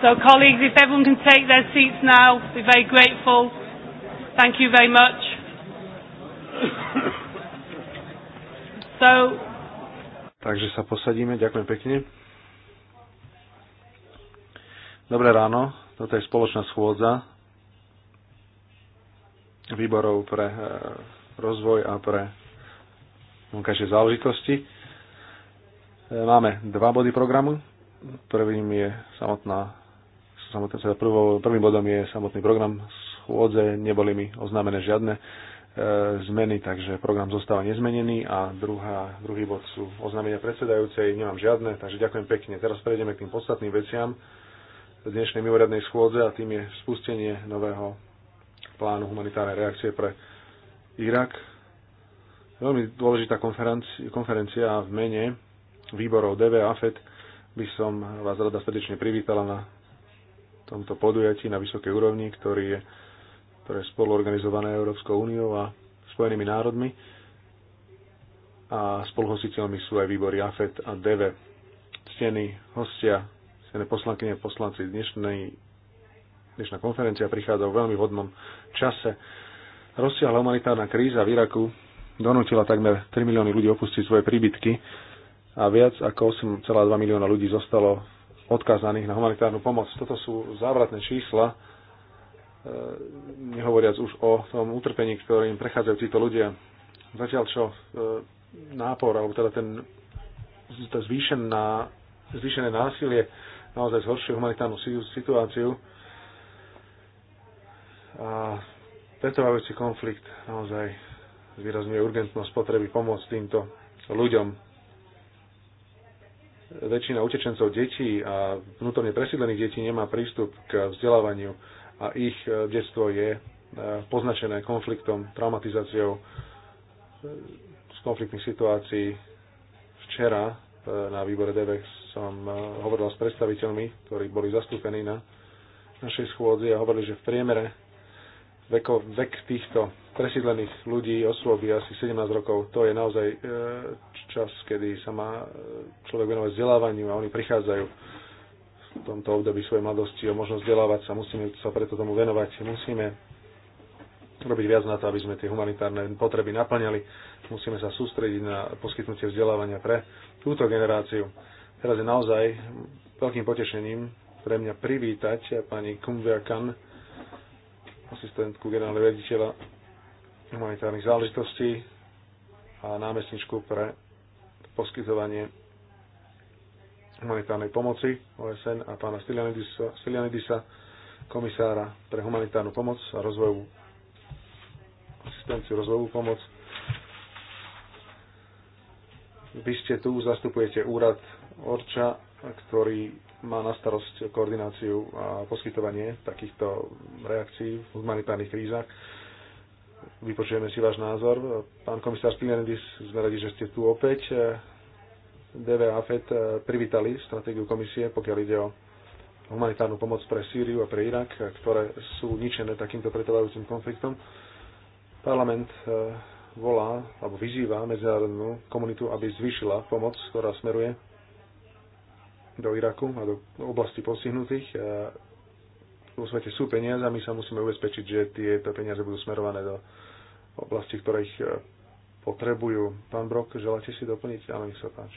So, colleagues, if everyone can take their seats now, we're very grateful. Thank you very much. So, Takže sa posadíme, ďakujem pekne. Dobré ráno, toto je spoločná schôdza výborov pre e, rozvoj a pre vonkajšie záležitosti. E, máme dva body programu. Prvým je samotná samotné, teda prvou, prvým bodom je samotný program schôdze. Neboli mi oznámené žiadne e, zmeny, takže program zostáva nezmenený a druhá, druhý bod sú oznámenia predsedajúcej, nemám žiadne, takže ďakujem pekne. Teraz prejdeme k tým podstatným veciam dnešnej mimoriadnej schôdze a tým je spustenie nového plánu humanitárnej reakcie pre Irak. Veľmi dôležitá konferencia, konferencia v mene výborov DV a AFED by som vás rada srdečne privítala na tomto podujatí na vysokej úrovni, ktorý je ktoré je spoluorganizované Európskou úniou a Spojenými národmi a spoluhostiteľmi sú aj výbory AFET a DV. Ctení hostia, ctené poslankyne a poslanci, dnešnej, dnešná konferencia prichádza v veľmi vhodnom čase. Rozsiahla humanitárna kríza v Iraku donútila takmer 3 milióny ľudí opustiť svoje príbytky a viac ako 8,2 milióna ľudí zostalo odkázaných na humanitárnu pomoc. Toto sú závratné čísla, e, nehovoriac už o tom utrpení, ktorým prechádzajú títo ľudia. Zatiaľ čo e, nápor, alebo teda ten, to zvýšená, zvýšené násilie naozaj zhoršuje humanitárnu situáciu a pretrvávajúci konflikt naozaj zvýrazňuje urgentnosť potreby pomôcť týmto ľuďom väčšina utečencov detí a vnútorne presídlených detí nemá prístup k vzdelávaniu a ich e, detstvo je e, poznačené konfliktom, traumatizáciou e, z konfliktných situácií. Včera na výbore DVEX som hovoril s predstaviteľmi, ktorí boli zastúpení na našej schôdzi a hovorili, že v priemere veko, vek týchto presídlených ľudí, osôb je asi 17 rokov. To je naozaj e, čas, kedy sa má e, človek venovať vzdelávaniu a oni prichádzajú v tomto období svojej mladosti o možnosť vzdelávať sa. Musíme sa preto tomu venovať. Musíme robiť viac na to, aby sme tie humanitárne potreby naplňali. Musíme sa sústrediť na poskytnutie vzdelávania pre túto generáciu. Teraz je naozaj veľkým potešením pre mňa privítať pani Kumvia Kan, asistentku generálneho riaditeľa humanitárnych záležitostí a námestničku pre poskytovanie humanitárnej pomoci OSN a pána Stylianidisa, komisára pre humanitárnu pomoc a rozvojovú asistenciu, rozvojovú pomoc. Vy ste tu, zastupujete úrad Orča, ktorý má na starosť koordináciu a poskytovanie takýchto reakcií v humanitárnych krízach. Vypočujeme si váš názor. Pán komisár Spinerendis, sme radi, že ste tu opäť. DV a FED privítali stratégiu komisie, pokiaľ ide o humanitárnu pomoc pre Sýriu a pre Irak, ktoré sú ničené takýmto pretrvajúcim konfliktom. Parlament eh, volá alebo vyzýva medzinárodnú komunitu, aby zvýšila pomoc, ktorá smeruje do Iraku a do oblasti postihnutých. Vo svete sú peniaze a my sa musíme ubezpečiť, že tieto peniaze budú smerované do oblasti, ktoré ich e, potrebujú. Pán Brok, želáte si doplniť? Áno, nech sa páči.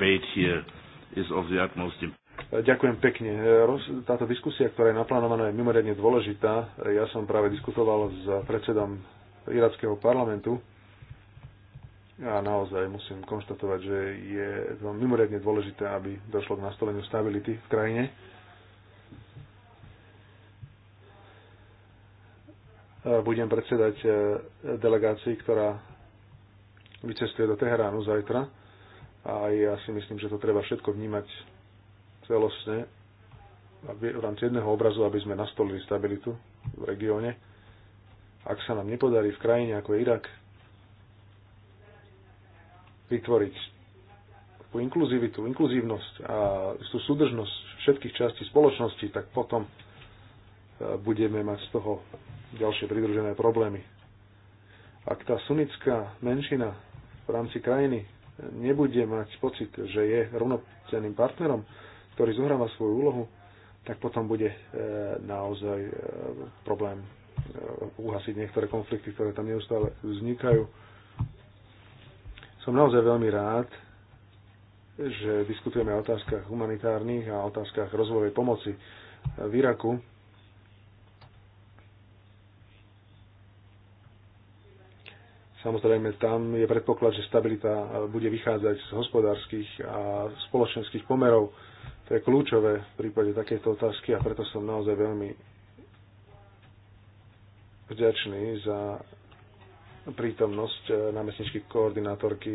debate here is of the utmost importance. Ďakujem pekne. Táto diskusia, ktorá je naplánovaná, je mimoriadne dôležitá. Ja som práve diskutoval s predsedom irackého parlamentu a naozaj musím konštatovať, že je mimoriadne dôležité, aby došlo k nastoleniu stability v krajine. Budem predsedať eh, delegácii, ktorá vycestuje do Teheránu zajtra a ja si myslím, že to treba všetko vnímať celostne aby, v rámci jedného obrazu, aby sme nastolili stabilitu v regióne. Ak sa nám nepodarí v krajine ako je Irak vytvoriť takú inkluzivitu, inkluzívnosť a tú súdržnosť všetkých častí spoločnosti, tak potom e, budeme mať z toho ďalšie pridružené problémy. Ak tá sunická menšina v rámci krajiny nebude mať pocit, že je rovnocenným partnerom, ktorý zohráva svoju úlohu, tak potom bude e, naozaj e, problém e, uhasiť niektoré konflikty, ktoré tam neustále vznikajú. Som naozaj veľmi rád, že diskutujeme o otázkach humanitárnych a o otázkach rozvojovej pomoci v Iraku. Samozrejme, tam je predpoklad, že stabilita bude vychádzať z hospodárskych a spoločenských pomerov. To je kľúčové v prípade takéto otázky a preto som naozaj veľmi vďačný za prítomnosť eh, námestničky koordinátorky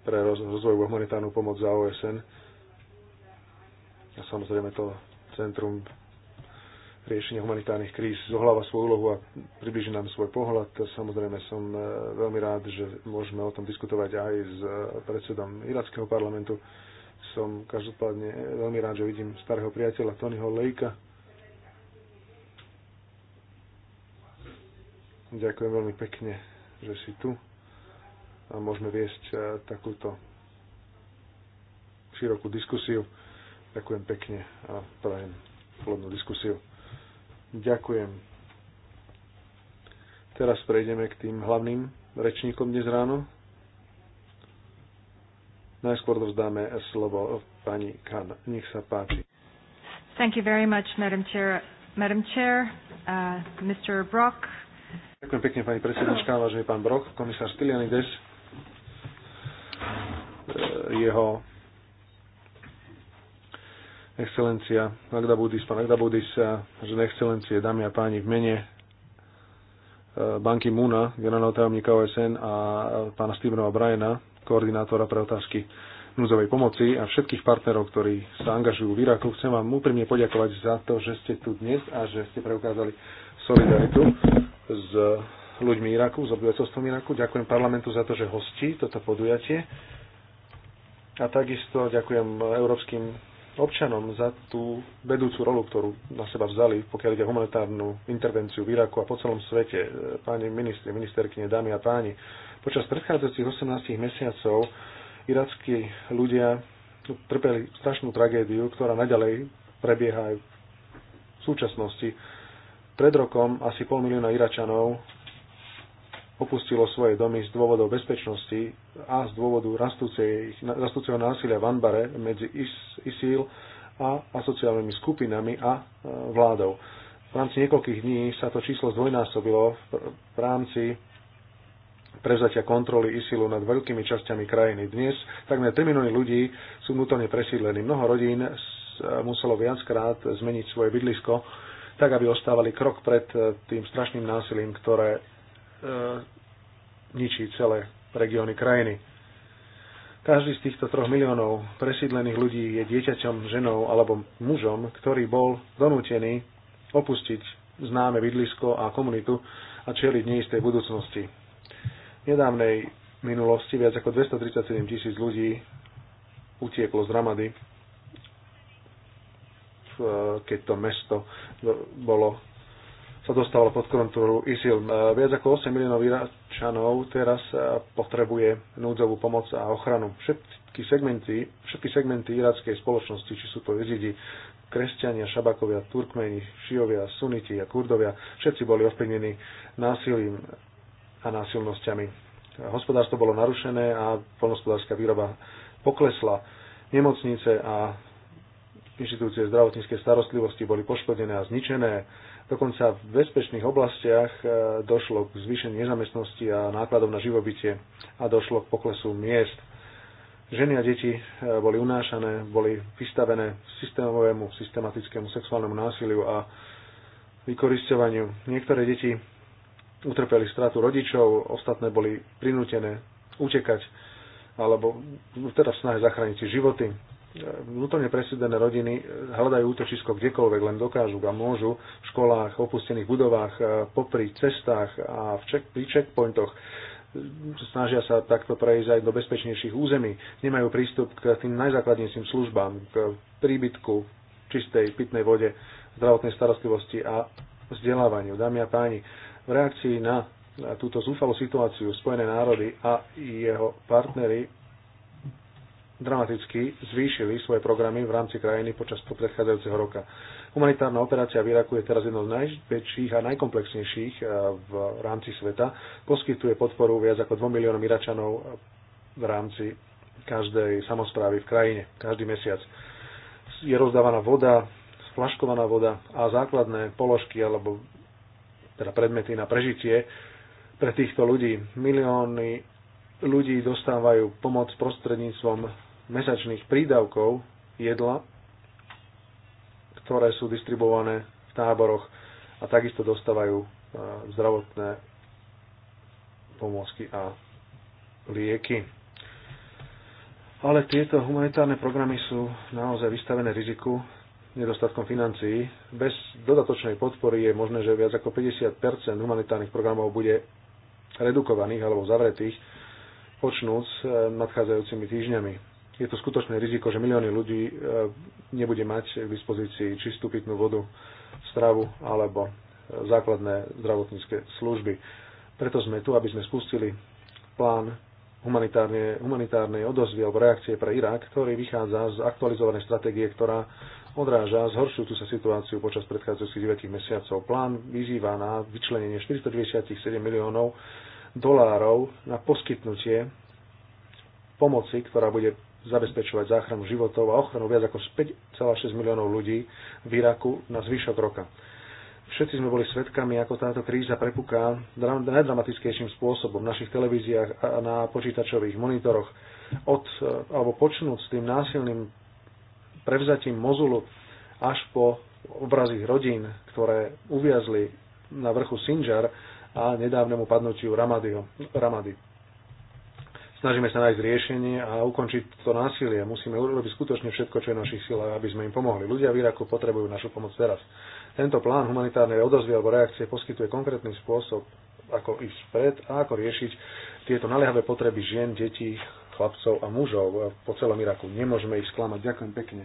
pre rozvoj humanitárnu pomoc za OSN. A samozrejme to centrum riešenia humanitárnych kríz, zohláva svoju úlohu a približí nám svoj pohľad. Samozrejme som e, veľmi rád, že môžeme o tom diskutovať aj s e, predsedom irackého parlamentu. Som každopádne e, veľmi rád, že vidím starého priateľa Tonyho Lejka. Ďakujem veľmi pekne, že si tu a môžeme viesť takúto širokú diskusiu. Ďakujem pekne a prajem plodnú diskusiu. Ďakujem. Teraz prejdeme k tým hlavným rečníkom dnes ráno. Najskôr dozdáme slovo pani Khan. Nech sa páči. Thank you very much, Madam Chair. Madam Chair, uh, Mr. Brock. Ďakujem pekne, pani predsednička, vážený pán Brock, komisár Stylianides. E, jeho Excelencia Budis pán Nagdabudis, eh, žené excelencie, dámy a páni, v mene eh, banky Muna, generálneho tajomníka OSN a eh, pána Stevena O'Briena, koordinátora pre otázky núzovej pomoci a všetkých partnerov, ktorí sa angažujú v Iraku. Chcem vám úprimne poďakovať za to, že ste tu dnes a že ste preukázali solidaritu s ľuďmi Iraku, s obyvateľstvom Iraku. Ďakujem parlamentu za to, že hostí toto podujatie. A takisto ďakujem európskym občanom za tú vedúcu rolu, ktorú na seba vzali, pokiaľ ide humanitárnu intervenciu v Iraku a po celom svete. E, páni ministri, ministerkyne, dámy a páni, počas predchádzajúcich 18 mesiacov irackí ľudia trpeli strašnú tragédiu, ktorá naďalej prebieha aj v súčasnosti. Pred rokom asi pol milióna Iračanov opustilo svoje domy z dôvodov bezpečnosti a z dôvodu rastúceho násilia v Anbare medzi ISIL a asociálnymi skupinami a e, vládou. V rámci niekoľkých dní sa to číslo zdvojnásobilo v rámci prevzatia kontroly ISILu nad veľkými časťami krajiny. Dnes takmer 3 milióny ľudí sú vnútorne presídlení. Mnoho rodín e, muselo viackrát zmeniť svoje bydlisko, tak aby ostávali krok pred e, tým strašným násilím, ktoré E, ničí celé regióny krajiny. Každý z týchto troch miliónov presídlených ľudí je dieťaťom, ženou alebo mužom, ktorý bol donútený opustiť známe bydlisko a komunitu a čeliť neistej budúcnosti. V nedávnej minulosti viac ako 237 tisíc ľudí utieklo z Ramady, keď to mesto bolo sa dostávalo pod kontrolu ISIL. E, viac ako 8 miliónov Iračanov teraz e, potrebuje núdzovú pomoc a ochranu. Všetky segmenty, všetky segmenty irackej spoločnosti, či sú to jezidi, kresťania, šabakovia, turkmeni, šiovia, suniti a kurdovia, všetci boli ovplyvnení násilím a násilnosťami. Hospodárstvo bolo narušené a polnospodárska výroba poklesla. Nemocnice a inštitúcie zdravotníckej starostlivosti boli poškodené a zničené Dokonca v bezpečných oblastiach e, došlo k zvýšeniu nezamestnosti a nákladov na živobytie a došlo k poklesu miest. Ženy a deti e, boli unášané, boli vystavené systémovému, systematickému sexuálnemu násiliu a vykoristovaniu. Niektoré deti utrpeli stratu rodičov, ostatné boli prinútené utekať alebo no, teda v snahe zachrániť si životy vnútorne presídlené rodiny e, hľadajú útočisko kdekoľvek len dokážu a môžu v školách, opustených budovách, e, popri cestách a v check, pri checkpointoch e, snažia sa takto prejsť aj do bezpečnejších území. Nemajú prístup k tým najzákladnejším službám, k príbytku, čistej pitnej vode, zdravotnej starostlivosti a vzdelávaniu. Dámy a páni, v reakcii na túto zúfalú situáciu Spojené národy a jeho partnery dramaticky zvýšili svoje programy v rámci krajiny počas predchádzajúceho roka. Humanitárna operácia v Iraku je teraz jednou z najväčších a najkomplexnejších eh, v rámci sveta. Poskytuje podporu viac ako 2 miliónom Iračanov v rámci každej samozprávy v krajine, každý mesiac. Je rozdávaná voda, splaškovaná voda a základné položky alebo teda predmety na prežitie pre týchto ľudí. Milióny ľudí dostávajú pomoc prostredníctvom mesačných prídavkov jedla, ktoré sú distribuované v táboroch a takisto dostávajú e, zdravotné pomôcky a lieky. Ale tieto humanitárne programy sú naozaj vystavené riziku nedostatkom financií. Bez dodatočnej podpory je možné, že viac ako 50 humanitárnych programov bude redukovaných alebo zavretých, počnúc e, nadchádzajúcimi týždňami je to skutočné riziko, že milióny ľudí e, nebude mať k dispozícii čistú pitnú vodu, stravu alebo e, základné zdravotnícke služby. Preto sme tu, aby sme spustili plán humanitárne, humanitárnej odozvy alebo reakcie pre Irak, ktorý vychádza z aktualizovanej stratégie, ktorá odráža zhoršujúcu sa situáciu počas predchádzajúcich 9 mesiacov. Plán vyzýva na vyčlenenie 497 miliónov dolárov na poskytnutie pomoci, ktorá bude zabezpečovať záchranu životov a ochranu viac ako 5,6 miliónov ľudí v Iraku na zvyšok roka. Všetci sme boli svedkami, ako táto kríza prepuká najdramatickejším spôsobom v našich televíziách a na počítačových monitoroch. Od, e, alebo počnúť s tým násilným prevzatím Mozulu až po obrazy rodín, ktoré uviazli na vrchu Sinjar a nedávnemu padnutiu Ramadyho, Ramady snažíme sa nájsť riešenie a ukončiť to násilie. Musíme urobiť skutočne všetko, čo je v našich silách, aby sme im pomohli. Ľudia v Iraku potrebujú našu pomoc teraz. Tento plán humanitárnej odozvy alebo reakcie poskytuje konkrétny spôsob, ako ísť vpred a ako riešiť tieto naliehavé potreby žien, detí, chlapcov a mužov po celom Iraku. Nemôžeme ich sklamať. Ďakujem pekne.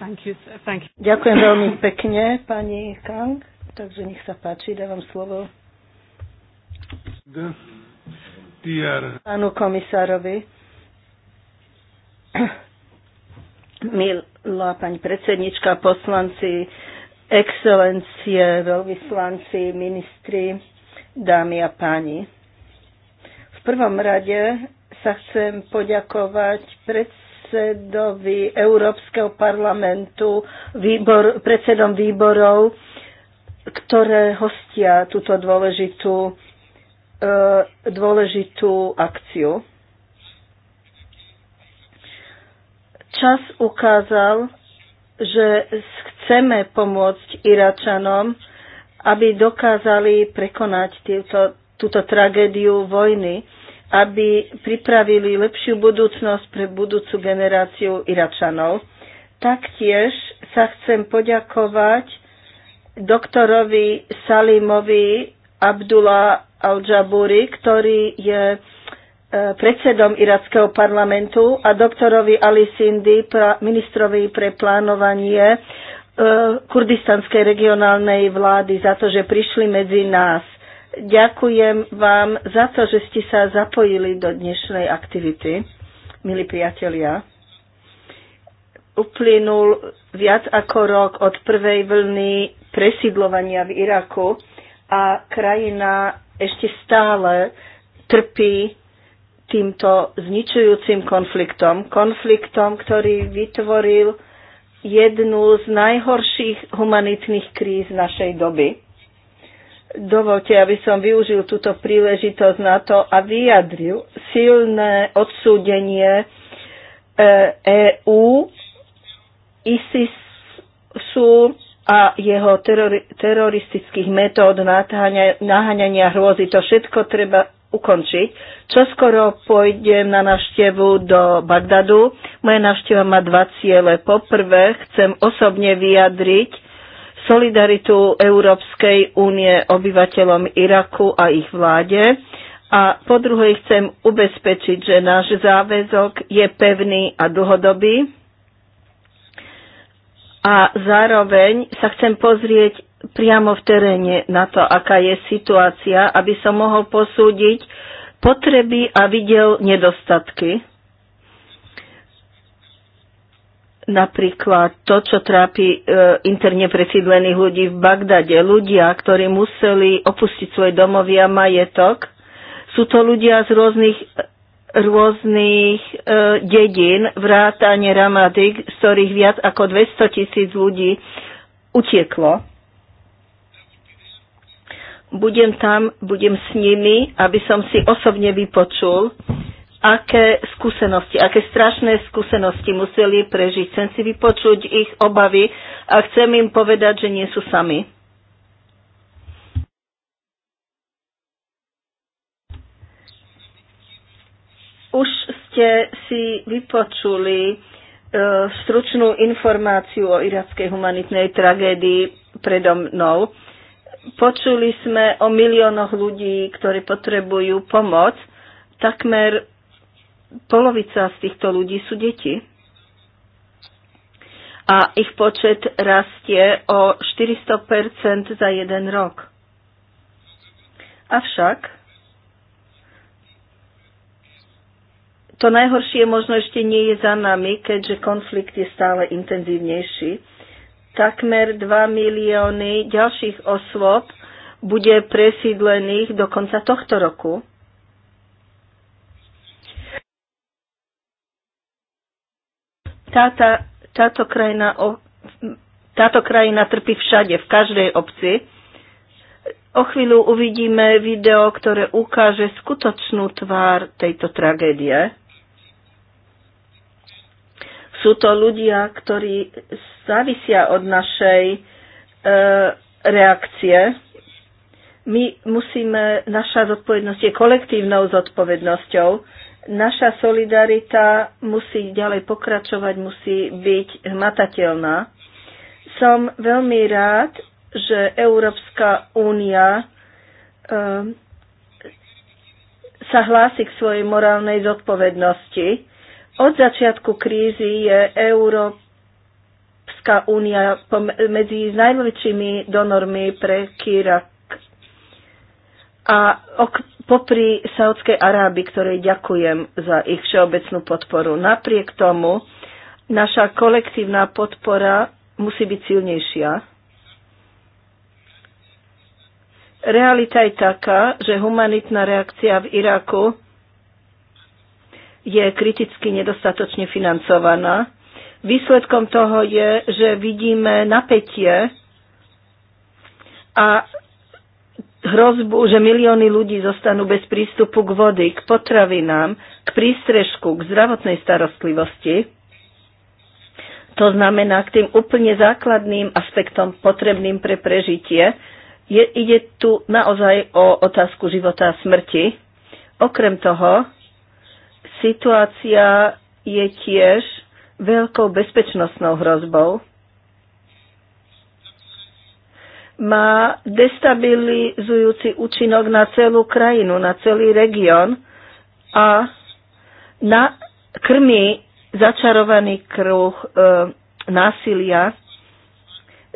Thank you, thank you. Ďakujem veľmi pekne, pani Kang. Takže nech sa páči, dávam slovo. Pánu komisárovi. Milá pani predsednička, poslanci, excelencie, veľvyslanci, ministri, dámy a páni. V prvom rade sa chcem poďakovať predsedovi Európskeho parlamentu, výbor, predsedom výborov, ktoré hostia túto dôležitú, e, dôležitú akciu. Čas ukázal, že chceme pomôcť Iračanom, aby dokázali prekonať týto, túto tragédiu vojny, aby pripravili lepšiu budúcnosť pre budúcu generáciu Iračanov. Taktiež sa chcem poďakovať doktorovi Salimovi Abdullah Al-Jaburi, ktorý je e, predsedom irackého parlamentu a doktorovi Ali Sindi, ministrovi pre plánovanie e, kurdistanskej regionálnej vlády za to, že prišli medzi nás. Ďakujem vám za to, že ste sa zapojili do dnešnej aktivity, milí priatelia. Uplynul viac ako rok od prvej vlny presídlovania v Iraku a krajina ešte stále trpí týmto zničujúcim konfliktom. Konfliktom, ktorý vytvoril jednu z najhorších humanitných kríz našej doby. Dovolte, aby som využil túto príležitosť na to a vyjadril silné odsúdenie EÚ, e ISIS sú a jeho terori- teroristických metód naháňania, naháňania hrôzy. To všetko treba ukončiť. Čoskoro pôjdem na návštevu do Bagdadu. Moja návšteva má dva ciele. Poprvé, chcem osobne vyjadriť solidaritu Európskej únie obyvateľom Iraku a ich vláde. A po druhé, chcem ubezpečiť, že náš záväzok je pevný a dlhodobý a zároveň sa chcem pozrieť priamo v teréne na to, aká je situácia, aby som mohol posúdiť potreby a videl nedostatky. Napríklad to, čo trápi e, interne presídlených ľudí v Bagdade. Ľudia, ktorí museli opustiť svoje domovy a majetok, sú to ľudia z rôznych rôznych e, dedín, vrátane Ramady, z ktorých viac ako 200 tisíc ľudí utieklo. Budem tam, budem s nimi, aby som si osobne vypočul, aké skúsenosti, aké strašné skúsenosti museli prežiť. Chcem si vypočuť ich obavy a chcem im povedať, že nie sú sami Už ste si vypočuli e, stručnú informáciu o irackej humanitnej tragédii predo mnou. Počuli sme o miliónoch ľudí, ktorí potrebujú pomoc. Takmer polovica z týchto ľudí sú deti. A ich počet rastie o 400 za jeden rok. Avšak To najhoršie možno ešte nie je za nami, keďže konflikt je stále intenzívnejší. Takmer 2 milióny ďalších osôb bude presídlených do konca tohto roku. Táta, táto, krajina, táto krajina trpí všade, v každej obci. O chvíľu uvidíme video, ktoré ukáže skutočnú tvár tejto tragédie. Sú to ľudia, ktorí závisia od našej e, reakcie. My musíme, naša zodpovednosť je kolektívnou zodpovednosťou. Naša solidarita musí ďalej pokračovať, musí byť hmatateľná. Som veľmi rád, že Európska únia e, sa hlási k svojej morálnej zodpovednosti. Od začiatku krízy je Európska únia medzi najväčšími donormi pre Kirak a ok, popri Saudskej Arábii, ktorej ďakujem za ich všeobecnú podporu. Napriek tomu naša kolektívna podpora musí byť silnejšia. Realita je taká, že humanitná reakcia v Iraku je kriticky nedostatočne financovaná. Výsledkom toho je, že vidíme napätie a hrozbu, že milióny ľudí zostanú bez prístupu k vody, k potravinám, k prístrežku, k zdravotnej starostlivosti. To znamená k tým úplne základným aspektom potrebným pre prežitie. Je, ide tu naozaj o otázku života a smrti. Okrem toho, Situácia je tiež veľkou bezpečnostnou hrozbou. Má destabilizujúci účinok na celú krajinu, na celý región a na krmi začarovaný kruh e, násilia,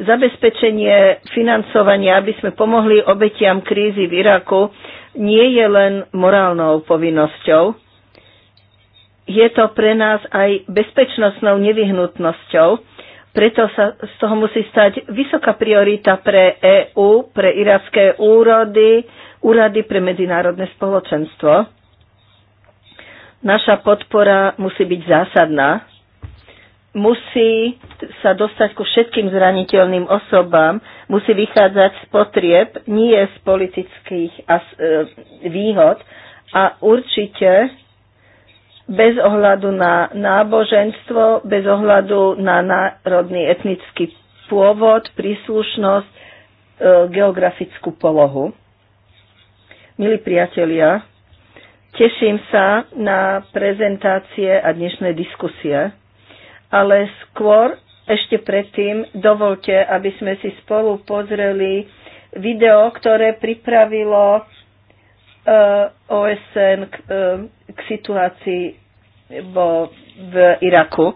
zabezpečenie financovania, aby sme pomohli obetiam krízy v Iraku, nie je len morálnou povinnosťou, je to pre nás aj bezpečnostnou nevyhnutnosťou, preto sa z toho musí stať vysoká priorita pre EÚ, pre iracké úrody, úrady pre medzinárodné spoločenstvo. Naša podpora musí byť zásadná. Musí sa dostať ku všetkým zraniteľným osobám, musí vychádzať z potrieb, nie z politických e, výhod a určite bez ohľadu na náboženstvo, bez ohľadu na národný etnický pôvod, príslušnosť, e, geografickú polohu. Milí priatelia, teším sa na prezentácie a dnešné diskusie, ale skôr ešte predtým dovolte, aby sme si spolu pozreli video, ktoré pripravilo e, OSN k e, k situácii vo, v Iraku.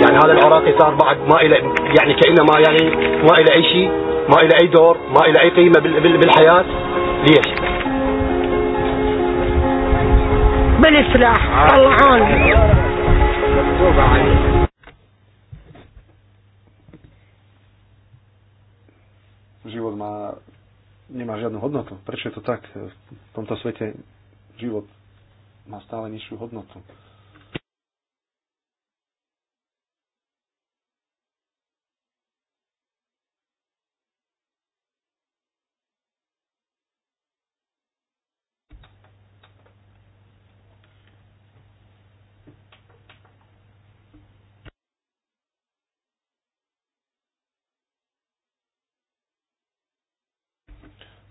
يعني هذا العراقي صار بعد ما إلى يعني كأنما يعني ما إلى أي شيء ما إلى أي دور ما إلى أي قيمة بالحياة ليش؟ اقبلي طلعوني život má, nemá žiadnu hodnotu. Prečo je to tak? V tomto svete život má stále nižšiu hodnotu.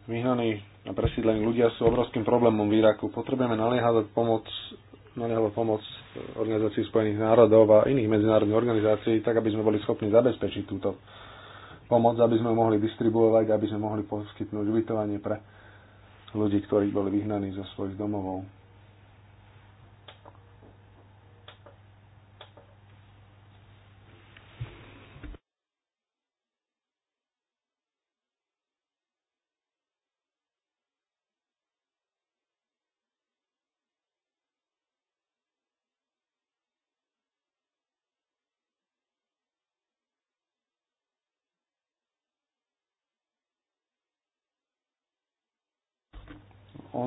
Vyhnaní a presídlení ľudia sú obrovským problémom v Iraku. Potrebujeme naliehavú pomoc, naliehavú pomoc Organizácií spojených národov a iných medzinárodných organizácií, tak aby sme boli schopní zabezpečiť túto pomoc, aby sme mohli distribuovať, aby sme mohli poskytnúť ubytovanie pre ľudí, ktorí boli vyhnaní zo svojich domovov.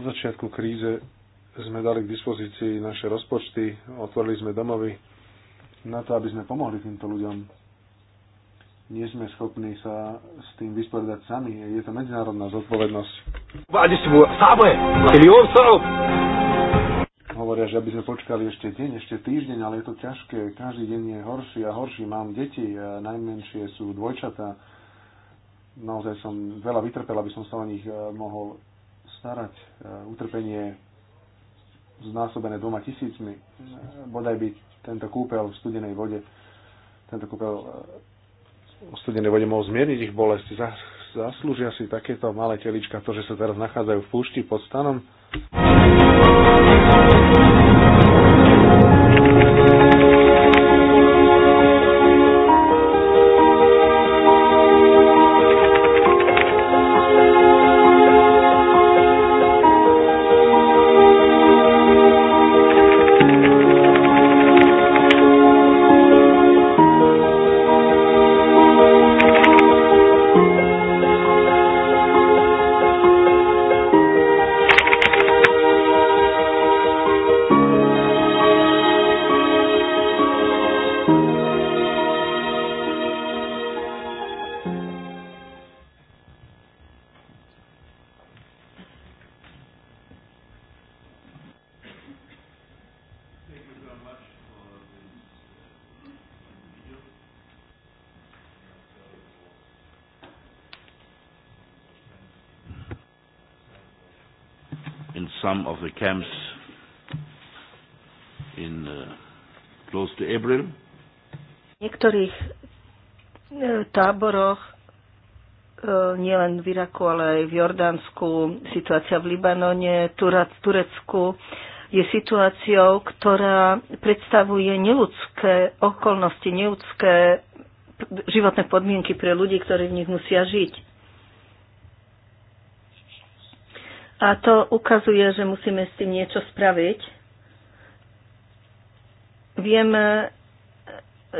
Od začiatku kríze sme dali k dispozícii naše rozpočty, otvorili sme domovy na to, aby sme pomohli týmto ľuďom. Nie sme schopní sa s tým vysporiadať sami. Je to medzinárodná zodpovednosť. Hovoria, že aby sme počkali ešte deň, ešte týždeň, ale je to ťažké. Každý deň je horší a horší. Mám deti, najmenšie sú dvojčatá. Naozaj som veľa vytrpel, aby som sa o nich eh, mohol starať. E, utrpenie znásobené dvoma tisícmi. E, bodaj by tento kúpeľ v studenej vode, tento kúpeľ e, v studenej vode mohol zmierniť ich bolesti. Zaslúžia si takéto malé telička to, že sa teraz nachádzajú v púšti pod stanom. camps in uh, close to April. niektorých e, táboroch e, nielen v Iraku, ale aj v Jordánsku, situácia v Libanone, Turecku je situáciou, ktorá predstavuje neludské okolnosti, neludské životné podmienky pre ľudí, ktorí v nich musia žiť. A to ukazuje, že musíme s tým niečo spraviť. Vieme,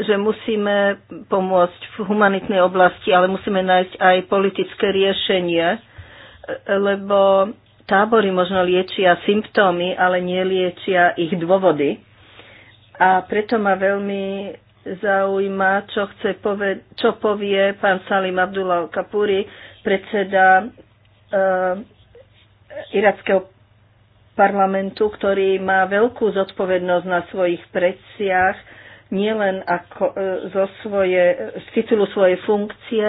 že musíme pomôcť v humanitnej oblasti, ale musíme nájsť aj politické riešenie, lebo tábory možno liečia symptómy, ale neliečia ich dôvody. A preto ma veľmi zaujíma, čo, chce poved- čo povie pán Salim Abdullah Kapuri, predseda eh, irackého parlamentu, ktorý má veľkú zodpovednosť na svojich predsiach, nielen ako, e, zo svoje, z titulu svojej funkcie,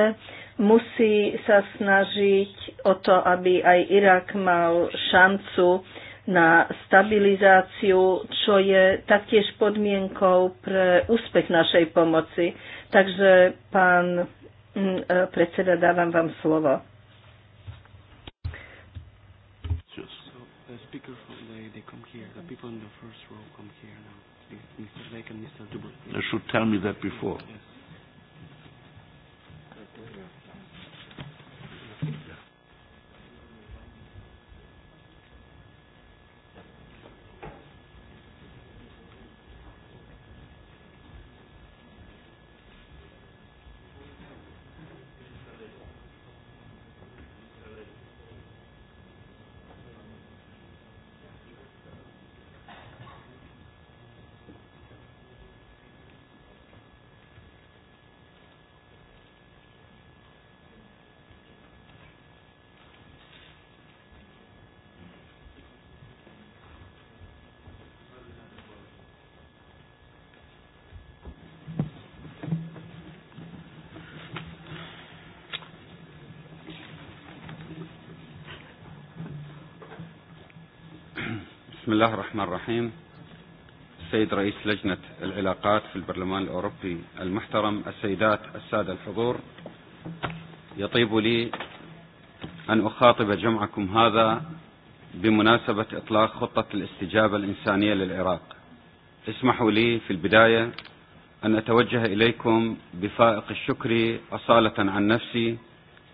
musí sa snažiť o to, aby aj Irak mal šancu na stabilizáciu, čo je taktiež podmienkou pre úspech našej pomoci. Takže, pán mm, e, predseda, dávam vám slovo. they, They should tell me that before. Yes. الله الرحمن الرحيم السيد رئيس لجنة العلاقات في البرلمان الأوروبي المحترم السيدات السادة الحضور يطيب لي أن أخاطب جمعكم هذا بمناسبة إطلاق خطة الاستجابة الإنسانية للعراق اسمحوا لي في البداية أن أتوجه إليكم بفائق الشكر أصالة عن نفسي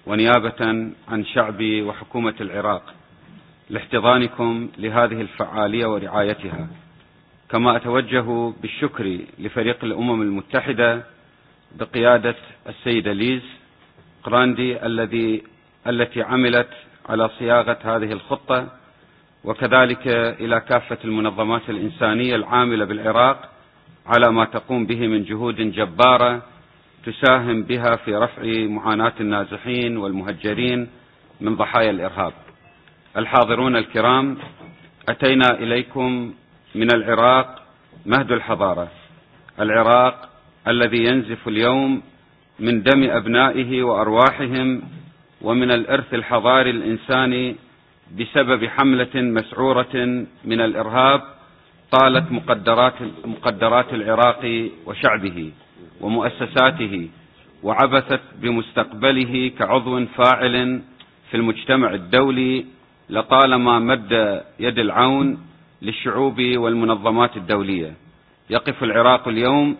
ونيابة عن شعبي وحكومة العراق لاحتضانكم لهذه الفعالية ورعايتها كما أتوجه بالشكر لفريق الأمم المتحدة بقيادة السيدة ليز قراندي الذي التي عملت على صياغة هذه الخطة وكذلك إلى كافة المنظمات الإنسانية العاملة بالعراق على ما تقوم به من جهود جبارة تساهم بها في رفع معاناة النازحين والمهجرين من ضحايا الإرهاب الحاضرون الكرام أتينا إليكم من العراق مهد الحضارة العراق الذي ينزف اليوم من دم أبنائه وأرواحهم ومن الإرث الحضاري الإنساني بسبب حملة مسعورة من الإرهاب طالت مقدرات مقدرات العراق وشعبه ومؤسساته وعبثت بمستقبله كعضو فاعل في المجتمع الدولي لطالما مد يد العون للشعوب والمنظمات الدولية يقف العراق اليوم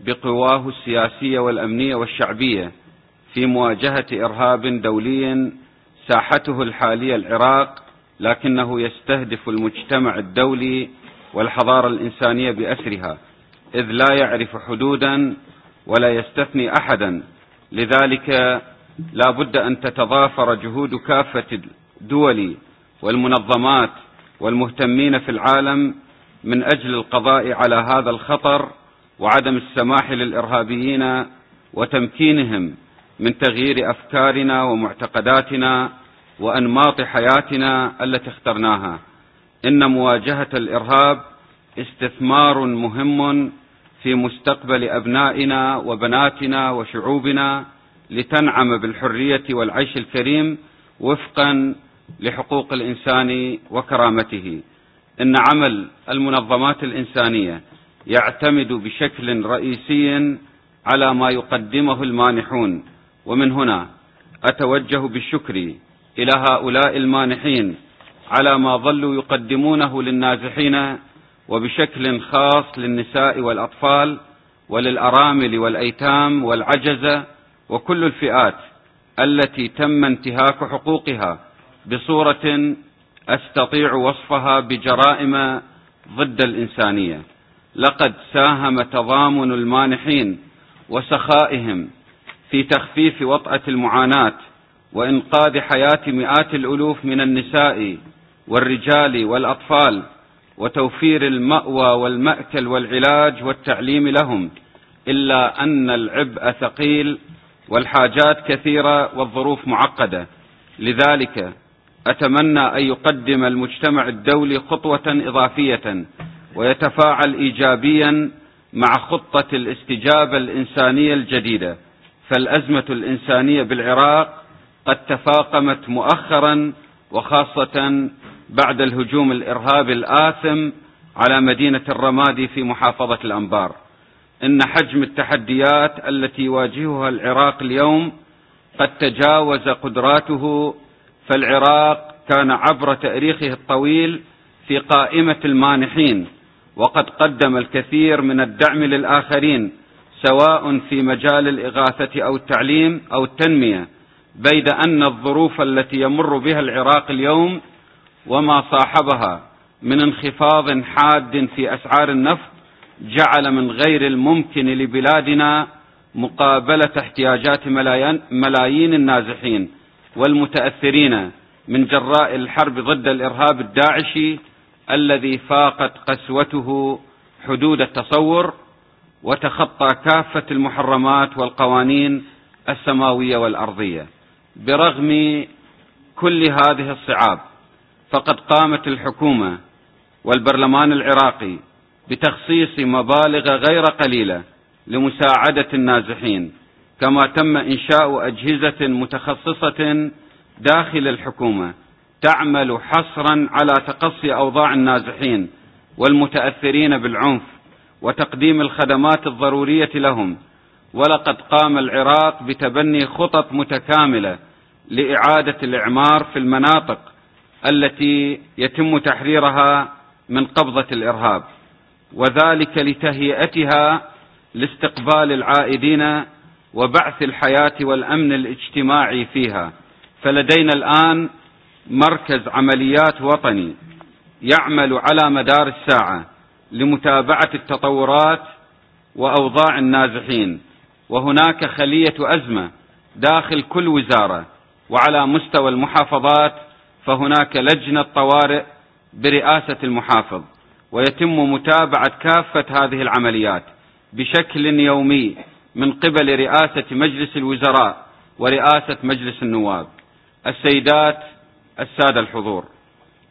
بقواه السياسية والأمنية والشعبية في مواجهة إرهاب دولي ساحته الحالية العراق لكنه يستهدف المجتمع الدولي والحضارة الإنسانية بأسرها إذ لا يعرف حدودا ولا يستثني أحدا لذلك لا بد أن تتضافر جهود كافة دولي والمنظمات والمهتمين في العالم من أجل القضاء على هذا الخطر وعدم السماح للإرهابيين وتمكينهم من تغيير أفكارنا ومعتقداتنا وأنماط حياتنا التي اخترناها إن مواجهة الإرهاب استثمار مهم في مستقبل أبنائنا وبناتنا وشعوبنا لتنعم بالحرية والعيش الكريم وفقا لحقوق الإنسان وكرامته إن عمل المنظمات الإنسانية يعتمد بشكل رئيسي على ما يقدمه المانحون ومن هنا أتوجه بالشكر إلى هؤلاء المانحين على ما ظلوا يقدمونه للنازحين وبشكل خاص للنساء والأطفال وللأرامل والأيتام والعجزة وكل الفئات التي تم انتهاك حقوقها بصورة أستطيع وصفها بجرائم ضد الإنسانية لقد ساهم تضامن المانحين وسخائهم في تخفيف وطأة المعاناة وإنقاذ حياة مئات الألوف من النساء والرجال والأطفال وتوفير المأوى والمأكل والعلاج والتعليم لهم إلا أن العبء ثقيل والحاجات كثيرة والظروف معقدة لذلك أتمنى أن يقدم المجتمع الدولي خطوة إضافية ويتفاعل إيجابيا مع خطة الاستجابة الإنسانية الجديدة فالأزمة الإنسانية بالعراق قد تفاقمت مؤخرا وخاصة بعد الهجوم الإرهابي الآثم على مدينة الرمادي في محافظة الأنبار إن حجم التحديات التي يواجهها العراق اليوم قد تجاوز قدراته فالعراق كان عبر تاريخه الطويل في قائمه المانحين وقد قدم الكثير من الدعم للاخرين سواء في مجال الاغاثه او التعليم او التنميه بيد ان الظروف التي يمر بها العراق اليوم وما صاحبها من انخفاض حاد في اسعار النفط جعل من غير الممكن لبلادنا مقابله احتياجات ملايين النازحين والمتأثرين من جراء الحرب ضد الإرهاب الداعشي الذي فاقت قسوته حدود التصور وتخطى كافة المحرمات والقوانين السماوية والأرضية برغم كل هذه الصعاب فقد قامت الحكومة والبرلمان العراقي بتخصيص مبالغ غير قليلة لمساعدة النازحين كما تم انشاء أجهزة متخصصة داخل الحكومة تعمل حصرا على تقصي اوضاع النازحين والمتأثرين بالعنف وتقديم الخدمات الضرورية لهم ولقد قام العراق بتبني خطط متكاملة لإعادة الاعمار في المناطق التي يتم تحريرها من قبضة الارهاب وذلك لتهيئتها لاستقبال العائدين وبعث الحياة والأمن الاجتماعي فيها فلدينا الآن مركز عمليات وطني يعمل على مدار الساعة لمتابعة التطورات وأوضاع النازحين وهناك خلية أزمة داخل كل وزارة وعلى مستوى المحافظات فهناك لجنة طوارئ برئاسة المحافظ ويتم متابعة كافة هذه العمليات بشكل يومي من قبل رئاسة مجلس الوزراء ورئاسة مجلس النواب السيدات السادة الحضور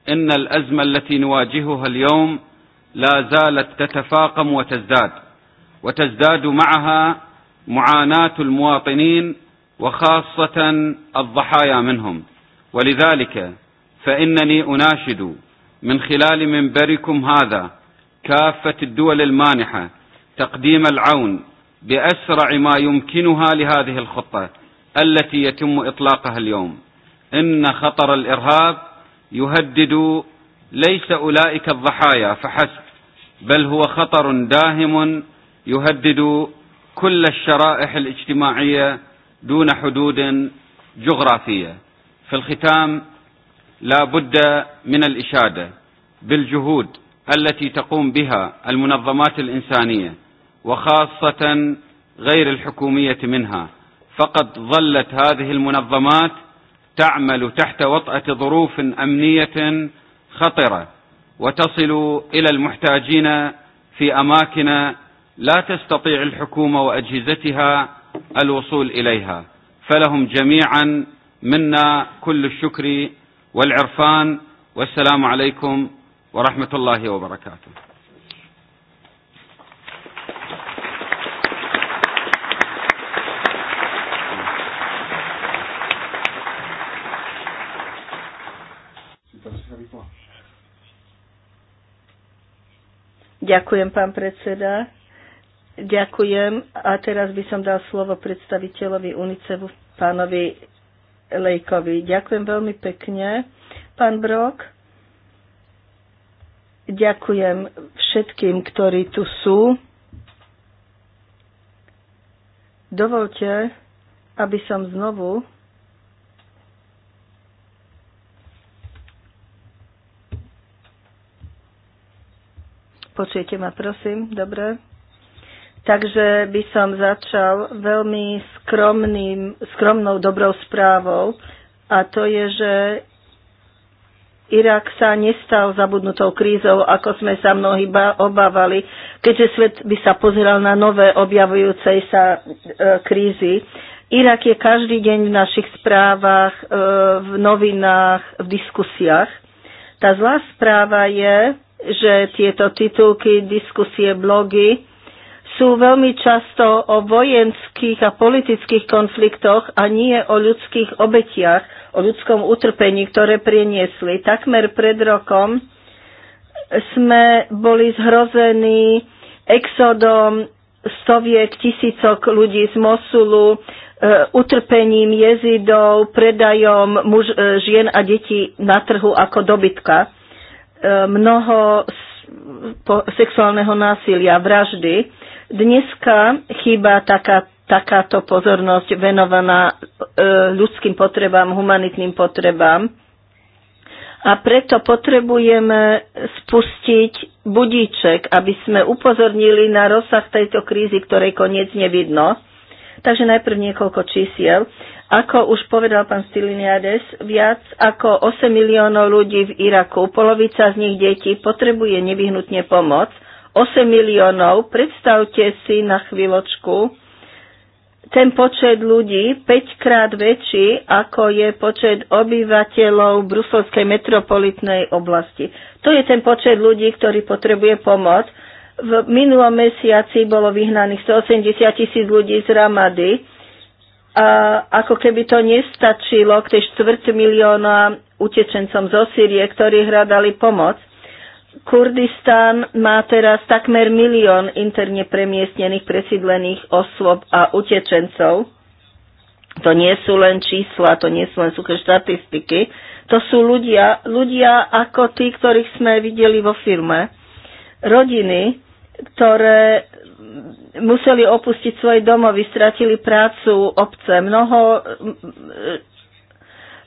إن الأزمة التي نواجهها اليوم لا زالت تتفاقم وتزداد وتزداد معها معاناة المواطنين وخاصة الضحايا منهم ولذلك فإنني أناشد من خلال منبركم هذا كافة الدول المانحة تقديم العون بأسرع ما يمكنها لهذه الخطة التي يتم إطلاقها اليوم إن خطر الإرهاب يهدد ليس أولئك الضحايا فحسب بل هو خطر داهم يهدد كل الشرائح الاجتماعية دون حدود جغرافية في الختام لا بد من الإشادة بالجهود التي تقوم بها المنظمات الإنسانية وخاصة غير الحكومية منها فقد ظلت هذه المنظمات تعمل تحت وطأة ظروف أمنية خطرة وتصل إلى المحتاجين في أماكن لا تستطيع الحكومة وأجهزتها الوصول إليها فلهم جميعا منا كل الشكر والعرفان والسلام عليكم ورحمة الله وبركاته Ďakujem, pán predseda. Ďakujem. A teraz by som dal slovo predstaviteľovi Unicevu pánovi Lejkovi. Ďakujem veľmi pekne, pán Brok. Ďakujem všetkým, ktorí tu sú. Dovolte, aby som znovu Počujete ma, prosím? Dobre. Takže by som začal veľmi skromným, skromnou dobrou správou a to je, že Irak sa nestal zabudnutou krízou, ako sme sa mnohí obávali, keďže svet by sa pozeral na nové objavujúcej sa e, krízy. Irak je každý deň v našich správach, e, v novinách, v diskusiách. Tá zlá správa je, že tieto titulky, diskusie, blogy sú veľmi často o vojenských a politických konfliktoch a nie o ľudských obetiach, o ľudskom utrpení, ktoré priniesli. Takmer pred rokom sme boli zhrození exodom stoviek tisícok ľudí z Mosulu, e, utrpením jezidov, predajom muž, e, žien a detí na trhu ako dobytka. E, mnoho sexuálneho násilia, vraždy. Dneska chýba taká, takáto pozornosť venovaná e, ľudským potrebám, humanitným potrebám. A preto potrebujeme spustiť budíček, aby sme upozornili na rozsah tejto krízy, ktorej koniec nevidno. Takže najprv niekoľko čísiel. Ako už povedal pán Stiliniades, viac ako 8 miliónov ľudí v Iraku, polovica z nich detí, potrebuje nevyhnutne pomoc. 8 miliónov, predstavte si na chvíľočku, ten počet ľudí 5 krát väčší, ako je počet obyvateľov bruselskej metropolitnej oblasti. To je ten počet ľudí, ktorý potrebuje pomoc. V minulom mesiaci bolo vyhnaných 180 tisíc ľudí z Ramady ako keby to nestačilo k tej štvrť milióna utečencom zo Sýrie, ktorí hľadali pomoc. Kurdistan má teraz takmer milión interne premiestnených, presídlených osôb a utečencov. To nie sú len čísla, to nie sú len suché štatistiky. To sú ľudia, ľudia ako tí, ktorých sme videli vo filme, Rodiny, ktoré museli opustiť svoje domovy, stratili prácu obce. Mnoho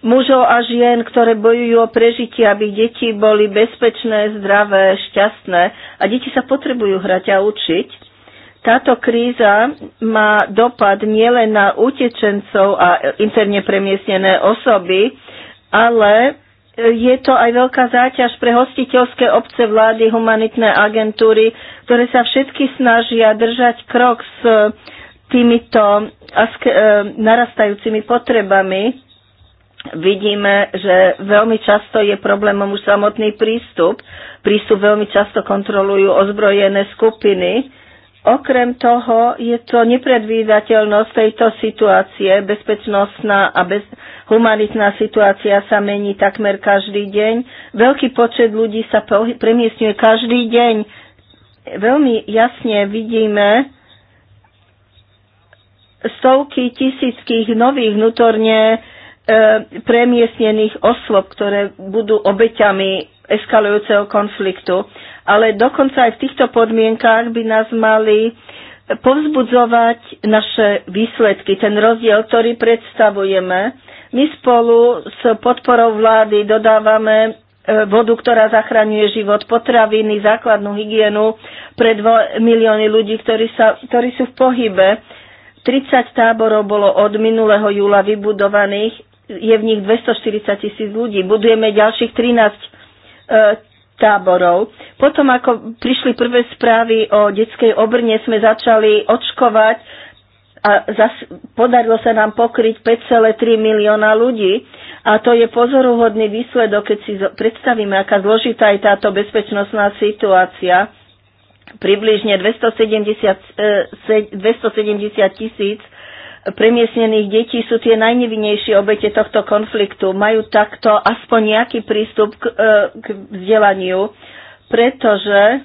mužov a žien, ktoré bojujú o prežitie, aby deti boli bezpečné, zdravé, šťastné. A deti sa potrebujú hrať a učiť. Táto kríza má dopad nielen na utečencov a interne premiestnené osoby, ale je to aj veľká záťaž pre hostiteľské obce vlády, humanitné agentúry, ktoré sa všetky snažia držať krok s e, týmito e, narastajúcimi potrebami. Vidíme, že veľmi často je problémom už samotný prístup. Prístup veľmi často kontrolujú ozbrojené skupiny Okrem toho je to nepredvídateľnosť tejto situácie. Bezpečnostná a bez, humanitná situácia sa mení takmer každý deň. Veľký počet ľudí sa premiestňuje každý deň. Veľmi jasne vidíme stovky tisíckých nových vnútorne e, premiestnených osôb, ktoré budú obeťami eskalujúceho konfliktu ale dokonca aj v týchto podmienkách by nás mali povzbudzovať naše výsledky, ten rozdiel, ktorý predstavujeme. My spolu s podporou vlády dodávame e, vodu, ktorá zachraňuje život, potraviny, základnú hygienu pre 2 milióny ľudí, ktorí, sa, ktorí sú v pohybe. 30 táborov bolo od minulého júla vybudovaných, je v nich 240 tisíc ľudí. Budujeme ďalších 13 táborov. Potom, ako prišli prvé správy o detskej obrne, sme začali očkovať a zas, podarilo sa nám pokryť 5,3 milióna ľudí. A to je pozoruhodný výsledok, keď si predstavíme, aká zložitá je táto bezpečnostná situácia. Približne 270, 270 eh, tisíc premiesnených detí sú tie najnevinnejšie obete tohto konfliktu. Majú takto aspoň nejaký prístup k, e, k vzdelaniu, pretože e,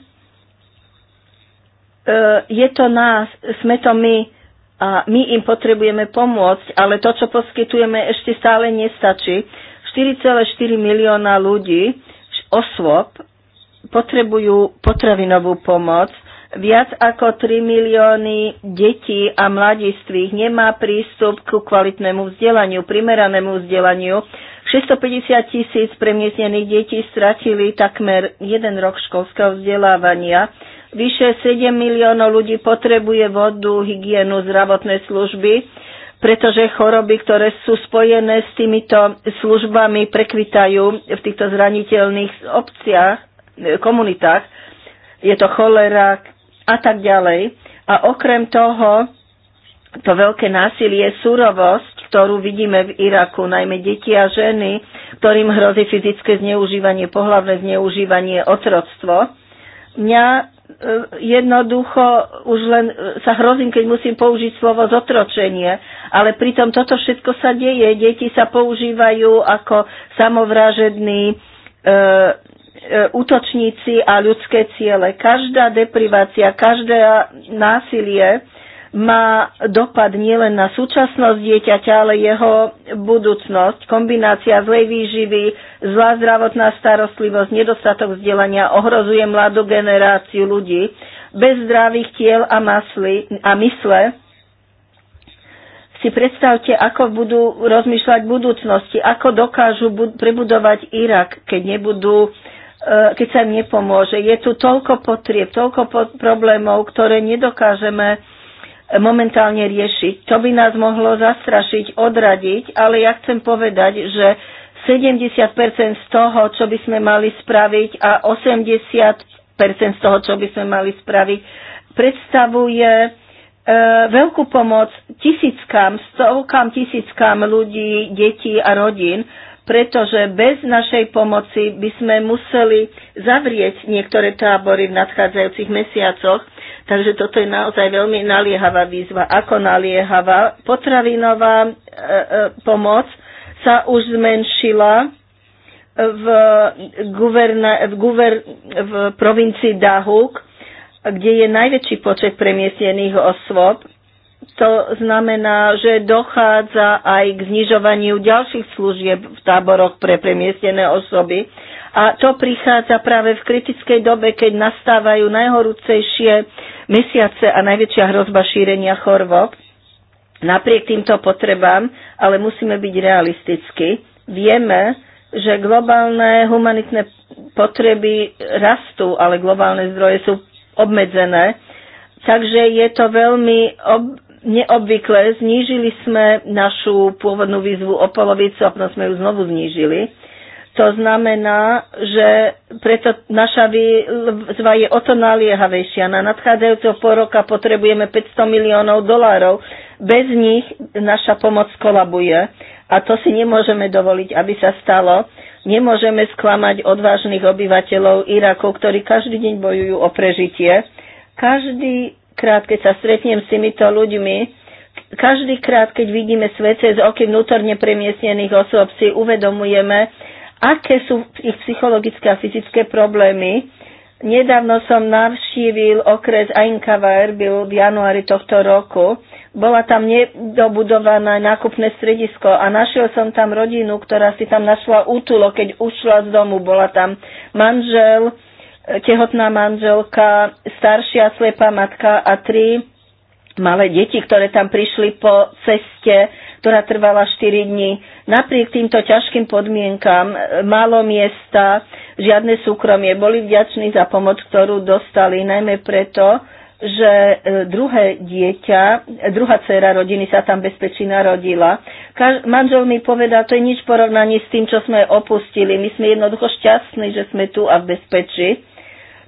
je to nás, sme to my a my im potrebujeme pomôcť, ale to, čo poskytujeme, ešte stále nestačí. 4,4 milióna ľudí, osôb, potrebujú potravinovú pomoc Viac ako 3 milióny detí a mladistvých nemá prístup ku kvalitnému vzdelaniu, primeranému vzdelaniu. 650 tisíc premiestnených detí stratili takmer jeden rok školského vzdelávania. Vyše 7 miliónov ľudí potrebuje vodu, hygienu, zdravotné služby, pretože choroby, ktoré sú spojené s týmito službami, prekvitajú v týchto zraniteľných obciach, komunitách. Je to cholera, a tak ďalej. A okrem toho, to veľké násilie, surovosť, ktorú vidíme v Iraku, najmä deti a ženy, ktorým hrozí fyzické zneužívanie, pohlavné zneužívanie, otroctvo. Mňa e, jednoducho už len e, sa hrozím, keď musím použiť slovo zotročenie, ale pritom toto všetko sa deje. Deti sa používajú ako samovražedný e, útočníci a ľudské ciele. Každá deprivácia, každé násilie má dopad nielen na súčasnosť dieťaťa, ale jeho budúcnosť. Kombinácia zlej výživy, zlá zdravotná starostlivosť, nedostatok vzdelania ohrozuje mladú generáciu ľudí. Bez zdravých tiel a, masly, a mysle si predstavte, ako budú rozmýšľať v budúcnosti, ako dokážu prebudovať Irak, keď nebudú E, keď sa im nepomôže. Je tu toľko potrieb, toľko problémov, ktoré nedokážeme e, momentálne riešiť. To by nás mohlo zastrašiť, odradiť, ale ja chcem povedať, že 70% z toho, čo by sme mali spraviť a 80% z toho, čo by sme mali spraviť, predstavuje e, veľkú pomoc tisíckam, stovkám tisíckam ľudí, detí a rodín, pretože bez našej pomoci by sme museli zavrieť niektoré tábory v nadchádzajúcich mesiacoch. Takže toto je naozaj veľmi naliehavá výzva. Ako naliehavá? Potravinová e, e, pomoc sa už zmenšila v, guverna, v, guver, v provincii Dahuk, kde je najväčší počet premiestnených osôb to znamená, že dochádza aj k znižovaniu ďalších služieb v táboroch pre premiestnené osoby. A to prichádza práve v kritickej dobe, keď nastávajú najhorúcejšie mesiace a najväčšia hrozba šírenia chorôb. Napriek týmto potrebám, ale musíme byť realistickí. Vieme, že globálne humanitné potreby rastú, ale globálne zdroje sú obmedzené. Takže je to veľmi ob- neobvykle znížili sme našu pôvodnú výzvu o polovicu a potom sme ju znovu znížili. To znamená, že preto naša výzva je o to naliehavejšia. Na nadchádzajúceho pol roka potrebujeme 500 miliónov dolárov. Bez nich naša pomoc kolabuje a to si nemôžeme dovoliť, aby sa stalo. Nemôžeme sklamať odvážnych obyvateľov Iraku, ktorí každý deň bojujú o prežitie. Každý krát, keď sa stretnem s týmito ľuďmi, každý krát, keď vidíme svete z oky vnútorne premiesnených osôb, si uvedomujeme, aké sú ich psychologické a fyzické problémy. Nedávno som navštívil okres Ainkava Erbil v januári tohto roku. Bola tam nedobudované nákupné stredisko a našiel som tam rodinu, ktorá si tam našla útulo, keď ušla z domu. Bola tam manžel, tehotná manželka, staršia slepá matka a tri malé deti, ktoré tam prišli po ceste, ktorá trvala 4 dní. Napriek týmto ťažkým podmienkam, e, málo miesta, žiadne súkromie, boli vďační za pomoc, ktorú dostali, najmä preto, že e, druhé dieťa, e, druhá dcera rodiny sa tam bezpečí narodila. Kaž, manžel mi povedal, to je nič porovnaní s tým, čo sme opustili. My sme jednoducho šťastní, že sme tu a v bezpečí.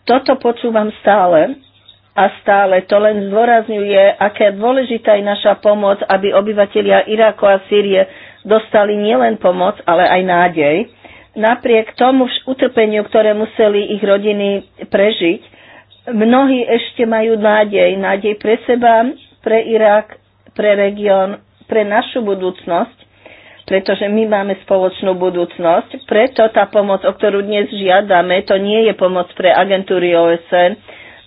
Toto počúvam stále a stále. To len zdôrazňuje, aká dôležitá je naša pomoc, aby obyvatelia Iráku a Sýrie dostali nielen pomoc, ale aj nádej. Napriek tomu utrpeniu, ktoré museli ich rodiny prežiť, mnohí ešte majú nádej. Nádej pre seba, pre Irak, pre región, pre našu budúcnosť pretože my máme spoločnú budúcnosť. Preto tá pomoc, o ktorú dnes žiadame, to nie je pomoc pre agentúry OSN.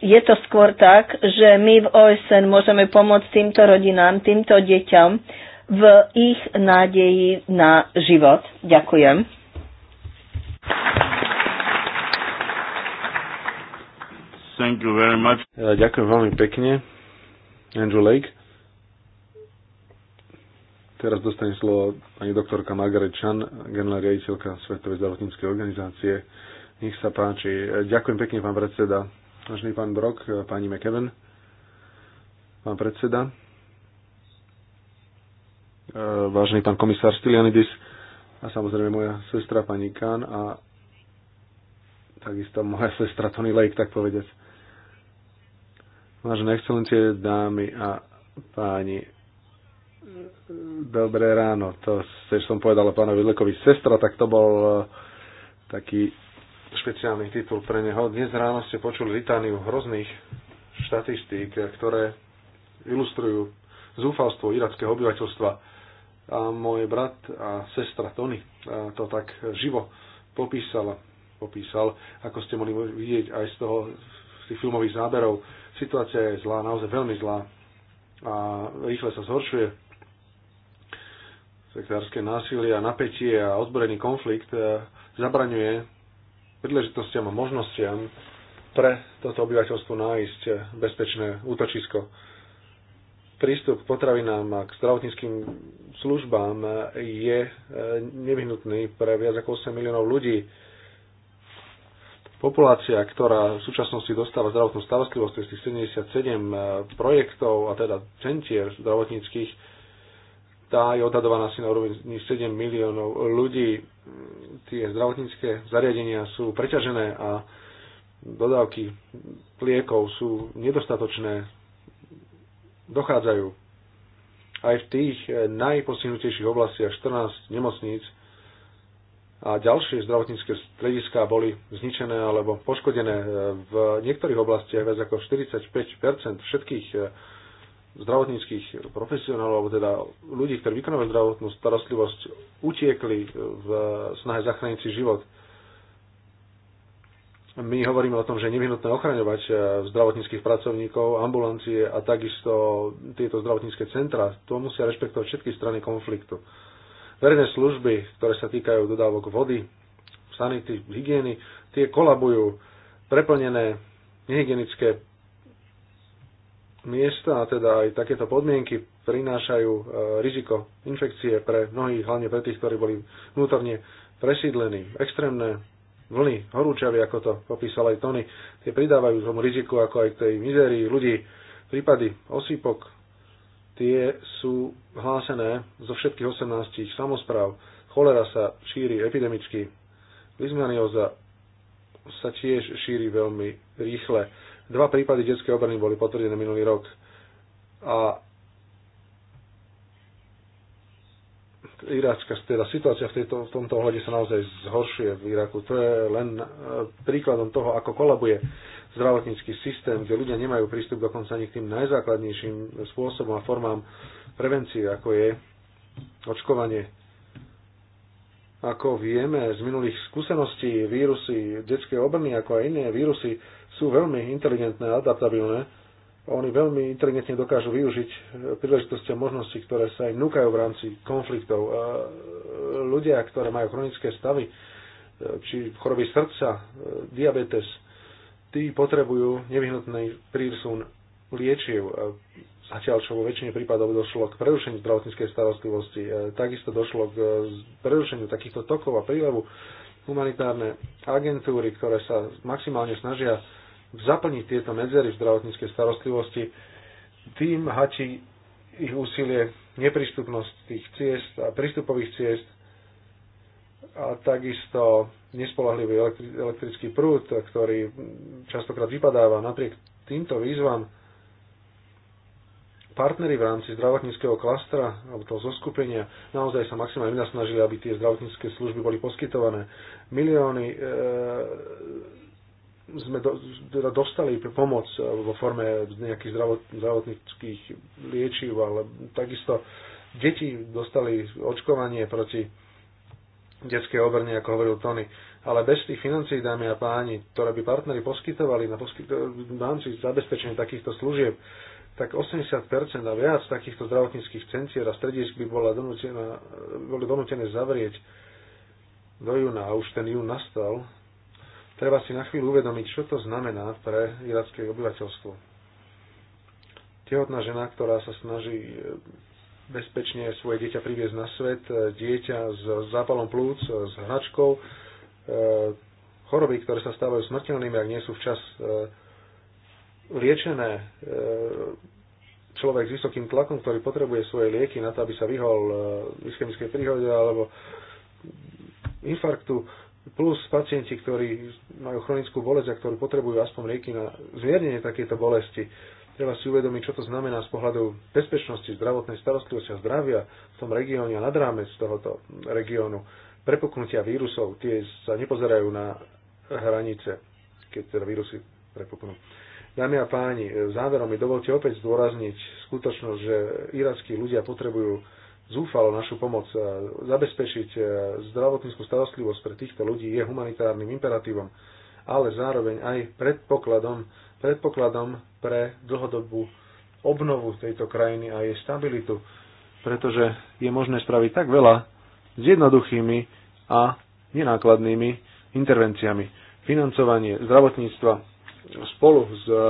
Je to skôr tak, že my v OSN môžeme pomôcť týmto rodinám, týmto deťom v ich nádeji na život. Ďakujem. Thank you very much. Ďakujem veľmi pekne. Andrew Lake. Teraz dostane slovo pani doktorka Margaret Chan, generálna riaditeľka Svetovej zdravotníckej organizácie. Nech sa páči. Ďakujem pekne, pán predseda. Vážený pán Brok, pani McKeven, pán predseda, vážený pán komisár Stylianidis a samozrejme moja sestra pani Kán a takisto moja sestra Tony Lake, tak povedať. Vážené excelencie, dámy a páni, Dobré ráno, to tiež som povedal pánovi Lekovi sestra, tak to bol e, taký špeciálny titul pre neho. Dnes ráno ste počuli litániu hrozných štatistík, ktoré ilustrujú zúfalstvo irackého obyvateľstva. A môj brat a sestra Tony e, to tak živo popísal, popísal, ako ste mohli vidieť aj z toho z tých filmových záberov. Situácia je zlá, naozaj veľmi zlá a rýchle sa zhoršuje sektárske násilie a napätie a ozbrojený konflikt eh, zabraňuje príležitostiam a možnostiam pre toto obyvateľstvo nájsť bezpečné útočisko. Prístup k potravinám a k zdravotníckým službám eh, je eh, nevyhnutný pre viac ako 8 miliónov ľudí. Populácia, ktorá v súčasnosti dostáva zdravotnú starostlivosť, je z tých 77 projektov a teda centier zdravotníckých, tá je odhadovaná asi na úrovni 7 miliónov ľudí. Tie zdravotnícke zariadenia sú preťažené a dodávky liekov sú nedostatočné, dochádzajú. Aj v tých najpostihnutejších oblastiach 14 nemocníc a ďalšie zdravotnícke strediská boli zničené alebo poškodené. V niektorých oblastiach viac ako 45 všetkých zdravotníckých profesionálov, alebo teda ľudí, ktorí vykonávajú zdravotnú starostlivosť, utiekli v snahe zachrániť si život. My hovoríme o tom, že je nevyhnutné ochraňovať eh, zdravotníckých pracovníkov, ambulancie a takisto tieto zdravotnícke centra. To musia rešpektovať všetky strany konfliktu. Verejné služby, ktoré sa týkajú dodávok vody, sanity, hygieny, tie kolabujú. Preplnené nehygienické miesta a teda aj takéto podmienky prinášajú e, riziko infekcie pre mnohých, hlavne pre tých, ktorí boli vnútorne presídlení. Extrémne vlny horúčavy, ako to popísal aj Tony, tie pridávajú tomu riziku, ako aj k tej mizérii ľudí. Prípady osýpok, tie sú hlásené zo všetkých 18 samozpráv. Cholera sa šíri epidemicky. Leishmanioza sa tiež šíri veľmi rýchle Dva prípady detskej obrany boli potvrdené minulý rok a irácka teda situácia v, tejto, v tomto ohľade sa naozaj zhoršuje v Iraku. To je len e, príkladom toho, ako kolabuje zdravotnícky systém, kde ľudia nemajú prístup dokonca ani k tým najzákladnejším spôsobom a formám prevencie, ako je očkovanie. Ako vieme z minulých skúseností, vírusy detskej obrny, ako aj iné vírusy, sú veľmi inteligentné a adaptabilné. Oni veľmi inteligentne dokážu využiť e, príležitosti a možnosti, ktoré sa im núkajú v rámci konfliktov. A e, ľudia, ktoré majú chronické stavy, e, či choroby srdca, diabetes, tí potrebujú nevyhnutný prísun liečiv. Zatiaľ, čo vo väčšine prípadov došlo k prerušeniu zdravotníckej starostlivosti, takisto došlo k prerušeniu takýchto tokov a prílevu humanitárne agentúry, ktoré sa maximálne snažia zaplniť tieto medzery v zdravotníckej starostlivosti, tým hačí ich úsilie neprístupnosť tých ciest a prístupových ciest a takisto nespolahlivý elektrický prúd, ktorý častokrát vypadáva. Napriek týmto výzvam partnery v rámci zdravotníckého klastra alebo toho zoskupenia naozaj sa maximálne snažili, aby tie zdravotnícke služby boli poskytované. Milióny e, sme do, teda dostali pomoc vo forme nejakých zdravot, zdravotníckých liečiv, ale takisto deti dostali očkovanie proti detskej obrne, ako hovoril Tony. Ale bez tých financií, dámy a páni, ktoré by partneri poskytovali na poskyt- zabezpečenia takýchto služieb, tak 80% a viac takýchto zdravotníckých centier a stredisk by bola donútená, boli donútené zavrieť do júna a už ten jún nastal, treba si na chvíľu uvedomiť, čo to znamená pre iracké obyvateľstvo. Tehotná žena, ktorá sa snaží e, bezpečne svoje dieťa priviesť na svet, e, dieťa s zápalom plúc, e, s hračkou, choroby, ktoré sa stávajú smrteľnými, ak nie sú včas liečené, človek s vysokým tlakom, ktorý potrebuje svoje lieky na to, aby sa vyhol ischemickej príhode alebo infarktu, plus pacienti, ktorí majú chronickú bolesť a ktorí potrebujú aspoň lieky na zmiernenie takejto bolesti. Treba si uvedomiť, čo to znamená z pohľadu bezpečnosti, zdravotnej starostlivosti a zdravia v tom regióne a nad rámec tohoto regiónu. Prepuknutia vírusov, tie sa nepozerajú na hranice, keď teda vírusy prepuknú. Dámy a páni, záverom mi dovolte opäť zdôrazniť skutočnosť, že irackí ľudia potrebujú zúfalo našu pomoc. E, zabezpečiť e, zdravotníckú starostlivosť pre týchto ľudí je humanitárnym imperatívom, ale zároveň aj predpokladom, predpokladom pre dlhodobú obnovu tejto krajiny a jej stabilitu, pretože je možné spraviť tak veľa s jednoduchými a nenákladnými intervenciami. Financovanie zdravotníctva spolu s e,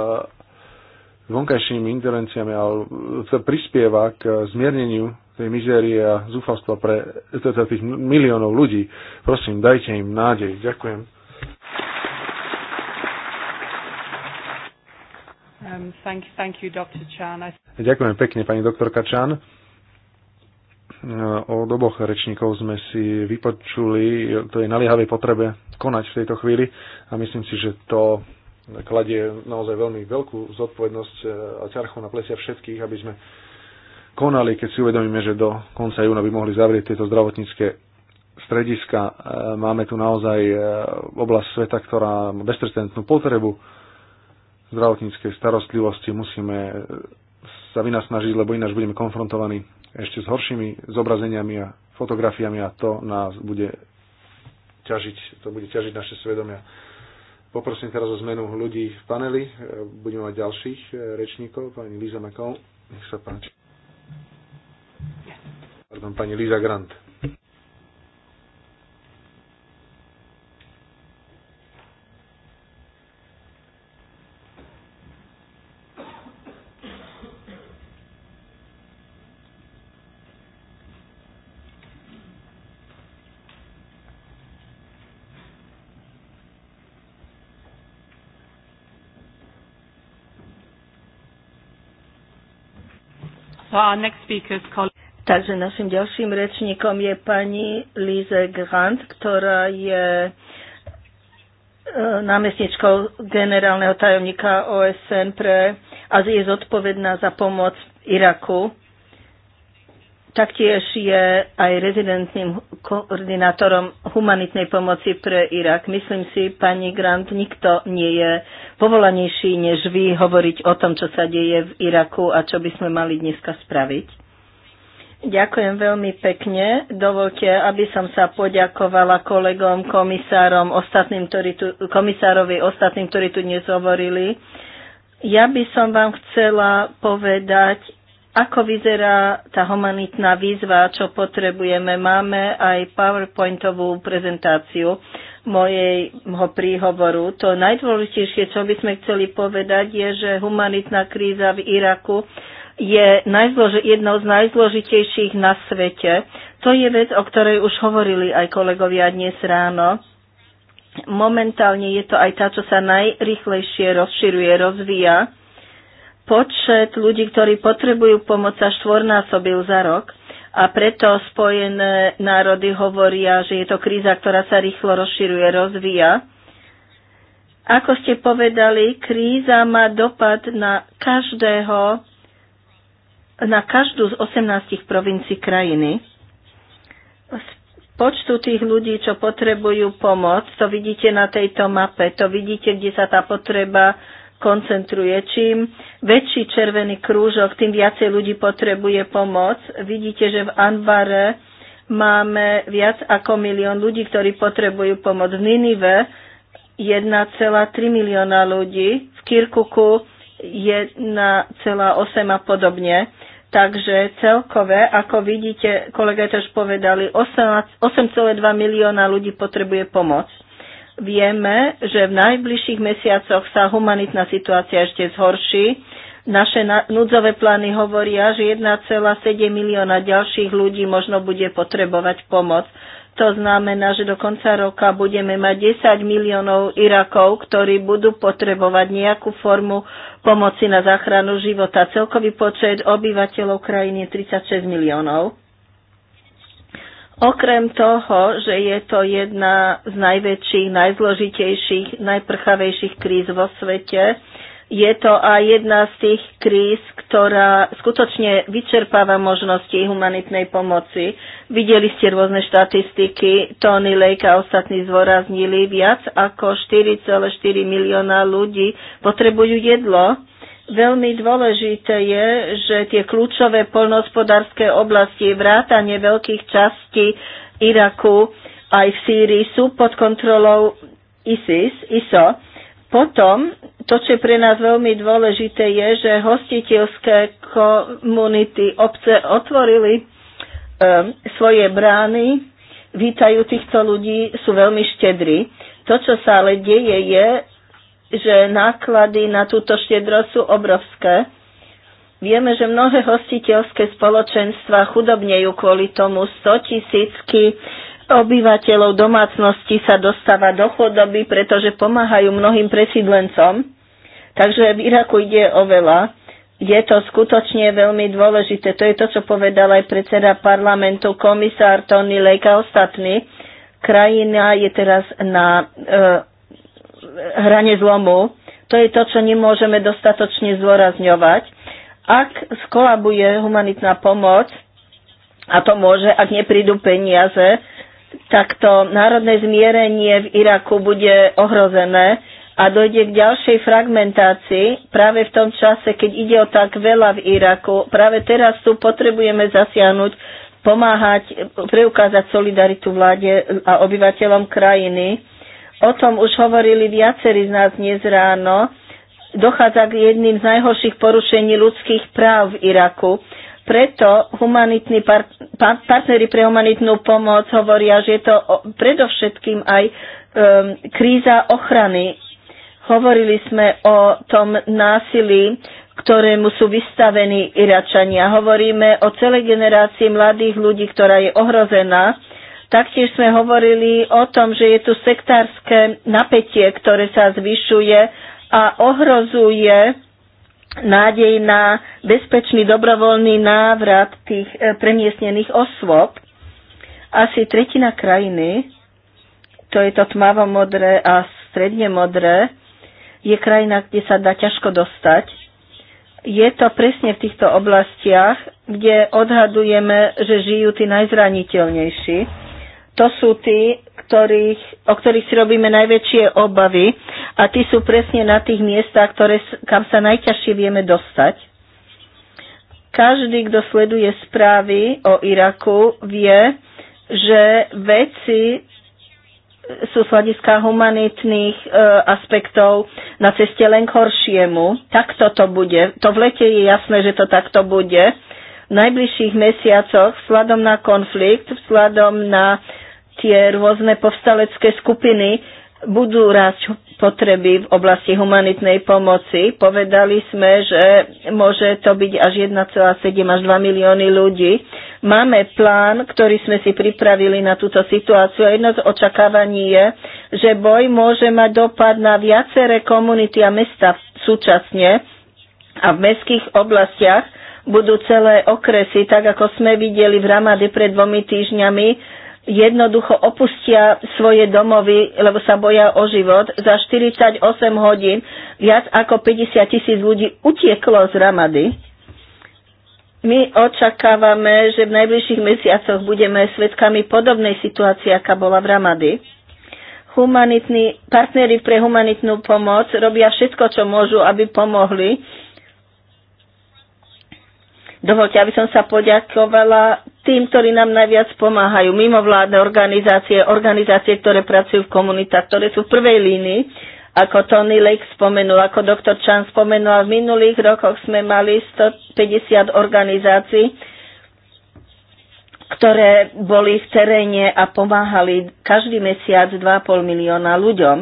vonkajšími intervenciami ale prispieva k zmierneniu tej mizérie a zúfalstva pre teda tých miliónov ľudí. Prosím, dajte im nádej. Ďakujem. Um, thank, thank you, Dr. Chan. Ďakujem pekne, pani doktorka Chan. O doboch rečníkov sme si vypočuli to je naliehavej potrebe konať v tejto chvíli a myslím si, že to kladie naozaj veľmi veľkú zodpovednosť e, a ťarchu na plesia všetkých, aby sme konali, keď si uvedomíme, že do konca júna by mohli zavrieť tieto zdravotnícke strediska. E, máme tu naozaj e, oblasť sveta, ktorá má bezprecedentnú potrebu zdravotníckej starostlivosti. Musíme e, sa vynasnažiť, lebo ináč budeme konfrontovaní ešte s horšími zobrazeniami a fotografiami a to nás bude ťažiť, to bude ťažiť naše svedomia. Poprosím teraz o zmenu ľudí v paneli. Budeme mať ďalších rečníkov, pani Líza Mekov. Nech sa páči. Pardon, pani Líza Grant. our next speaker is Colin. Takže našim ďalším rečníkom je pani Lise Grant, ktorá je e, námestničkou generálneho tajomníka OSN pre a je zodpovedná za pomoc Iraku. Taktiež je aj rezidentným koordinátorom humanitnej pomoci pre Irak. Myslím si, pani Grant, nikto nie je povolanejší než vy hovoriť o tom, čo sa deje v Iraku a čo by sme mali dneska spraviť. Ďakujem veľmi pekne. Dovolte, aby som sa poďakovala kolegom, komisárom, ostatným, ktorí tu, komisárovi, ostatným, ktorí tu dnes hovorili. Ja by som vám chcela povedať, ako vyzerá tá humanitná výzva, čo potrebujeme. Máme aj PowerPointovú prezentáciu mojejho príhovoru. To najdôležitejšie, čo by sme chceli povedať, je, že humanitná kríza v Iraku je najzloži- jednou z najzložitejších na svete. To je vec, o ktorej už hovorili aj kolegovia dnes ráno. Momentálne je to aj tá, čo sa najrychlejšie rozširuje, rozvíja. Počet ľudí, ktorí potrebujú pomoc, sa štvornásobil za rok a preto Spojené národy hovoria, že je to kríza, ktorá sa rýchlo rozširuje, rozvíja. Ako ste povedali, kríza má dopad na každého na každú z 18 provincií krajiny. Z počtu tých ľudí, čo potrebujú pomoc, to vidíte na tejto mape, to vidíte, kde sa tá potreba koncentruje. Čím väčší červený krúžok, tým viacej ľudí potrebuje pomoc. Vidíte, že v Anbare máme viac ako milión ľudí, ktorí potrebujú pomoc. V Ninive 1,3 milióna ľudí, v Kirkuku 1,8 a podobne. Takže celkové, ako vidíte, kolega to už povedali, 8,2 milióna ľudí potrebuje pomoc. Vieme, že v najbližších mesiacoch sa humanitná situácia ešte zhorší. Naše núdzové plány hovoria, že 1,7 milióna ďalších ľudí možno bude potrebovať pomoc. To znamená, že do konca roka budeme mať 10 miliónov Irakov, ktorí budú potrebovať nejakú formu pomoci na záchranu života. Celkový počet obyvateľov krajiny je 36 miliónov. Okrem toho, že je to jedna z najväčších, najzložitejších, najprchavejších kríz vo svete, je to aj jedna z tých kríz, ktorá skutočne vyčerpáva možnosti humanitnej pomoci. Videli ste rôzne štatistiky, Tony Lake a ostatní zdôraznili, viac ako 4,4 milióna ľudí potrebujú jedlo. Veľmi dôležité je, že tie kľúčové polnohospodárske oblasti, vrátanie veľkých častí Iraku aj v Sýrii sú pod kontrolou ISIS, ISO. Potom to, čo je pre nás veľmi dôležité, je, že hostiteľské komunity obce otvorili e, svoje brány, vítajú týchto ľudí, sú veľmi štedrí. To, čo sa ale deje, je, že náklady na túto štedrosť sú obrovské. Vieme, že mnohé hostiteľské spoločenstva chudobnejú kvôli tomu 100 tisícky obyvateľov domácnosti sa dostáva do chodoby, pretože pomáhajú mnohým presídlencom. Takže v Iraku ide o veľa. Je to skutočne veľmi dôležité. To je to, čo povedal aj predseda parlamentu, komisár Tony Lake a ostatní. Krajina je teraz na e, hrane zlomu. To je to, čo nemôžeme dostatočne zdôrazňovať. Ak skolabuje humanitná pomoc, a to môže, ak neprídu peniaze, takto národné zmierenie v Iraku bude ohrozené a dojde k ďalšej fragmentácii práve v tom čase, keď ide o tak veľa v Iraku. Práve teraz tu potrebujeme zasiahnuť, pomáhať, preukázať solidaritu vláde a obyvateľom krajiny. O tom už hovorili viacerí z nás dnes ráno. Dochádza k jedným z najhorších porušení ľudských práv v Iraku. Preto humanitní part- partnery pre humanitnú pomoc hovoria, že je to predovšetkým aj um, kríza ochrany. Hovorili sme o tom násilí, ktorému sú vystavení Iračania. Hovoríme o celej generácii mladých ľudí, ktorá je ohrozená. Taktiež sme hovorili o tom, že je tu sektárske napätie, ktoré sa zvyšuje a ohrozuje nádej na bezpečný dobrovoľný návrat tých e, premiestnených osôb. Asi tretina krajiny, to je to tmavo-modré a stredne modré, je krajina, kde sa dá ťažko dostať. Je to presne v týchto oblastiach, kde odhadujeme, že žijú tí najzraniteľnejší. To sú tí, ktorých, o ktorých si robíme najväčšie obavy a tí sú presne na tých miestach, ktoré, kam sa najťažšie vieme dostať. Každý, kto sleduje správy o Iraku, vie, že veci sú z hľadiska humanitných e, aspektov na ceste len k horšiemu. Takto to bude. To v lete je jasné, že to takto bude. V najbližších mesiacoch, vzhľadom na konflikt, vzhľadom na tie rôzne povstalecké skupiny budú rásť potreby v oblasti humanitnej pomoci. Povedali sme, že môže to byť až 1,7 až 2 milióny ľudí. Máme plán, ktorý sme si pripravili na túto situáciu a jedno z očakávaní je, že boj môže mať dopad na viaceré komunity a mesta súčasne a v mestských oblastiach budú celé okresy, tak ako sme videli v Ramade pred dvomi týždňami, jednoducho opustia svoje domovy, lebo sa boja o život. Za 48 hodín viac ako 50 tisíc ľudí utieklo z Ramady. My očakávame, že v najbližších mesiacoch budeme svedkami podobnej situácie, aká bola v Ramady. Humanitní, partnery pre humanitnú pomoc robia všetko, čo môžu, aby pomohli. Dovolte, aby som sa poďakovala tým, ktorí nám najviac pomáhajú. Mimovládne organizácie, organizácie, ktoré pracujú v komunitách, ktoré sú v prvej línii, ako Tony Lake spomenul, ako doktor Chan spomenul, v minulých rokoch sme mali 150 organizácií, ktoré boli v teréne a pomáhali každý mesiac 2,5 milióna ľuďom.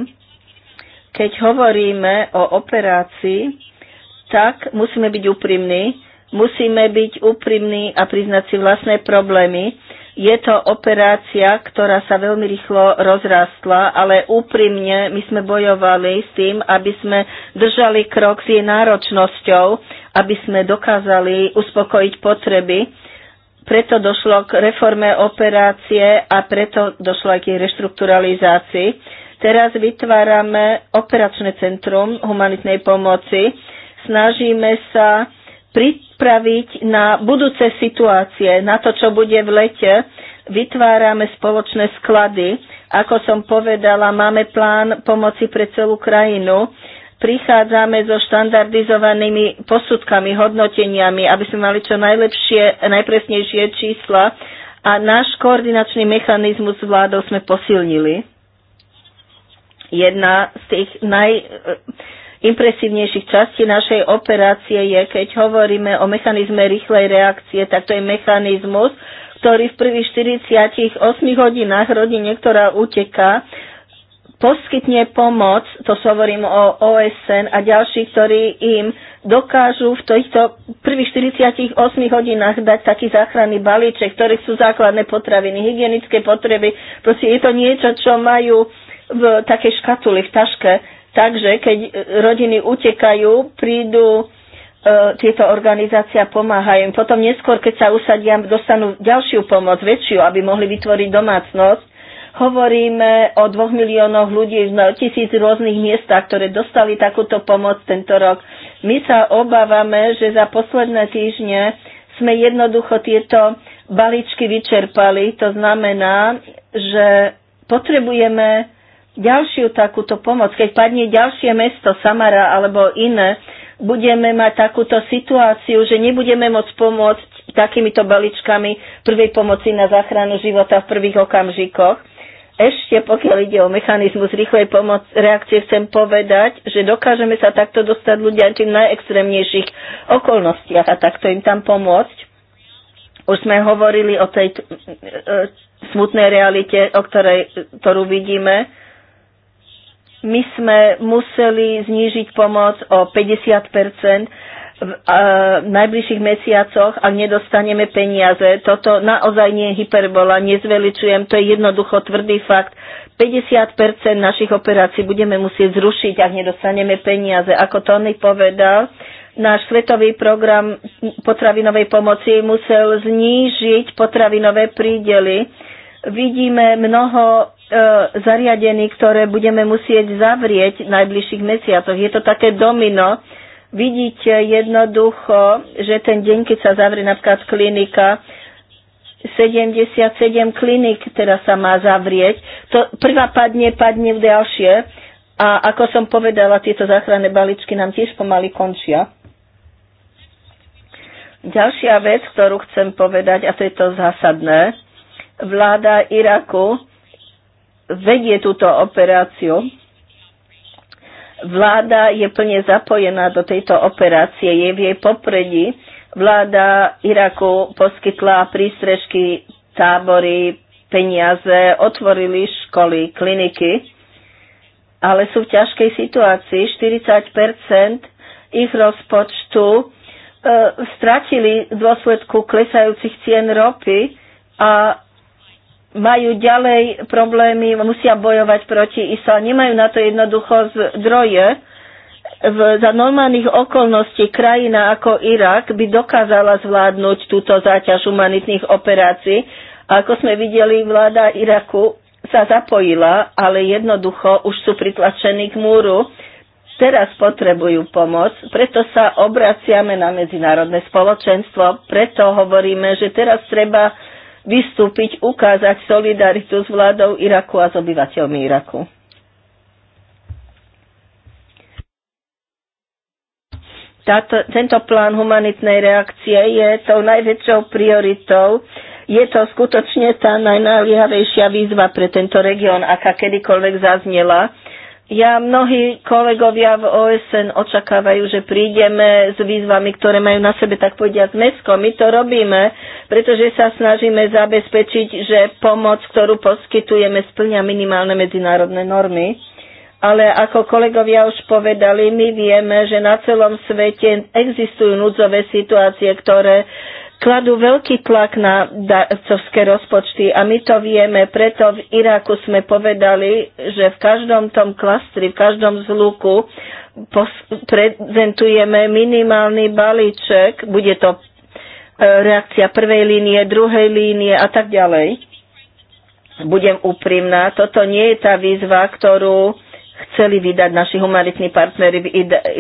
Keď hovoríme o operácii, tak musíme byť úprimní, Musíme byť úprimní a priznať si vlastné problémy. Je to operácia, ktorá sa veľmi rýchlo rozrastla, ale úprimne my sme bojovali s tým, aby sme držali krok s jej náročnosťou, aby sme dokázali uspokojiť potreby. Preto došlo k reforme operácie a preto došlo aj k jej reštrukturalizácii. Teraz vytvárame operačné centrum humanitnej pomoci. Snažíme sa pri pripraviť na budúce situácie, na to, čo bude v lete. Vytvárame spoločné sklady. Ako som povedala, máme plán pomoci pre celú krajinu. Prichádzame so štandardizovanými posudkami, hodnoteniami, aby sme mali čo najlepšie, najpresnejšie čísla a náš koordinačný mechanizmus s vládou sme posilnili. Jedna z tých naj, impresívnejších častí našej operácie je, keď hovoríme o mechanizme rýchlej reakcie, tak to je mechanizmus, ktorý v prvých 48 hodinách rodine, ktorá uteká, poskytne pomoc, to hovorím o OSN a ďalší, ktorí im dokážu v týchto prvých 48 hodinách dať taký záchranný balíček, ktoré sú základné potraviny, hygienické potreby. Proste je to niečo, čo majú v takej škatuli, v taške Takže keď rodiny utekajú, prídu e, tieto organizácia pomáhajú im. Potom neskôr, keď sa usadia, dostanú ďalšiu pomoc, väčšiu, aby mohli vytvoriť domácnosť. Hovoríme o dvoch miliónoch ľudí v tisíc rôznych miestach, ktoré dostali takúto pomoc tento rok. My sa obávame, že za posledné týždne sme jednoducho tieto balíčky vyčerpali. To znamená, že potrebujeme ďalšiu takúto pomoc, keď padne ďalšie mesto, Samara alebo iné, budeme mať takúto situáciu, že nebudeme môcť pomôcť takýmito baličkami prvej pomoci na záchranu života v prvých okamžikoch. Ešte pokiaľ ide o mechanizmus rýchlej pomoc, reakcie chcem povedať, že dokážeme sa takto dostať ľudia v tým najextrémnejších okolnostiach a takto im tam pomôcť. Už sme hovorili o tej e, e smutnej realite, o ktorej, ktorú vidíme my sme museli znížiť pomoc o 50 v najbližších mesiacoch ak nedostaneme peniaze. Toto naozaj nie je hyperbola, nezveličujem, to je jednoducho tvrdý fakt. 50% našich operácií budeme musieť zrušiť, ak nedostaneme peniaze. Ako Tony povedal, náš svetový program potravinovej pomoci musel znížiť potravinové prídely. Vidíme mnoho E, zariadení, ktoré budeme musieť zavrieť v najbližších mesiacoch. Je to také domino. Vidíte jednoducho, že ten deň, keď sa zavrie napríklad klinika, 77 klinik teda sa má zavrieť. To prvá padne, padne v ďalšie. A ako som povedala, tieto záchranné baličky nám tiež pomaly končia. Ďalšia vec, ktorú chcem povedať, a to je to zásadné, vláda Iraku vedie túto operáciu. Vláda je plne zapojená do tejto operácie, je v jej popredí. Vláda Iraku poskytla prístrežky, tábory, peniaze, otvorili školy, kliniky, ale sú v ťažkej situácii. 40 ich rozpočtu e, stratili v dôsledku klesajúcich cien ropy a majú ďalej problémy, musia bojovať proti ISA, nemajú na to jednoducho zdroje. V, za normálnych okolností krajina ako Irak by dokázala zvládnuť túto záťaž humanitných operácií. A ako sme videli, vláda Iraku sa zapojila, ale jednoducho už sú pritlačení k múru. Teraz potrebujú pomoc, preto sa obraciame na medzinárodné spoločenstvo, preto hovoríme, že teraz treba vystúpiť, ukázať solidaritu s vládou Iraku a s obyvateľmi Iraku. Táto, tento plán humanitnej reakcie je tou najväčšou prioritou. Je to skutočne tá najnáliehavejšia výzva pre tento región, aká kedykoľvek zaznela ja mnohí kolegovia v OSN očakávajú, že prídeme s výzvami, ktoré majú na sebe tak povediať mesko. My to robíme, pretože sa snažíme zabezpečiť, že pomoc, ktorú poskytujeme, splňa minimálne medzinárodné normy. Ale ako kolegovia už povedali, my vieme, že na celom svete existujú núdzové situácie, ktoré kladú veľký tlak na darcovské rozpočty a my to vieme, preto v Iraku sme povedali, že v každom tom klastri, v každom zluku prezentujeme minimálny balíček, bude to e, reakcia prvej línie, druhej línie a tak ďalej. Budem úprimná, toto nie je tá výzva, ktorú chceli vydať naši humanitní partnery v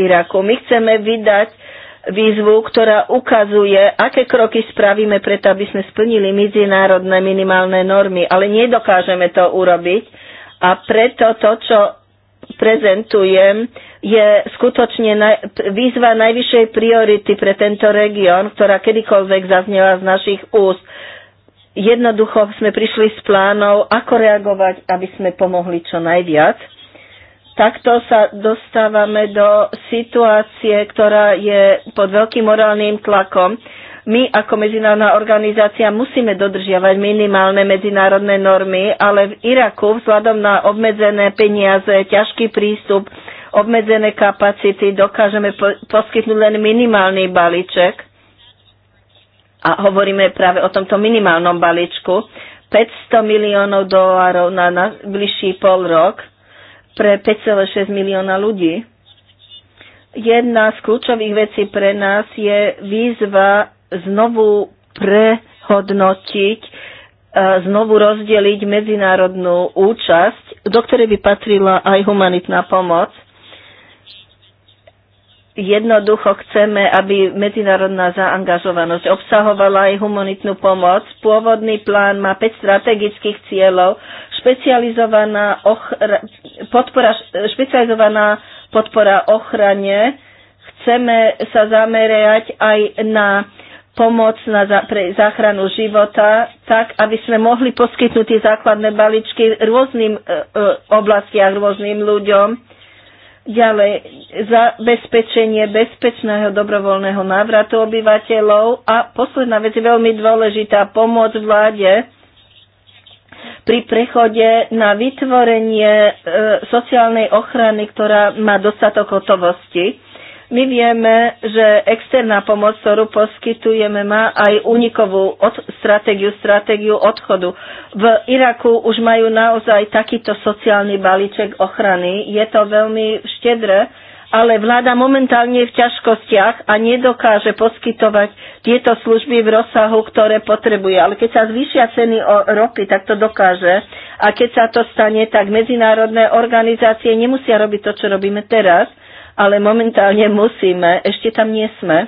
Iraku. My chceme vydať výzvu, ktorá ukazuje, aké kroky spravíme preto, aby sme splnili medzinárodné minimálne normy, ale nedokážeme to urobiť a preto to, čo prezentujem, je skutočne výzva najvyššej priority pre tento región, ktorá kedykoľvek zaznela z našich úst. Jednoducho sme prišli s plánov, ako reagovať, aby sme pomohli čo najviac takto sa dostávame do situácie, ktorá je pod veľkým morálnym tlakom. My ako medzinárodná organizácia musíme dodržiavať minimálne medzinárodné normy, ale v Iraku vzhľadom na obmedzené peniaze, ťažký prístup, obmedzené kapacity dokážeme po- poskytnúť len minimálny balíček. A hovoríme práve o tomto minimálnom balíčku. 500 miliónov dolárov na najbližší pol rok pre 5,6 milióna ľudí. Jedna z kľúčových vecí pre nás je výzva znovu prehodnotiť, e, znovu rozdeliť medzinárodnú účasť, do ktorej by patrila aj humanitná pomoc. Jednoducho chceme, aby medzinárodná zaangažovanosť obsahovala aj humanitnú pomoc. Pôvodný plán má 5 strategických cieľov, špecializovaná ochra, podpora, špecializovaná podpora ochrane. Chceme sa zamerať aj na pomoc na za, pre záchranu života, tak aby sme mohli poskytnúť tie základné balíčky rôznym e, e, oblastiach, rôznym ľuďom. Ďalej, zabezpečenie bezpečného dobrovoľného návratu obyvateľov a posledná vec je veľmi dôležitá, pomoc vláde pri prechode na vytvorenie e, sociálnej ochrany, ktorá má dostatok hotovosti. My vieme, že externá pomoc, ktorú poskytujeme, má aj unikovú od, stratégiu, stratégiu odchodu. V Iraku už majú naozaj takýto sociálny balíček ochrany. Je to veľmi štedré ale vláda momentálne je v ťažkostiach a nedokáže poskytovať tieto služby v rozsahu, ktoré potrebuje. Ale keď sa zvýšia ceny o ropy, tak to dokáže. A keď sa to stane, tak medzinárodné organizácie nemusia robiť to, čo robíme teraz, ale momentálne musíme, ešte tam nie sme.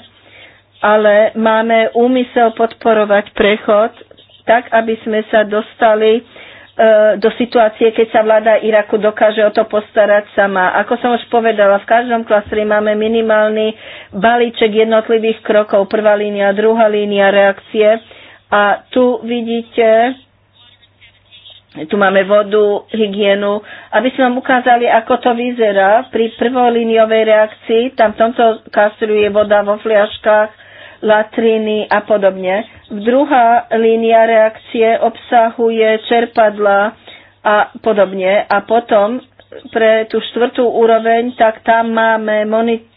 Ale máme úmysel podporovať prechod tak, aby sme sa dostali E, do situácie, keď sa vláda Iraku dokáže o to postarať sama. Ako som už povedala, v každom klastri máme minimálny balíček jednotlivých krokov, prvá línia, druhá línia reakcie. A tu vidíte, tu máme vodu, hygienu, aby sme vám ukázali, ako to vyzerá pri prvolíniovej reakcii. Tam v tomto kastru je voda vo fliaškách, latriny a podobne. Druhá línia reakcie obsahuje čerpadla a podobne. A potom pre tú štvrtú úroveň, tak tam máme monitor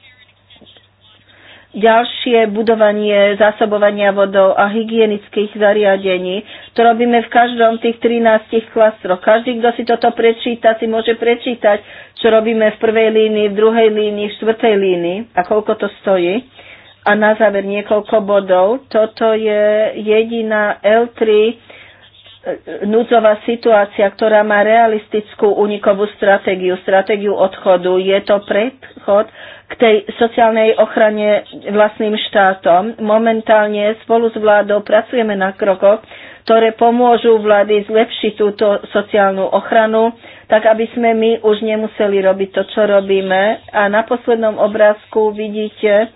ďalšie budovanie zásobovania vodou a hygienických zariadení. To robíme v každom tých 13 klastroch. Každý, kto si toto prečíta, si môže prečítať, čo robíme v prvej línii, v druhej línii, v štvrtej línii a koľko to stojí. A na záver niekoľko bodov. Toto je jediná L3 núdzová situácia, ktorá má realistickú unikovú stratégiu, stratégiu odchodu. Je to predchod k tej sociálnej ochrane vlastným štátom. Momentálne spolu s vládou pracujeme na krokoch, ktoré pomôžu vlády zlepšiť túto sociálnu ochranu, tak aby sme my už nemuseli robiť to, čo robíme. A na poslednom obrázku vidíte,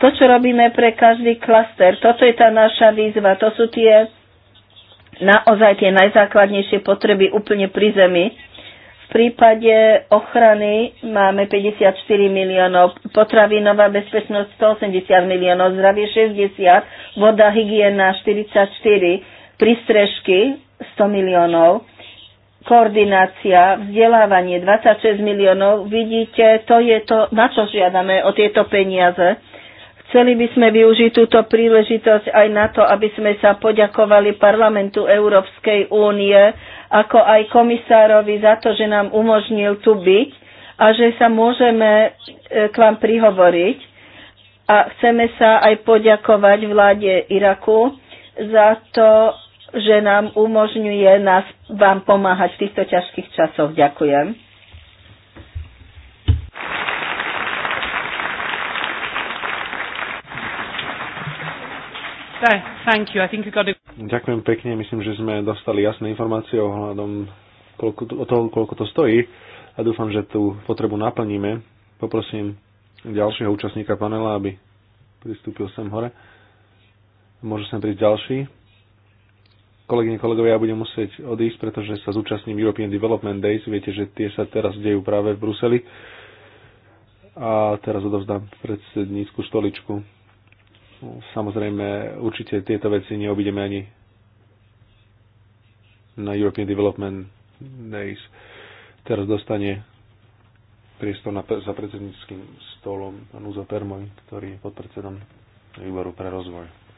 to, čo robíme pre každý klaster. Toto je tá naša výzva. To sú tie naozaj tie najzákladnejšie potreby úplne pri zemi. V prípade ochrany máme 54 miliónov, potravinová bezpečnosť 180 miliónov, zdravie 60, voda, hygiena 44, prístrežky 100 miliónov, koordinácia, vzdelávanie 26 miliónov. Vidíte, to je to, na čo žiadame o tieto peniaze Chceli by sme využiť túto príležitosť aj na to, aby sme sa poďakovali parlamentu Európskej únie, ako aj komisárovi za to, že nám umožnil tu byť a že sa môžeme e, k vám prihovoriť. A chceme sa aj poďakovať vláde Iraku za to, že nám umožňuje nás vám pomáhať v týchto ťažkých časoch. Ďakujem. Ďakujem pekne, myslím, že sme dostali jasné informácie ohľadom koľko, o toho, koľko to stojí a dúfam, že tú potrebu naplníme. Poprosím ďalšieho účastníka panela, aby pristúpil sem hore. Môžu sem prísť ďalší. Kolegyne, kolegovia, ja budem musieť odísť, pretože sa zúčastním European Development Days. Viete, že tie sa teraz dejú práve v Bruseli. A teraz odovzdám predsednícku stoličku Samozrejme, určite tieto veci neobideme ani na European Development Days. Teraz dostane priestor na, za predsedníckým stolom pán Uzo Permoj, ktorý je podpredsedom výboru pre rozvoj.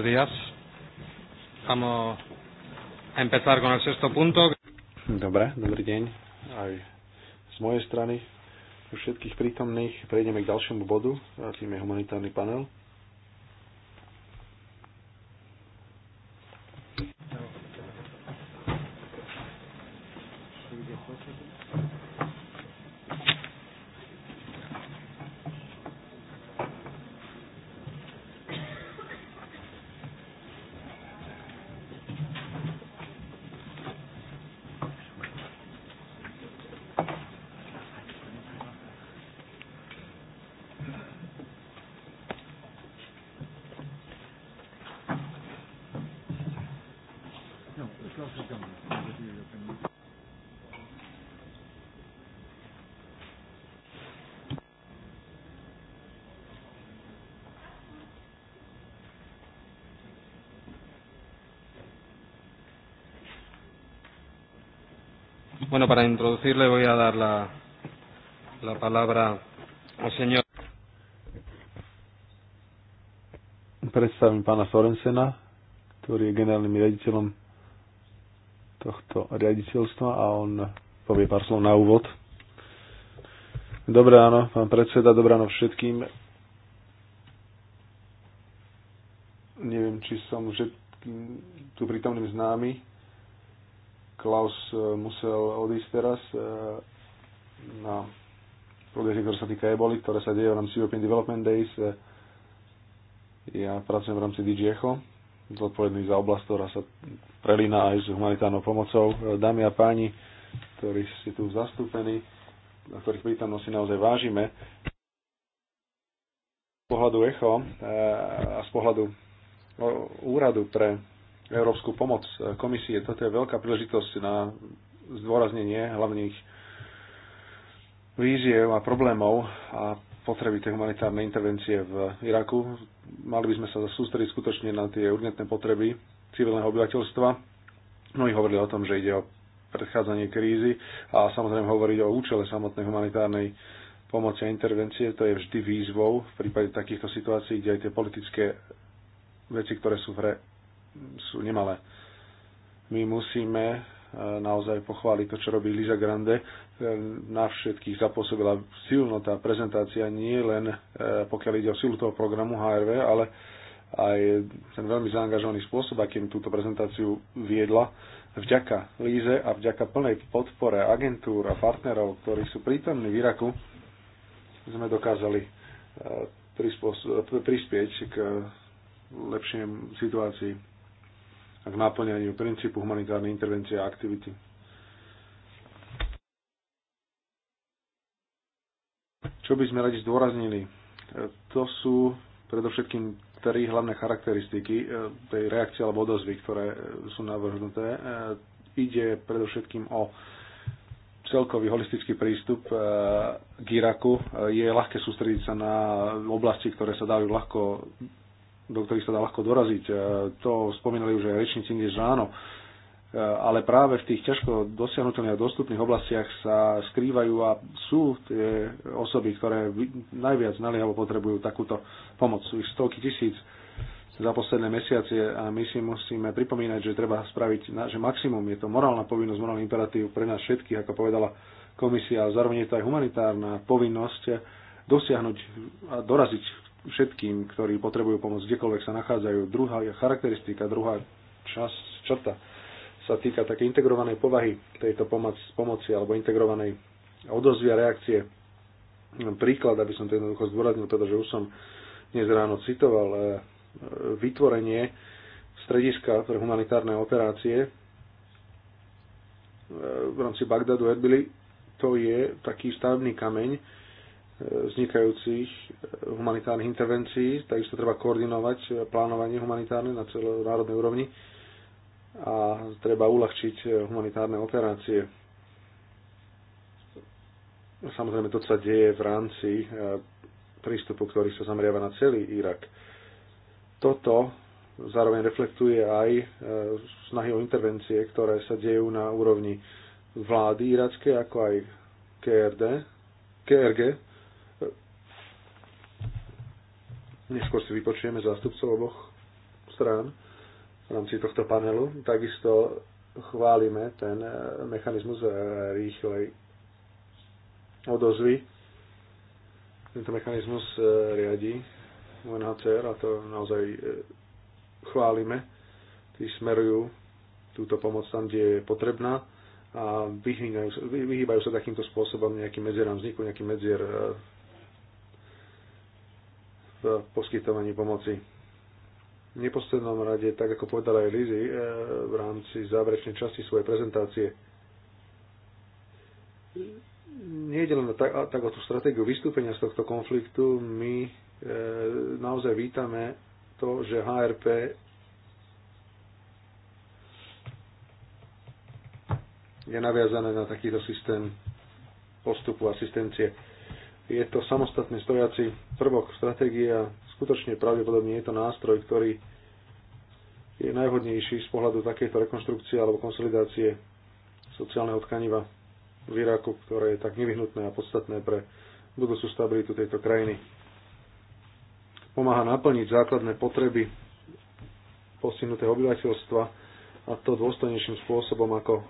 buenos días. Vamos a empezar con el sexto punto. Dobre, dobrý deň. Aj z mojej strany všetkých prítomných prejdeme k ďalšiemu bodu, a tým je humanitárny panel. Bueno, para introducirle voy a dar la, la palabra al señor. Predstavím pána Sorensena, ktorý je generálnym riaditeľom tohto riaditeľstva a on povie pár slov na úvod. Dobré ráno, pán predseda, dobré ráno všetkým. Neviem, či som všetkým tu prítomným známy Klaus e, musel odísť teraz e, na prúdežne, ktoré sa týka eboli, ktoré sa deje v rámci European Development Days. E, ja pracujem v rámci DG Echo, zodpovedný za oblasť, ktorá sa prelína aj s humanitárnou pomocou. Dámy a páni, ktorí ste tu zastúpení, na ktorých prítomnosť si naozaj vážime. Z pohľadu ECHO a z pohľadu úradu pre európsku pomoc e, komisie. Toto je veľká príležitosť na zdôraznenie hlavných víziev a problémov a potreby tej humanitárnej intervencie v Iraku. Mali by sme sa sústrediť skutočne na tie urgentné potreby civilného obyvateľstva. Mnohí hovorili o tom, že ide o predchádzanie krízy a samozrejme hovoriť o účele samotnej humanitárnej pomoci a intervencie. To je vždy výzvou v prípade takýchto situácií, kde aj tie politické veci, ktoré sú v hre, sú nemalé. My musíme e, naozaj pochváliť to, čo robí Liza Grande. E, na všetkých zapôsobila silno tá prezentácia, nie len e, pokiaľ ide o silu toho programu HRV, ale aj ten veľmi zaangažovaný spôsob, akým túto prezentáciu viedla. Vďaka Líze a vďaka plnej podpore agentúr a partnerov, ktorí sú prítomní v Iraku, sme dokázali prispieť k lepšiem situácii a k naplňaniu princípu humanitárnej intervencie a aktivity. Čo by sme radi zdôraznili? To sú predovšetkým tri hlavné charakteristiky eh, tej reakcie alebo odozvy, ktoré eh, sú navrhnuté. Eh, ide predovšetkým o celkový holistický prístup k Iraku. Je ľahké sústrediť sa na oblasti, ktoré sa dajú ľahko do ktorých sa dá ľahko doraziť. E, to spomínali už aj rečníci dnes ráno. E, ale práve v tých ťažko dosiahnutelných a dostupných oblastiach sa skrývajú a sú tie osoby, ktoré najviac naliehavo potrebujú takúto pomoc. Sú ich stovky tisíc za posledné mesiace a my si musíme pripomínať, že treba spraviť že maximum. Je to morálna povinnosť, morálny imperatív pre nás všetkých, ako povedala komisia, a zároveň je to aj humanitárna povinnosť dosiahnuť a doraziť k všetkým, ktorí potrebujú pomoc, kdekoľvek sa nachádzajú. Druhá charakteristika, druhá časť, črta sa týka také integrovanej povahy tejto pomoci, pomoci alebo integrovanej odozvia reakcie. Príklad, aby som to jednoducho zdôraznil, pretože teda, už som dnes ráno citoval e, vytvorenie strediska pre humanitárne operácie e, v rámci Bagdadu Erbili. To je taký stavebný kameň, vznikajúcich eh, humanitárnych intervencií. Takisto treba koordinovať plánovanie humanitárne na celonárodnej úrovni a treba uľahčiť humanitárne operácie. Samozrejme, to sa deje v rámci eh, prístupu, ktorý sa zameriava na celý Irak. Toto zároveň reflektuje aj eh, snahy o intervencie, ktoré sa dejú na úrovni vlády irackej, ako aj KRD, KRG, Neskôr si vypočujeme zástupcov oboch strán v rámci tohto panelu. Takisto chválime ten eh, mechanizmus eh, rýchlej odozvy. Tento mechanizmus eh, riadi UNHCR a to naozaj chválime. Tí smerujú túto pomoc tam, kde je potrebná a vyhýbajú sa takýmto spôsobom nejakým medzierám vzniku, nejakým medzier v poskytovaní pomoci. V neposlednom rade, tak ako povedala aj Lizy e, v rámci záverečnej časti svojej prezentácie, nejde len tak, tak o tú stratégiu vystúpenia z tohto konfliktu. My e, naozaj vítame to, že HRP je naviazané na takýto systém postupu asistencie. Je to samostatný stojaci prvok, stratégia, skutočne pravdepodobne je to nástroj, ktorý je najhodnejší z pohľadu takéto rekonštrukcie alebo konsolidácie sociálneho tkaniva v Iraku, ktoré je tak nevyhnutné a podstatné pre budúcu stabilitu tejto krajiny. Pomáha naplniť základné potreby postihnutého obyvateľstva a to dôstojnejším spôsobom ako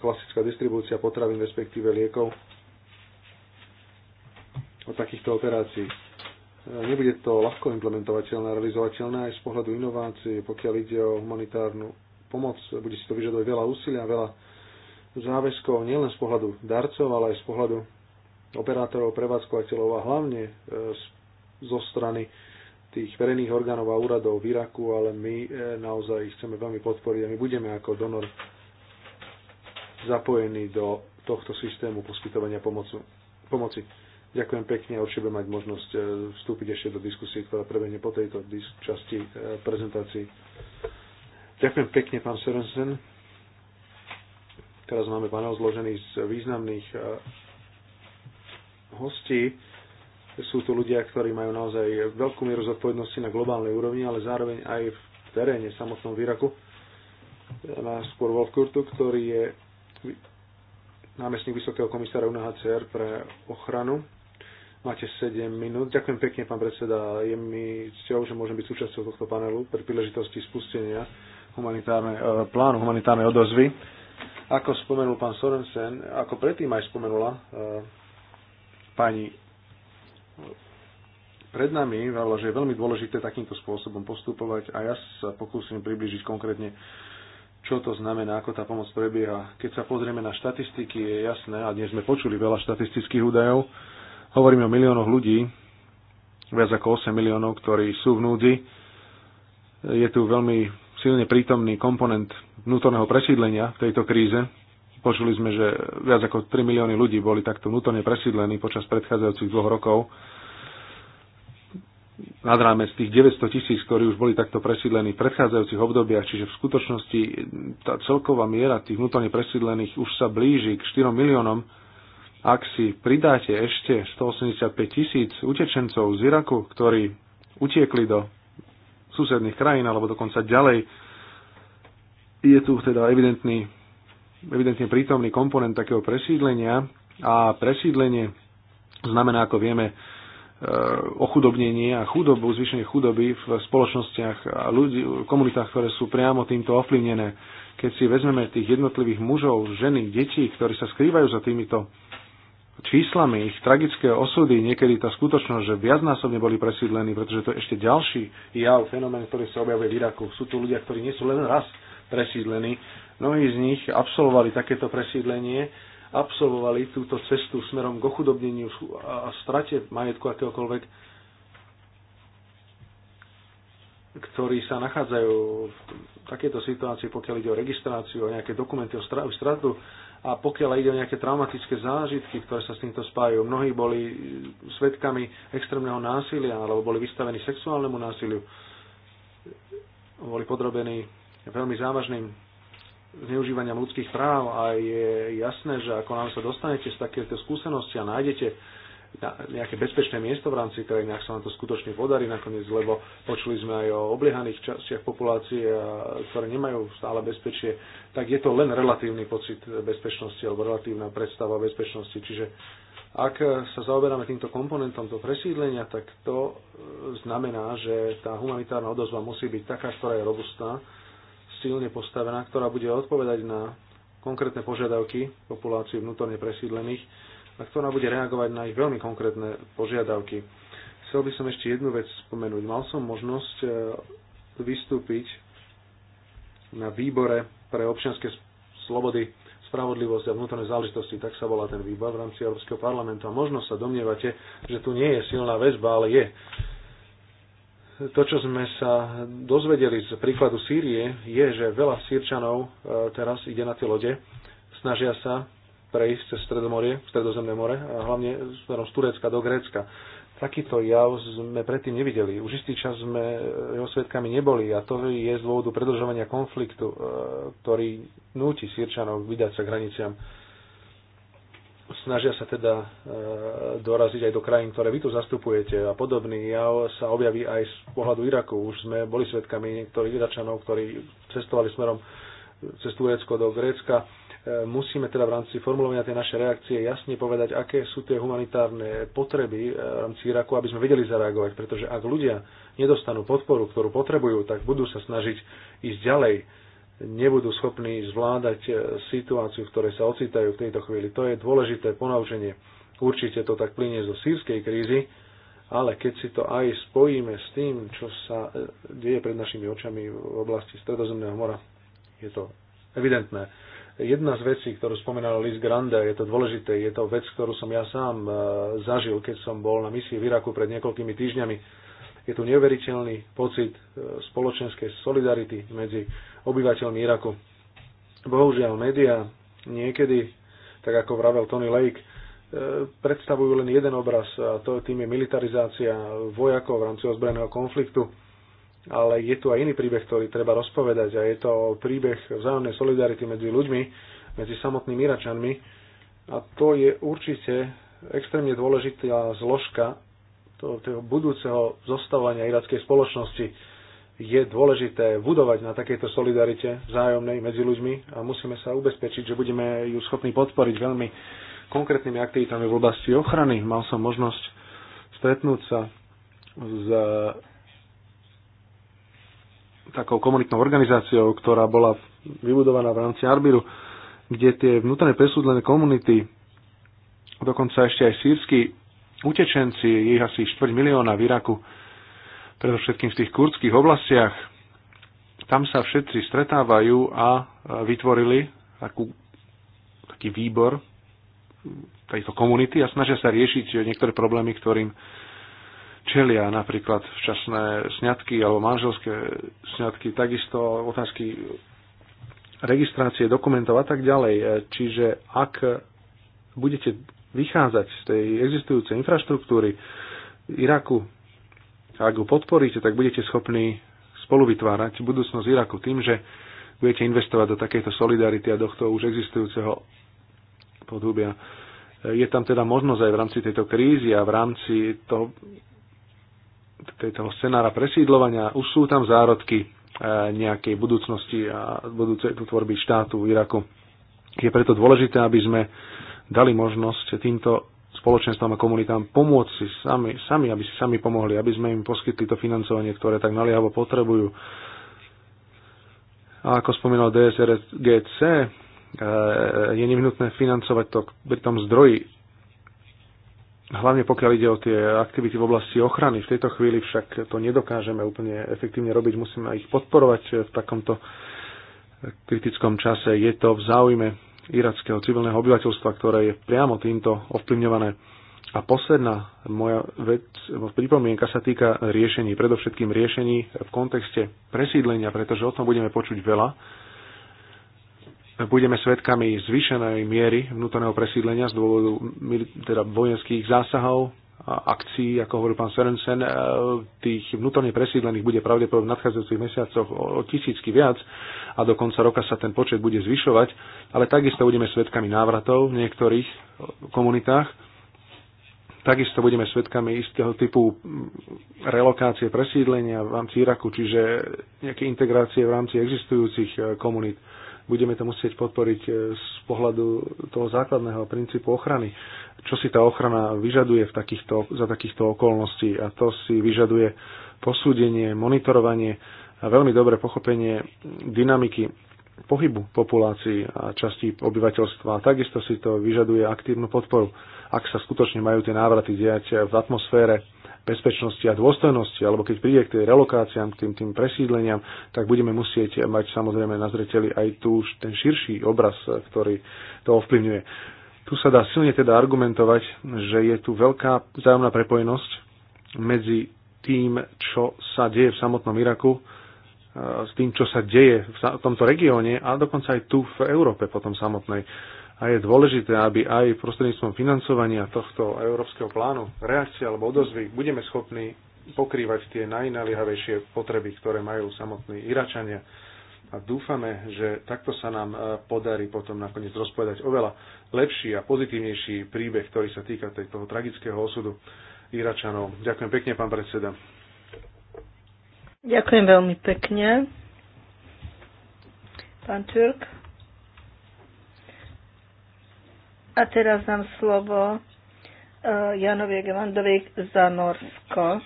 klasická distribúcia potravín, respektíve liekov od takýchto operácií. E, nebude to ľahko implementovateľné a realizovateľné aj z pohľadu inovácií, pokiaľ ide o humanitárnu pomoc. Bude si to vyžadovať veľa úsilia, veľa záväzkov, nielen z pohľadu darcov, ale aj z pohľadu operátorov, prevádzkovateľov a hlavne e, zo strany tých verejných orgánov a úradov v Iraku, ale my e, naozaj ich chceme veľmi podporiť a my budeme ako donor zapojení do tohto systému poskytovania pomoci. Ďakujem pekne a určite mať možnosť e, vstúpiť ešte do diskusie, ktorá prebehne po tejto časti e, prezentácii. Ďakujem pekne, pán Sørensen. Teraz máme panel zložený z významných e, hostí. Sú tu ľudia, ktorí majú naozaj veľkú mieru zodpovednosti na globálnej úrovni, ale zároveň aj v teréne samotnom výraku, Na Skôr Wolfkurtu, ktorý je námestník Vysokého komisára UNHCR pre ochranu Máte 7 minút. Ďakujem pekne, pán predseda. Je mi cťou, že môžem byť súčasťou tohto panelu pri príležitosti spustenia humanitárne, eh, plánu humanitárnej odozvy. Ako spomenul pán Sorensen, ako predtým aj spomenula eh, pani pred nami, že je veľmi dôležité takýmto spôsobom postupovať a ja sa pokúsim približiť konkrétne, čo to znamená, ako tá pomoc prebieha. Keď sa pozrieme na štatistiky, je jasné, a dnes sme počuli veľa štatistických údajov, Hovoríme o miliónoch ľudí, viac ako 8 miliónov, ktorí sú v núdzi. Je tu veľmi silne prítomný komponent vnútorného presídlenia v tejto kríze. Počuli sme, že viac ako 3 milióny ľudí boli takto vnútorne presídlení počas predchádzajúcich dvoch rokov. Nad rámec tých 900 tisíc, ktorí už boli takto presídlení v predchádzajúcich obdobiach, čiže v skutočnosti tá celková miera tých vnútorne presídlených už sa blíži k 4 miliónom ak si pridáte ešte 185 tisíc utečencov z Iraku, ktorí utiekli do susedných krajín alebo dokonca ďalej, je tu teda evidentný, evidentne prítomný komponent takého presídlenia a presídlenie znamená, ako vieme, e, ochudobnenie a chudobu, zvýšenie chudoby v spoločnostiach a ľudí, komunitách, ktoré sú priamo týmto ovplyvnené. Keď si vezmeme tých jednotlivých mužov, ženy, detí, ktorí sa skrývajú za týmito číslami, ich tragické osudy, niekedy tá skutočnosť, že viacnásobne boli presídlení, pretože to je ešte ďalší jav, fenomén, ktorý sa objavuje v Iraku. Sú tu ľudia, ktorí nie sú len raz presídlení. Mnohí z nich absolvovali takéto presídlenie, absolvovali túto cestu smerom k ochudobneniu a strate majetku akéhokoľvek, ktorí sa nachádzajú v takéto situácii, pokiaľ ide o registráciu a nejaké dokumenty o stratu, a pokiaľ ide o nejaké traumatické zážitky, ktoré sa s týmto spájajú, mnohí boli svetkami extrémneho násilia alebo boli vystavení sexuálnemu násiliu, boli podrobení veľmi závažným zneužívaniam ľudských práv a je jasné, že ako nám sa dostanete z takéto skúsenosti a nájdete nejaké bezpečné miesto v rámci krajiny, ak sa nám to skutočne podarí nakoniec, lebo počuli sme aj o obliehaných častiach populácie, ktoré nemajú stále bezpečie, tak je to len relatívny pocit bezpečnosti alebo relatívna predstava bezpečnosti. Čiže ak sa zaoberáme týmto komponentom do presídlenia, tak to e, znamená, že tá humanitárna odozva musí byť taká, ktorá je robustná, silne postavená, ktorá bude odpovedať na konkrétne požiadavky populácií vnútorne presídlených a ktorá bude reagovať na ich veľmi konkrétne požiadavky. Chcel by som ešte jednu vec spomenúť. Mal som možnosť e, vystúpiť na výbore pre občianske slobody, spravodlivosť a vnútorné záležitosti, tak sa volá ten výbor v rámci Európskeho parlamentu. A možno sa domnievate, že tu nie je silná väzba, ale je. To, čo sme sa dozvedeli z príkladu Sýrie, je, že veľa Sýrčanov e, teraz ide na tie lode, snažia sa prejsť cez Stredomorie, Stredozemné more a hlavne smerom z Turecka do Grécka. Takýto jav sme predtým nevideli. Už istý čas sme jeho svetkami neboli a to je z dôvodu predlžovania konfliktu, e, ktorý núti Sirčanov vydať sa k hraniciam snažia sa teda e, doraziť aj do krajín, ktoré vy tu zastupujete a podobný jav sa objaví aj z pohľadu Iraku. Už sme boli svetkami niektorých Iračanov, ktorí cestovali smerom cez Turecko do Grécka E, musíme teda v rámci formulovania tej našej reakcie jasne povedať, aké sú tie humanitárne potreby e, v rámci Iraku, aby sme vedeli zareagovať, pretože ak ľudia nedostanú podporu, ktorú potrebujú, tak budú sa snažiť ísť ďalej nebudú schopní zvládať e, situáciu, v ktorej sa ocitajú v tejto chvíli. To je dôležité ponaučenie. Určite to tak plinie zo sírskej krízy, ale keď si to aj spojíme s tým, čo sa deje pred našimi očami v oblasti Stredozemného mora, je to evidentné. Jedna z vecí, ktorú spomenal Liz Grande, je to dôležité, je to vec, ktorú som ja sám e, zažil, keď som bol na misii v Iraku pred niekoľkými týždňami. Je tu neuveriteľný pocit e, spoločenskej solidarity medzi obyvateľmi Iraku. Bohužiaľ, médiá niekedy, tak ako vravel Tony Lake, e, predstavujú len jeden obraz a to tým je militarizácia vojakov v rámci ozbrojeného konfliktu ale je tu aj iný príbeh, ktorý treba rozpovedať a je to príbeh vzájomnej solidarity medzi ľuďmi, medzi samotnými Iračanmi a to je určite extrémne dôležitá zložka toho, toho budúceho zostávania irackej spoločnosti. Je dôležité budovať na takejto solidarite vzájomnej medzi ľuďmi a musíme sa ubezpečiť, že budeme ju schopní podporiť veľmi konkrétnymi aktivitami v oblasti ochrany. Mal som možnosť stretnúť sa s takou komunitnou organizáciou, ktorá bola vybudovaná v rámci Arbiru, kde tie vnútorne presúdlené komunity, dokonca ešte aj sírsky utečenci, je ich asi 4 milióna v Iraku, predovšetkým v tých kurdských oblastiach, tam sa všetci stretávajú a vytvorili takú, taký výbor tejto komunity a snažia sa riešiť niektoré problémy, ktorým čelia napríklad včasné sňatky alebo manželské sňatky, takisto otázky registrácie dokumentov a tak ďalej. E, čiže ak budete vychádzať z tej existujúcej infraštruktúry Iraku, ak ju podporíte, tak budete schopní spolu vytvárať budúcnosť Iraku tým, že budete investovať do takejto solidarity a do toho už existujúceho podúbia. E, je tam teda možnosť aj v rámci tejto krízy a v rámci toho tejto scenára presídlovania, už sú tam zárodky e, nejakej budúcnosti a budúcej tvorby štátu v Iraku. Je preto dôležité, aby sme dali možnosť týmto spoločenstvom a komunitám pomôcť si sami, sami, aby si sami pomohli, aby sme im poskytli to financovanie, ktoré tak naliehavo potrebujú. A ako spomínal DSRGC, e, je nevyhnutné financovať to pri tom zdroji hlavne pokiaľ ide o tie aktivity v oblasti ochrany. V tejto chvíli však to nedokážeme úplne efektívne robiť, musíme ich podporovať v takomto kritickom čase. Je to v záujme irackého civilného obyvateľstva, ktoré je priamo týmto ovplyvňované. A posledná moja vec, pripomienka sa týka riešení, predovšetkým riešení v kontexte presídlenia, pretože o tom budeme počuť veľa budeme svedkami zvýšenej miery vnútorného presídlenia z dôvodu teda vojenských zásahov, a akcií, ako hovoril pán Sørensen, e, tých vnútorne presídlených bude pravdepodobne v nadchádzajúcich mesiacoch o tisícky viac a do konca roka sa ten počet bude zvyšovať, ale takisto budeme svedkami návratov v niektorých e, komunitách. Takisto budeme svedkami istého typu relokácie presídlenia v rámci Iraku, čiže nejaké integrácie v rámci existujúcich e, komunít budeme to musieť podporiť e, z pohľadu toho základného princípu ochrany. Čo si tá ochrana vyžaduje v takýchto, za takýchto okolností a to si vyžaduje posúdenie, monitorovanie a veľmi dobré pochopenie dynamiky pohybu populácií a častí obyvateľstva. Takisto si to vyžaduje aktívnu podporu, ak sa skutočne majú tie návraty diať v atmosfére bezpečnosti a dôstojnosti, alebo keď príde k tej relokáciám, k tým, tým presídleniam, tak budeme musieť mať samozrejme na zreteli aj tu ten širší obraz, ktorý to ovplyvňuje. Tu sa dá silne teda argumentovať, že je tu veľká vzájomná prepojenosť medzi tým, čo sa deje v samotnom Iraku, e, s tým, čo sa deje v tomto regióne a dokonca aj tu v Európe potom samotnej a je dôležité, aby aj prostredníctvom financovania tohto európskeho plánu reakcie alebo odozvy budeme schopní pokrývať tie najnaliehavejšie potreby, ktoré majú samotní Iračania. A dúfame, že takto sa nám e, podarí potom nakoniec rozpovedať oveľa lepší a pozitívnejší príbeh, ktorý sa týka toho tragického osudu Iračanov. Ďakujem pekne, pán predseda. Ďakujem veľmi pekne. Pán Čurk. A teraz dám slovo e, Janovi Gevandovi za Norsko.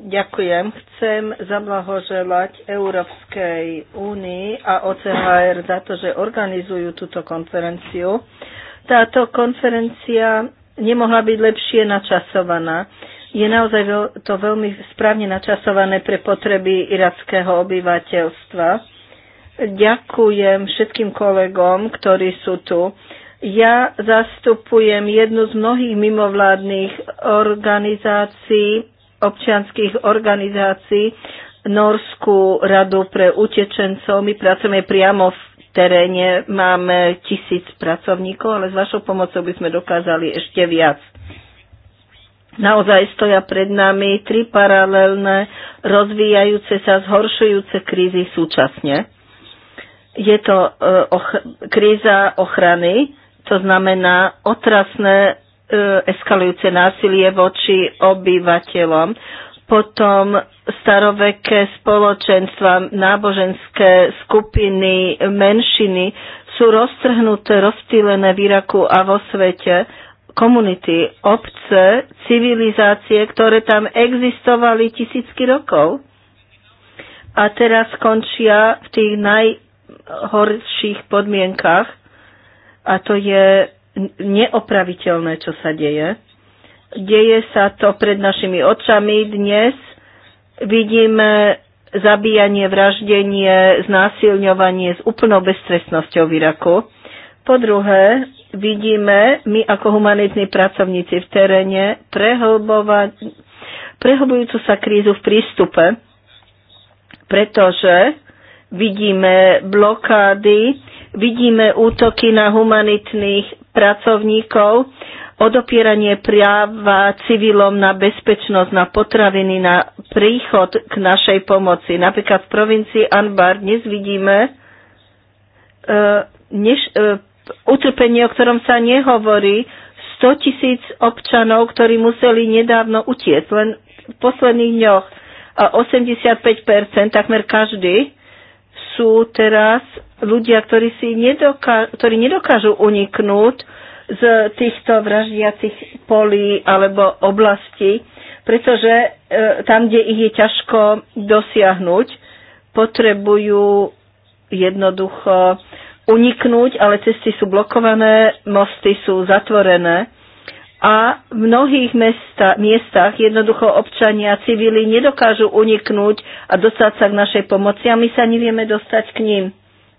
Ďakujem. Chcem zablahoželať Európskej únii a OCHR za to, že organizujú túto konferenciu. Táto konferencia nemohla byť lepšie načasovaná. Je naozaj to veľmi správne načasované pre potreby irackého obyvateľstva. Ďakujem všetkým kolegom, ktorí sú tu. Ja zastupujem jednu z mnohých mimovládnych organizácií, občianských organizácií, Norskú radu pre utečencov. My pracujeme priamo v teréne, máme tisíc pracovníkov, ale s vašou pomocou by sme dokázali ešte viac. Naozaj stoja pred nami tri paralelné, rozvíjajúce sa, zhoršujúce krízy súčasne. Je to eh, och- kríza ochrany, to znamená otrasné e, eskalujúce násilie voči obyvateľom. Potom staroveké spoločenstva, náboženské skupiny, menšiny sú roztrhnuté, rozptýlené v Iraku a vo svete komunity, obce, civilizácie, ktoré tam existovali tisícky rokov a teraz končia v tých najhorších podmienkach a to je neopraviteľné, čo sa deje. Deje sa to pred našimi očami dnes. Vidíme zabíjanie, vraždenie, znásilňovanie s úplnou beztrestnosťou v Iraku. Po druhé, vidíme my ako humanitní pracovníci v teréne prehlbujúcu sa krízu v prístupe, pretože vidíme blokády Vidíme útoky na humanitných pracovníkov, odopieranie práva civilom na bezpečnosť, na potraviny, na príchod k našej pomoci. Napríklad v provincii Anbar dnes vidíme uh, e, než, uh, e, utrpenie, o ktorom sa nehovorí, 100 tisíc občanov, ktorí museli nedávno utiecť, len v posledných dňoch a 85%, takmer každý, sú teraz ľudia, ktorí, si nedoká- ktorí nedokážu uniknúť z týchto vraždiacich polí alebo oblastí, pretože e, tam, kde ich je ťažko dosiahnuť, potrebujú jednoducho uniknúť, ale cesty sú blokované, mosty sú zatvorené a v mnohých mesta, miestach jednoducho občania, civili nedokážu uniknúť a dostať sa k našej pomoci a my sa nevieme dostať k ním.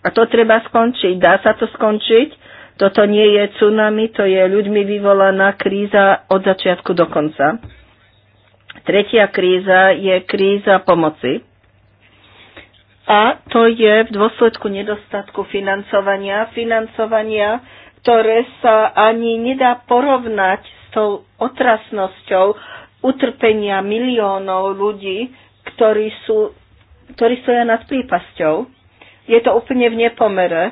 A to treba skončiť. Dá sa to skončiť? Toto nie je tsunami, to je ľuďmi vyvolaná kríza od začiatku do konca. Tretia kríza je kríza pomoci. A to je v dôsledku nedostatku financovania. Financovania, ktoré sa ani nedá porovnať tou otrasnosťou utrpenia miliónov ľudí, ktorí, sú, ktorí stoja nad prípasťou. Je to úplne v nepomere. E,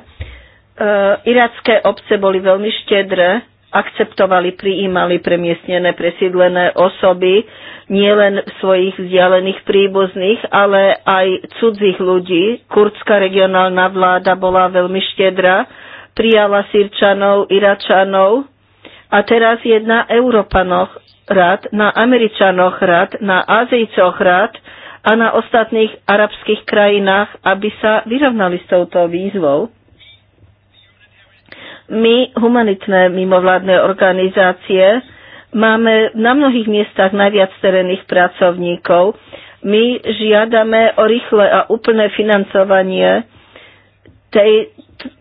iracké obce boli veľmi štedré, akceptovali, prijímali premiestnené, presídlené osoby, nielen svojich vzdialených príbuzných, ale aj cudzích ľudí. Kurdská regionálna vláda bola veľmi štedrá, prijala Sírčanov, Iračanov, a teraz je na Európanoch rád, na Američanoch rád, na Azejcoch rád a na ostatných arabských krajinách, aby sa vyrovnali s touto výzvou. My, humanitné mimovládne organizácie, máme na mnohých miestach najviac terénnych pracovníkov. My žiadame o rýchle a úplné financovanie tej,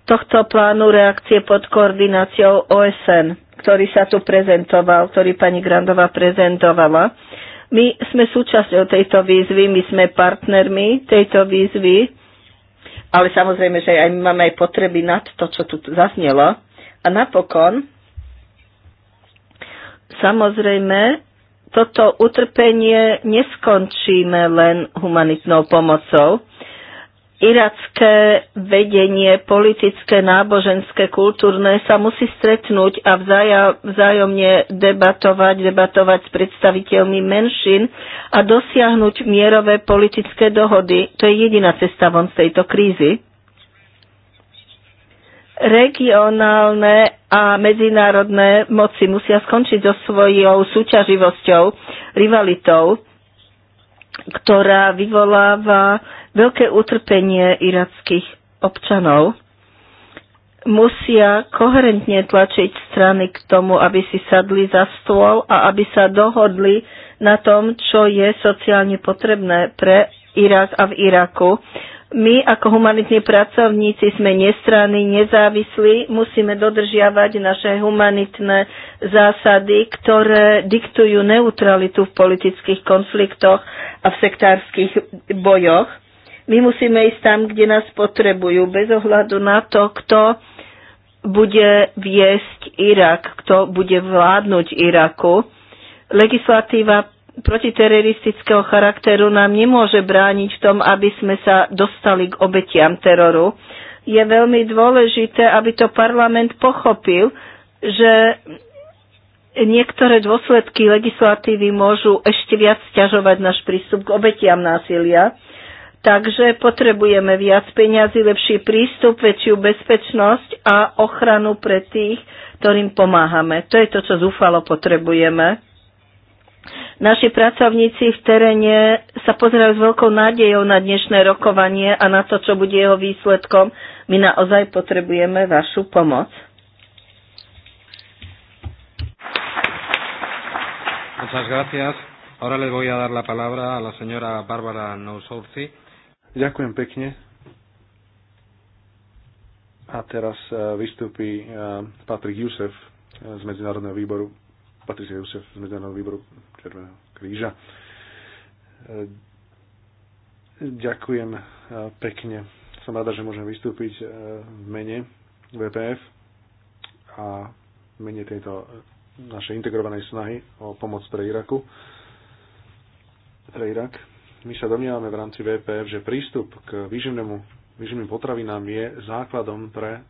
tohto plánu reakcie pod koordináciou OSN ktorý sa tu prezentoval, ktorý pani Grandová prezentovala. My sme súčasťou tejto výzvy, my sme partnermi tejto výzvy, ale samozrejme, že aj my máme aj potreby nad to, čo tu zaznelo. A napokon, samozrejme, toto utrpenie neskončíme len humanitnou pomocou iracké vedenie, politické, náboženské, kultúrne sa musí stretnúť a vzájomne debatovať, debatovať s predstaviteľmi menšín a dosiahnuť mierové politické dohody. To je jediná cesta von z tejto krízy. Regionálne a medzinárodné moci musia skončiť so svojou súťaživosťou, rivalitou, ktorá vyvoláva veľké utrpenie irackých občanov. Musia koherentne tlačiť strany k tomu, aby si sadli za stôl a aby sa dohodli na tom, čo je sociálne potrebné pre Irak a v Iraku. My ako humanitní pracovníci sme nestranní, nezávislí, musíme dodržiavať naše humanitné zásady, ktoré diktujú neutralitu v politických konfliktoch a v sektárskych bojoch. My musíme ísť tam, kde nás potrebujú, bez ohľadu na to, kto bude viesť Irak, kto bude vládnuť Iraku. Legislatíva protiteroristického charakteru nám nemôže brániť v tom, aby sme sa dostali k obetiam teroru. Je veľmi dôležité, aby to parlament pochopil, že niektoré dôsledky legislatívy môžu ešte viac sťažovať náš prístup k obetiam násilia. Takže potrebujeme viac peňazí, lepší prístup, väčšiu bezpečnosť a ochranu pre tých, ktorým pomáhame. To je to, čo zúfalo potrebujeme. Naši pracovníci v teréne sa pozerajú s veľkou nádejou na dnešné rokovanie a na to, čo bude jeho výsledkom. My naozaj potrebujeme vašu pomoc. Muchas gracias. Ahora le voy a dar la palabra a la señora Bárbara Nousourci Ďakujem pekne. A teraz e, vystúpi e, Patrik Jusef e, z Medzinárodného výboru, Patrik Jusef z Medzinárodného výboru Červeného kríža. Ďakujem pekne. Som rada, že môžem vystúpiť v mene VPF a v mene tejto našej integrovanej snahy o pomoc pre Iraku. Pre Irak my sa domnievame v rámci VPF, že prístup k výživnému, výživným potravinám je základom pre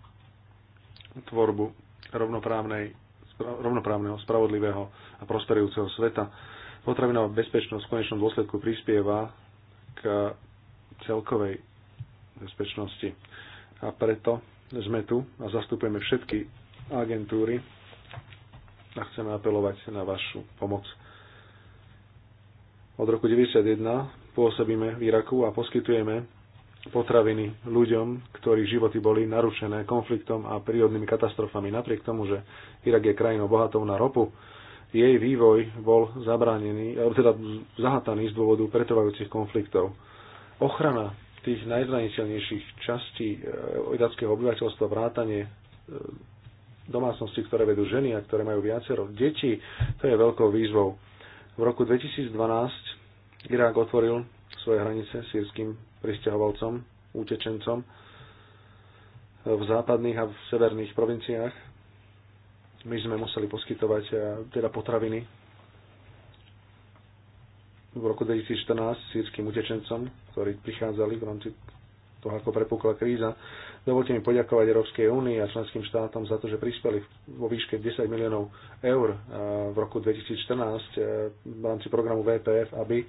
tvorbu rovnoprávnej, rovnoprávneho, spravodlivého a prosperujúceho sveta. Potravinová bezpečnosť v konečnom dôsledku prispieva k celkovej bezpečnosti. A preto sme tu a zastupujeme všetky agentúry a chceme apelovať na vašu pomoc. Od roku 1991 pôsobíme v Iraku a poskytujeme potraviny ľuďom, ktorých životy boli narušené konfliktom a prírodnými katastrofami. Napriek tomu, že Irak je krajinou bohatou na ropu, jej vývoj bol zabránený, teda zahataný z dôvodu pretrvajúcich konfliktov. Ochrana tých najzraniteľnejších častí e, irackého obyvateľstva, vrátanie e, domácnosti, ktoré vedú ženy a ktoré majú viacero detí, to je veľkou výzvou. V roku 2012 Irák otvoril svoje hranice sírským pristahovalcom, útečencom v západných a v severných provinciách. My sme museli poskytovať eh, teda potraviny v roku 2014 sírským utečencom, ktorí prichádzali v rámci toho, ako prepukla kríza. Dovolte mi poďakovať Európskej únii a členským štátom za to, že prispeli vo výške 10 miliónov eur eh, v roku 2014 eh, v rámci programu VPF, aby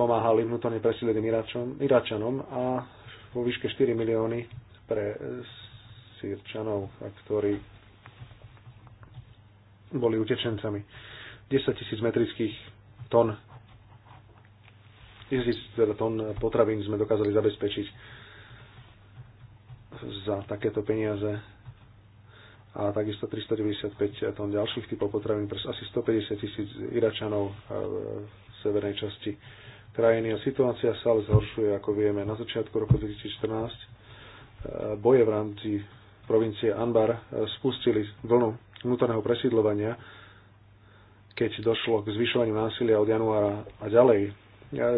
pomáhali vnútorne presídleným Iračanom a vo výške 4 milióny pre Sýrčanov, ktorí boli utečencami. 10 tisíc metrických tón tisíc teda tón potravín sme dokázali zabezpečiť za takéto peniaze a takisto 395 tón ďalších typov potravín pre asi 150 tisíc Iračanov e, v severnej časti krajiny a situácia sa ale zhoršuje, ako vieme. Na začiatku roku 2014 eh, boje v rámci provincie Anbar eh, spustili vlnu vnútorného presídlovania, keď došlo k zvyšovaniu násilia od januára a ďalej. Eh,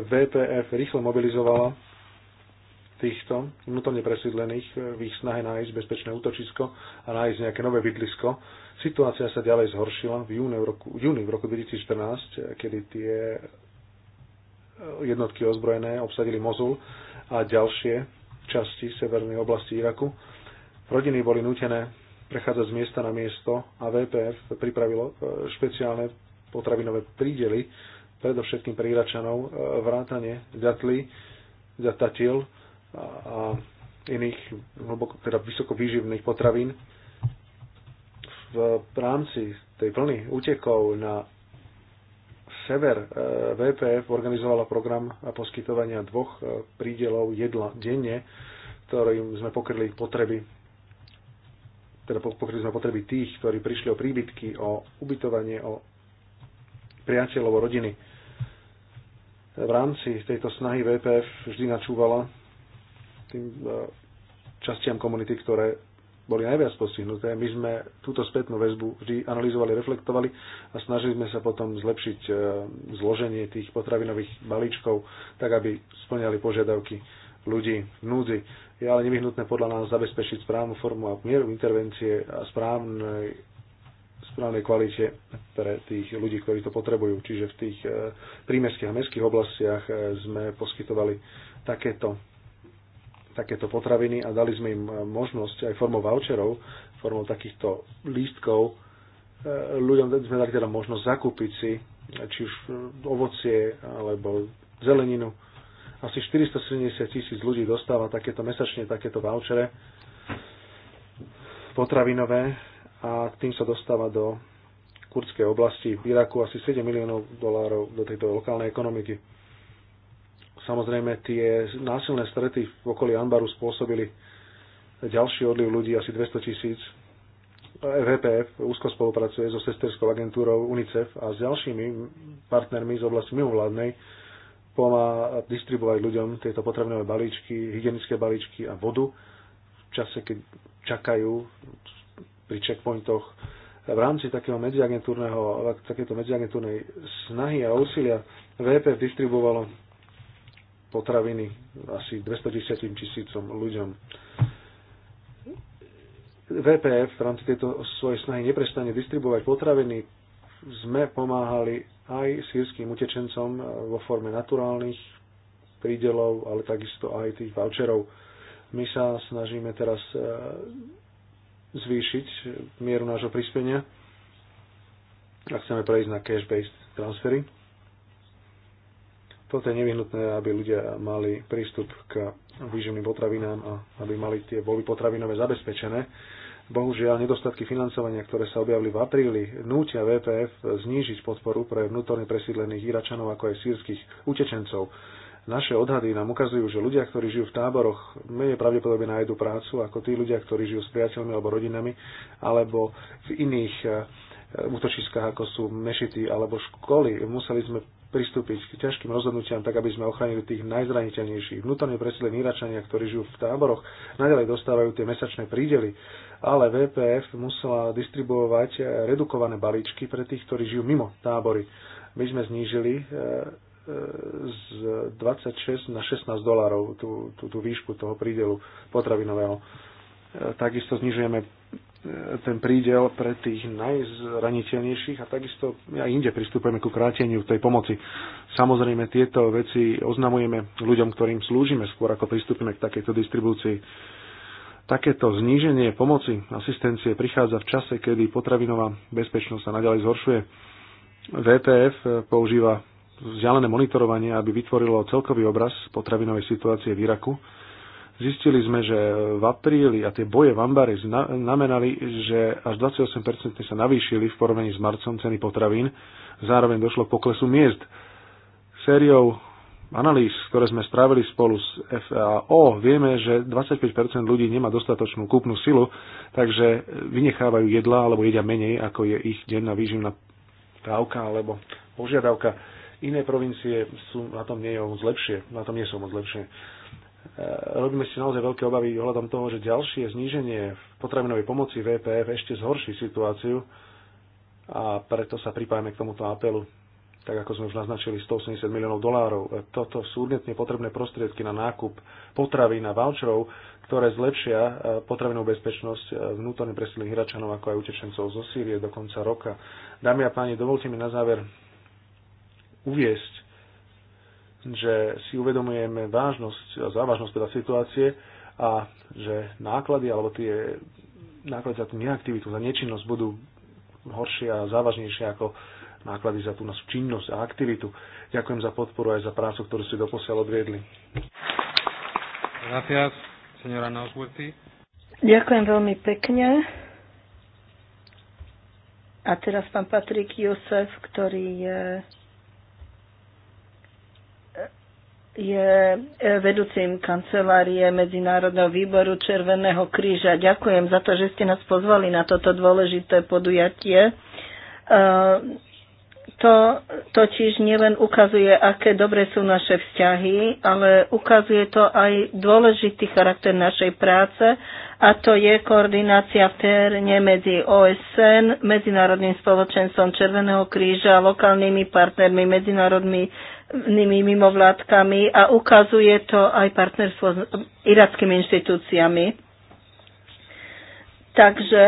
VPF rýchlo mobilizovala týchto vnútorne presídlených v ich snahe nájsť bezpečné útočisko a nájsť nejaké nové bydlisko. Situácia sa ďalej zhoršila v júni v roku, júni v roku 2014, kedy tie jednotky ozbrojené obsadili Mozul a ďalšie časti severnej oblasti Iraku. Rodiny boli nutené prechádzať z miesta na miesto a VPF pripravilo e, špeciálne potravinové prídely, predovšetkým pre Iračanov, e, vrátane ďatli, ďatatil a iných hlboko, teda vysoko výživných potravín. V rámci tej vlny útekov na Sever e, VPF organizovala program poskytovania dvoch e, prídelov jedla denne, ktorým sme pokryli potreby teda pokryli sme potreby tých, ktorí prišli o príbytky, o ubytovanie, o priateľov, o rodiny. E, v rámci tejto snahy VPF vždy načúvala tým častiam komunity, ktoré boli najviac postihnuté. My sme túto spätnú väzbu vždy analyzovali, reflektovali a snažili sme sa potom zlepšiť e, zloženie tých potravinových balíčkov, tak aby splňali požiadavky ľudí v núdzi. Je ale nevyhnutné podľa nás zabezpečiť správnu formu a mieru intervencie a správnej, správnej kvalite pre tých ľudí, ktorí to potrebujú. Čiže v tých e, prímeských a mestských oblastiach e, sme poskytovali takéto takéto potraviny a dali sme im e, možnosť aj formou voucherov, formou takýchto lístkov, e, ľuďom sme dali teda možnosť zakúpiť si či už e, ovocie alebo zeleninu. Asi 470 tisíc ľudí dostáva takéto mesačne takéto vouchere potravinové a tým sa dostáva do kurdskej oblasti v Iraku asi 7 miliónov dolárov do tejto lokálnej ekonomiky Samozrejme, tie násilné strety v okolí Anbaru spôsobili ďalší odliv ľudí, asi 200 tisíc. E VPF úzko spolupracuje so sesterskou agentúrou UNICEF a s ďalšími partnermi z oblasti mimovládnej pomáha distribuovať ľuďom tieto potrebné balíčky, hygienické balíčky a vodu v čase, keď čakajú pri checkpointoch. V rámci takého medziagentúrneho, takéto medziagentúrnej snahy a úsilia VPF distribuovalo potraviny asi 210 tisícom ľuďom. VPF v rámci tejto svojej snahy neprestane distribuovať potraviny. Sme pomáhali aj sírským utečencom e, vo forme naturálnych prídelov, ale takisto aj tých voucherov. My sa snažíme teraz e, zvýšiť mieru nášho prispenia a chceme prejsť na cash-based transfery toto je nevyhnutné, aby ľudia mali prístup k výživným potravinám a aby mali tie boli potravinové zabezpečené. Bohužiaľ, nedostatky financovania, ktoré sa objavili v apríli, nútia VPF znížiť podporu pre vnútorne presídlených Iračanov ako aj sírskych utečencov. Naše odhady nám ukazujú, že ľudia, ktorí žijú v táboroch, menej pravdepodobne nájdu prácu ako tí ľudia, ktorí žijú s priateľmi alebo rodinami alebo v iných eh, útočiskách, ako sú mešity alebo školy. Museli sme pristúpiť k ťažkým rozhodnutiam, tak aby sme ochránili tých najzraniteľnejších. Vnútorne presídlení Iračania, ktorí žijú v táboroch, naďalej dostávajú tie mesačné prídely, ale VPF musela distribuovať redukované balíčky pre tých, ktorí žijú mimo tábory. My sme znížili e, e, z 26 na 16 dolárov tú, tú, tú výšku toho prídelu potravinového E, takisto znižujeme e, ten prídel pre tých najzraniteľnejších a takisto aj inde pristupujeme ku kráteniu tej pomoci. Samozrejme, tieto veci oznamujeme ľuďom, ktorým slúžime, skôr ako pristúpime k takejto distribúcii. Takéto zníženie pomoci, asistencie prichádza v čase, kedy potravinová bezpečnosť sa naďalej zhoršuje. VTF používa vzdialené monitorovanie, aby vytvorilo celkový obraz potravinovej situácie v Iraku Zistili sme, že v apríli a tie boje v Ambare znamenali, že až 28% sa navýšili v porovnaní s marcom ceny potravín. Zároveň došlo k poklesu miest. Sériou analýz, ktoré sme spravili spolu s FAO, vieme, že 25% ľudí nemá dostatočnú kúpnu silu, takže vynechávajú jedla alebo jedia menej, ako je ich denná výživná dávka alebo požiadavka. Iné provincie sú na tom nie je moc lepšie, na tom nie sú moc lepšie Eh, robíme si naozaj veľké obavy ohľadom toho, že ďalšie zníženie potravinovej pomoci VPF ešte zhorší situáciu a preto sa pripájame k tomuto apelu, tak ako sme už naznačili, 180 miliónov dolárov. Eh, Toto sú urgentne potrebné prostriedky na nákup potravín a voucherov, ktoré zlepšia eh, potravinovú bezpečnosť vnútorne presilných hračanov, ako aj utečencov zo Sýrie do konca roka. Dámy a páni, dovolte mi na záver uviesť že si uvedomujeme vážnosť a závažnosť teda situácie a že náklady alebo tie náklady za tú neaktivitu, za nečinnosť budú horšie a závažnejšie ako náklady za tú našu činnosť a aktivitu. Ďakujem za podporu aj za prácu, ktorú ste doposiaľ odviedli. Gracias, señora Nosworthy. Ďakujem veľmi pekne. A teraz pán Patrik Josef, ktorý je je e, vedúcim kancelárie Medzinárodného výboru Červeného kríža. Ďakujem za to, že ste nás pozvali na toto dôležité podujatie. E, to totiž nielen ukazuje, aké dobre sú naše vzťahy, ale ukazuje to aj dôležitý charakter našej práce a to je koordinácia v teréne medzi OSN, Medzinárodným spoločenstvom Červeného kríža, lokálnymi partnermi, medzinárodnými nými mimovládkami a ukazuje to aj partnerstvo s irackými inštitúciami. Takže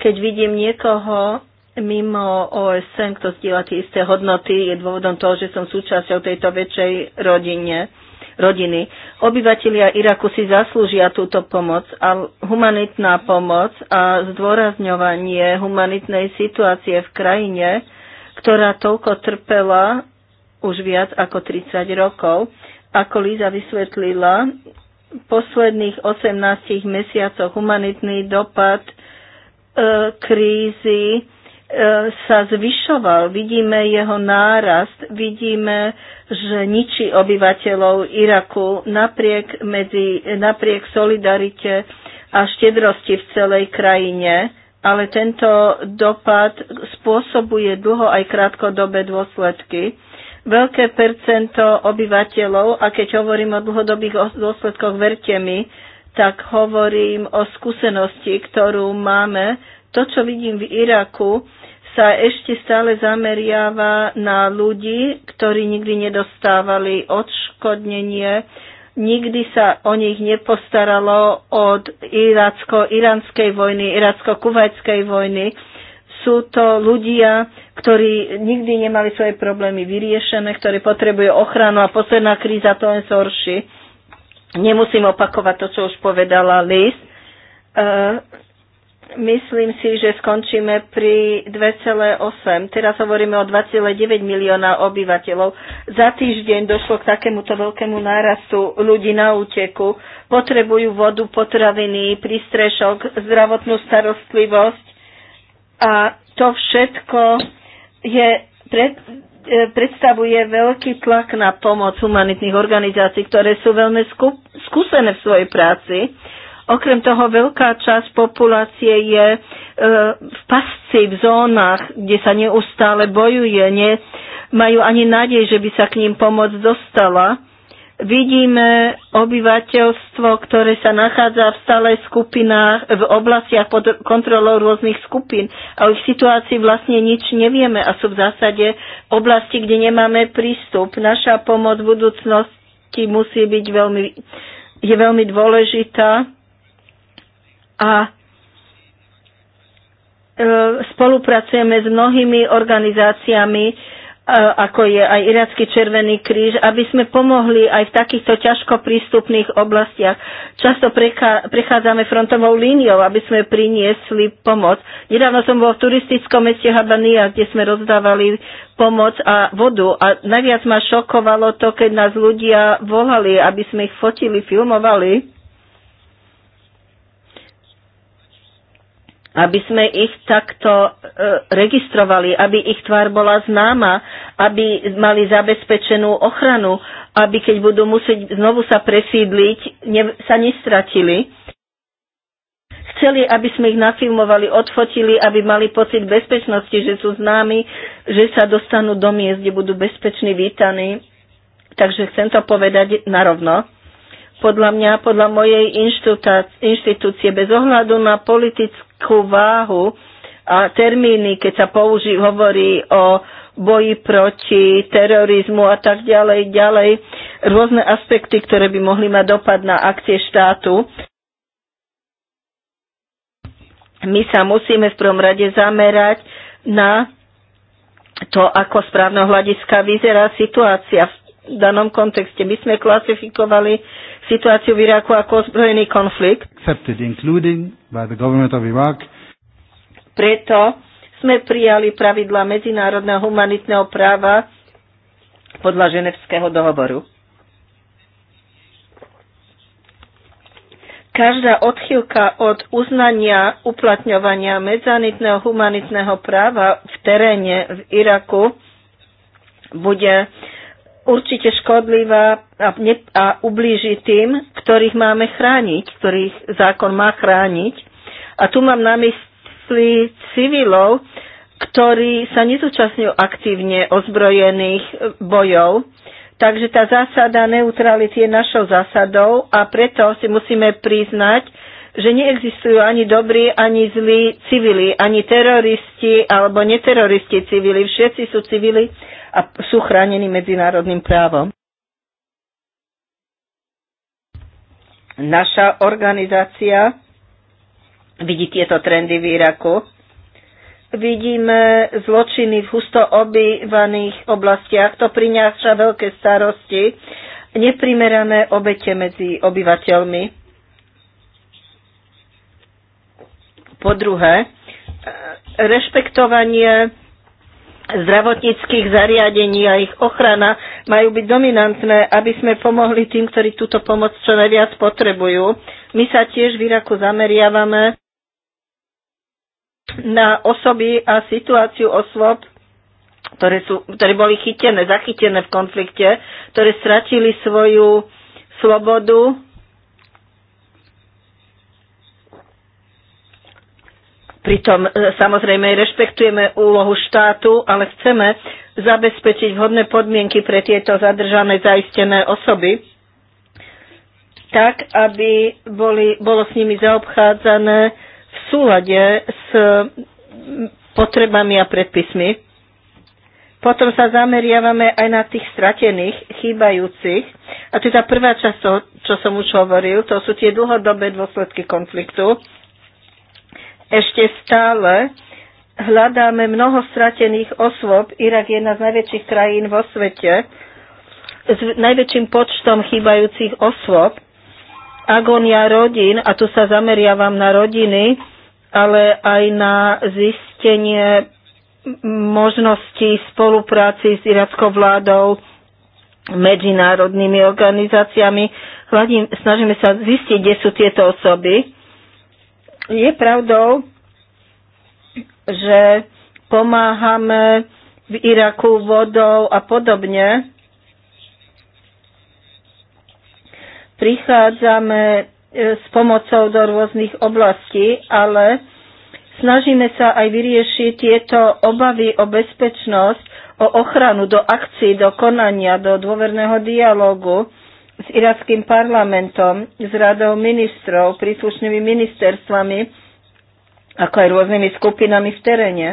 keď vidím niekoho mimo OSN, kto zdieľa tie isté hodnoty, je dôvodom toho, že som súčasťou tejto väčšej rodine, rodiny. Obyvatelia Iraku si zaslúžia túto pomoc a humanitná pomoc a zdôrazňovanie humanitnej situácie v krajine, ktorá toľko trpela už viac ako 30 rokov. Ako Líza vysvetlila, v posledných 18 mesiacoch humanitný dopad e, krízy e, sa zvyšoval. Vidíme jeho nárast, vidíme, že ničí obyvateľov Iraku napriek, medzi, napriek solidarite a štedrosti v celej krajine, ale tento dopad spôsobuje dlho aj krátkodobé dôsledky veľké percento obyvateľov, a keď hovorím o dlhodobých dôsledkoch, verte mi, tak hovorím o skúsenosti, ktorú máme. To, čo vidím v Iraku, sa ešte stále zameriava na ľudí, ktorí nikdy nedostávali odškodnenie, nikdy sa o nich nepostaralo od iracko-iránskej vojny, iracko-kuvajskej vojny sú to ľudia, ktorí nikdy nemali svoje problémy vyriešené, ktorí potrebujú ochranu a posledná kríza to len zhorší. Nemusím opakovať to, čo už povedala Liz. Uh, myslím si, že skončíme pri 2,8. Teraz hovoríme o 2,9 milióna obyvateľov. Za týždeň došlo k takémuto veľkému nárastu ľudí na úteku. Potrebujú vodu, potraviny, prístrešok, zdravotnú starostlivosť a to všetko je, pred, e, predstavuje veľký tlak na pomoc humanitných organizácií, ktoré sú veľmi skú, skúsené v svojej práci. Okrem toho veľká časť populácie je e, v pasci, v zónach, kde sa neustále bojuje, nie majú ani nádej, že by sa k ním pomoc dostala vidíme obyvateľstvo, ktoré sa nachádza v stále skupinách, v oblastiach pod kontrolou rôznych skupín a o ich situácii vlastne nič nevieme a sú v zásade oblasti, kde nemáme prístup. Naša pomoc v budúcnosti musí byť veľmi, je veľmi dôležitá a e, spolupracujeme s mnohými organizáciami, ako je aj Iracký Červený kríž, aby sme pomohli aj v takýchto ťažko prístupných oblastiach. Často prechádzame frontovou líniou, aby sme priniesli pomoc. Nedávno som bol v turistickom meste Habania, kde sme rozdávali pomoc a vodu. A najviac ma šokovalo to, keď nás ľudia volali, aby sme ich fotili, filmovali aby sme ich takto e, registrovali, aby ich tvár bola známa, aby mali zabezpečenú ochranu, aby keď budú musieť znovu sa presídliť, ne, sa nestratili. Chceli, aby sme ich nafilmovali, odfotili, aby mali pocit bezpečnosti, že sú známi, že sa dostanú do miest, kde budú bezpeční, vítaní. Takže chcem to povedať narovno podľa mňa, podľa mojej inštitúcie, bez ohľadu na politickú veľkú váhu a termíny, keď sa použí, hovorí o boji proti terorizmu a tak ďalej, ďalej, rôzne aspekty, ktoré by mohli mať dopad na akcie štátu. My sa musíme v prvom rade zamerať na to, ako správneho hľadiska vyzerá situácia v danom kontexte. My sme klasifikovali situáciu v Iraku ako ozbrojený konflikt. Accepted, including by the government of Iraq. Preto sme prijali pravidla medzinárodného humanitného práva podľa Ženevského dohovoru. Každá odchýlka od uznania uplatňovania medzanitného humanitného práva v teréne v Iraku bude určite škodlivá a, ne, a ublíži tým, ktorých máme chrániť, ktorých zákon má chrániť. A tu mám na mysli civilov, ktorí sa nezúčastňujú aktívne ozbrojených e, bojov. Takže tá zásada neutrality je našou zásadou a preto si musíme priznať, že neexistujú ani dobrí, ani zlí civili, ani teroristi alebo neteroristi civili. Všetci sú civili a sú chránení medzinárodným právom. Naša organizácia vidí tieto trendy v Iraku. Vidíme zločiny v husto obývaných oblastiach. To prináša veľké starosti. Neprimerané obete medzi obyvateľmi. Po druhé, rešpektovanie zdravotníckých zariadení a ich ochrana majú byť dominantné, aby sme pomohli tým, ktorí túto pomoc čo najviac potrebujú. My sa tiež v Iraku zameriavame na osoby a situáciu osôb, ktoré, sú, ktoré boli chytené, zachytené v konflikte, ktoré stratili svoju slobodu, Pritom e, samozrejme rešpektujeme úlohu štátu, ale chceme zabezpečiť vhodné podmienky pre tieto zadržané zaistené osoby, tak aby boli, bolo s nimi zaobchádzané v súlade s potrebami a predpismi. Potom sa zameriavame aj na tých stratených, chýbajúcich. A to je tá prvá časť, čo som už hovoril, to sú tie dlhodobé dôsledky konfliktu. Ešte stále hľadáme mnoho stratených osôb. Irak je jedna z najväčších krajín vo svete s najväčším počtom chýbajúcich osôb. Agónia rodín, a tu sa zameriavam na rodiny, ale aj na zistenie možností spolupráci s irackou vládou, medzinárodnými organizáciami. Hľadím, snažíme sa zistiť, kde sú tieto osoby. Je pravdou, že pomáhame v Iraku vodou a podobne. Prichádzame e, s pomocou do rôznych oblastí, ale snažíme sa aj vyriešiť tieto obavy o bezpečnosť, o ochranu, do akcií, do konania, do dôverného dialogu s irackým parlamentom, s radou ministrov, príslušnými ministerstvami, ako aj rôznymi skupinami v teréne.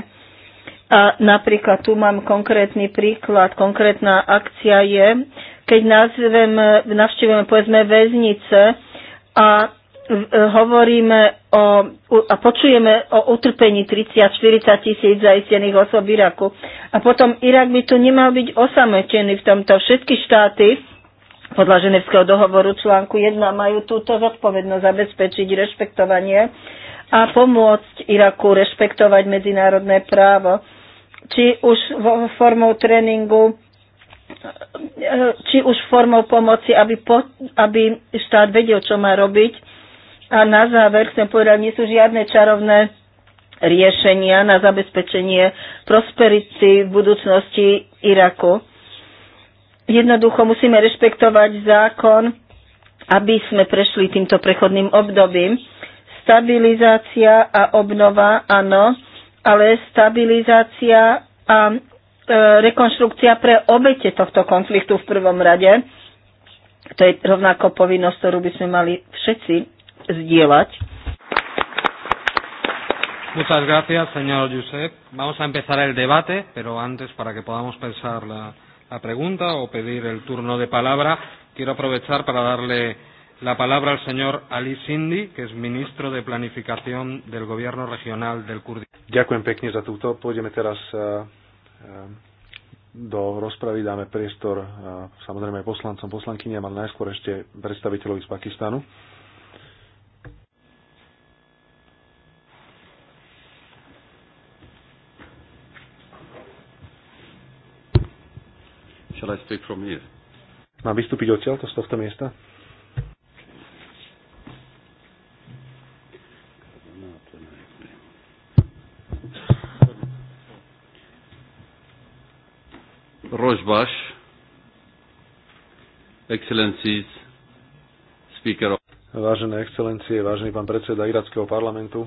A napríklad tu mám konkrétny príklad, konkrétna akcia je, keď navštívime povedzme väznice a hovoríme o, a počujeme o utrpení 30-40 tisíc zaistených osob v Iraku. A potom Irak by tu nemal byť osamotený v tomto. Všetky štáty podľa Ženevského dohovoru článku 1 majú túto zodpovednosť zabezpečiť rešpektovanie a pomôcť Iraku rešpektovať medzinárodné právo. Či už formou tréningu, či už formou pomoci, aby, po, aby štát vedel, čo má robiť. A na záver chcem povedať, nie sú žiadne čarovné riešenia na zabezpečenie prosperity v budúcnosti Iraku Jednoducho musíme rešpektovať zákon, aby sme prešli týmto prechodným obdobím. Stabilizácia a obnova, áno, ale stabilizácia a e, rekonštrukcia pre obete tohto konfliktu v prvom rade. To je rovnako povinnosť, ktorú by sme mali všetci zdieľať. Muchas gracias, señor Josep. Vamos a empezar el debate, pero antes, para que podamos pensar la, la pregunta o pedir el turno de palabra. Quiero aprovechar para darle la palabra al señor Ali Sindi, que es ministro de Planificación del Gobierno Regional del Kurdistán. Ďakujem pekne za túto. Pôjdeme teraz eh, eh, do rozpravy, dáme priestor eh, samozrejme poslancom, poslankyniam, ale najskôr ešte predstaviteľovi z Pakistanu. Shall I speak from here? Mám vystúpiť odtiaľ, to z tohto miesta? Rožbaš, Excellencies, Speaker of... Vážené excelencie, vážený pán predseda Irackého parlamentu,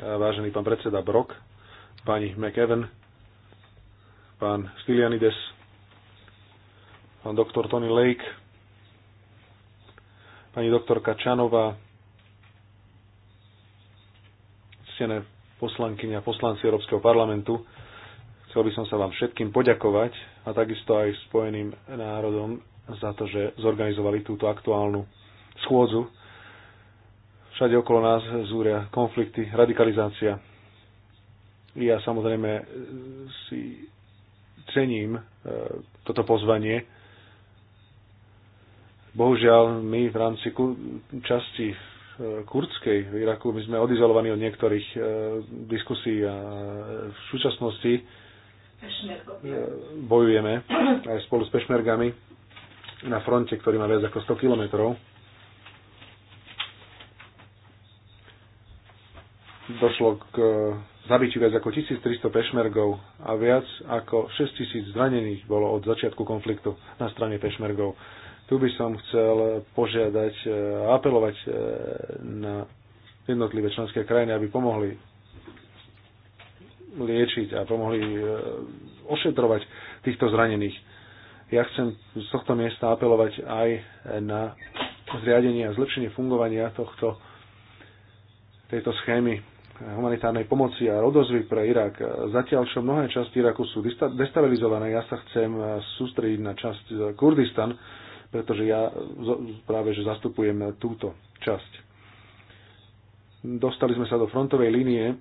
vážený pán predseda Brok, pani McEwen, pán Stylianides, pán doktor Tony Lake, pani doktorka Čanová, ctené a poslanci Európskeho parlamentu. Chcel by som sa vám všetkým poďakovať a takisto aj Spojeným národom za to, že zorganizovali túto aktuálnu schôdzu. Všade okolo nás zúria konflikty, radikalizácia. Ja samozrejme si cením e, toto pozvanie Bohužiaľ, my v rámci časti eh, kurdskej v Iraku, my sme odizolovaní od niektorých eh, diskusí a eh, v súčasnosti bojujeme aj spolu s pešmergami na fronte, ktorý má viac ako 100 kilometrov. Došlo k zabitiu viac ako 1300 pešmergov a viac ako 6000 zranených bolo od začiatku konfliktu na strane pešmergov tu by som chcel požiadať e, a apelovať e, na jednotlivé členské krajiny, aby pomohli liečiť a pomohli e, ošetrovať týchto zranených. Ja chcem z tohto miesta apelovať aj na zriadenie a zlepšenie fungovania tohto, tejto schémy humanitárnej pomoci a rodozvy pre Irak. Zatiaľ, čo mnohé časti Iraku sú destabilizované, ja sa chcem sústrediť na časť Kurdistan, pretože ja práve že zastupujem túto časť. Dostali sme sa do frontovej línie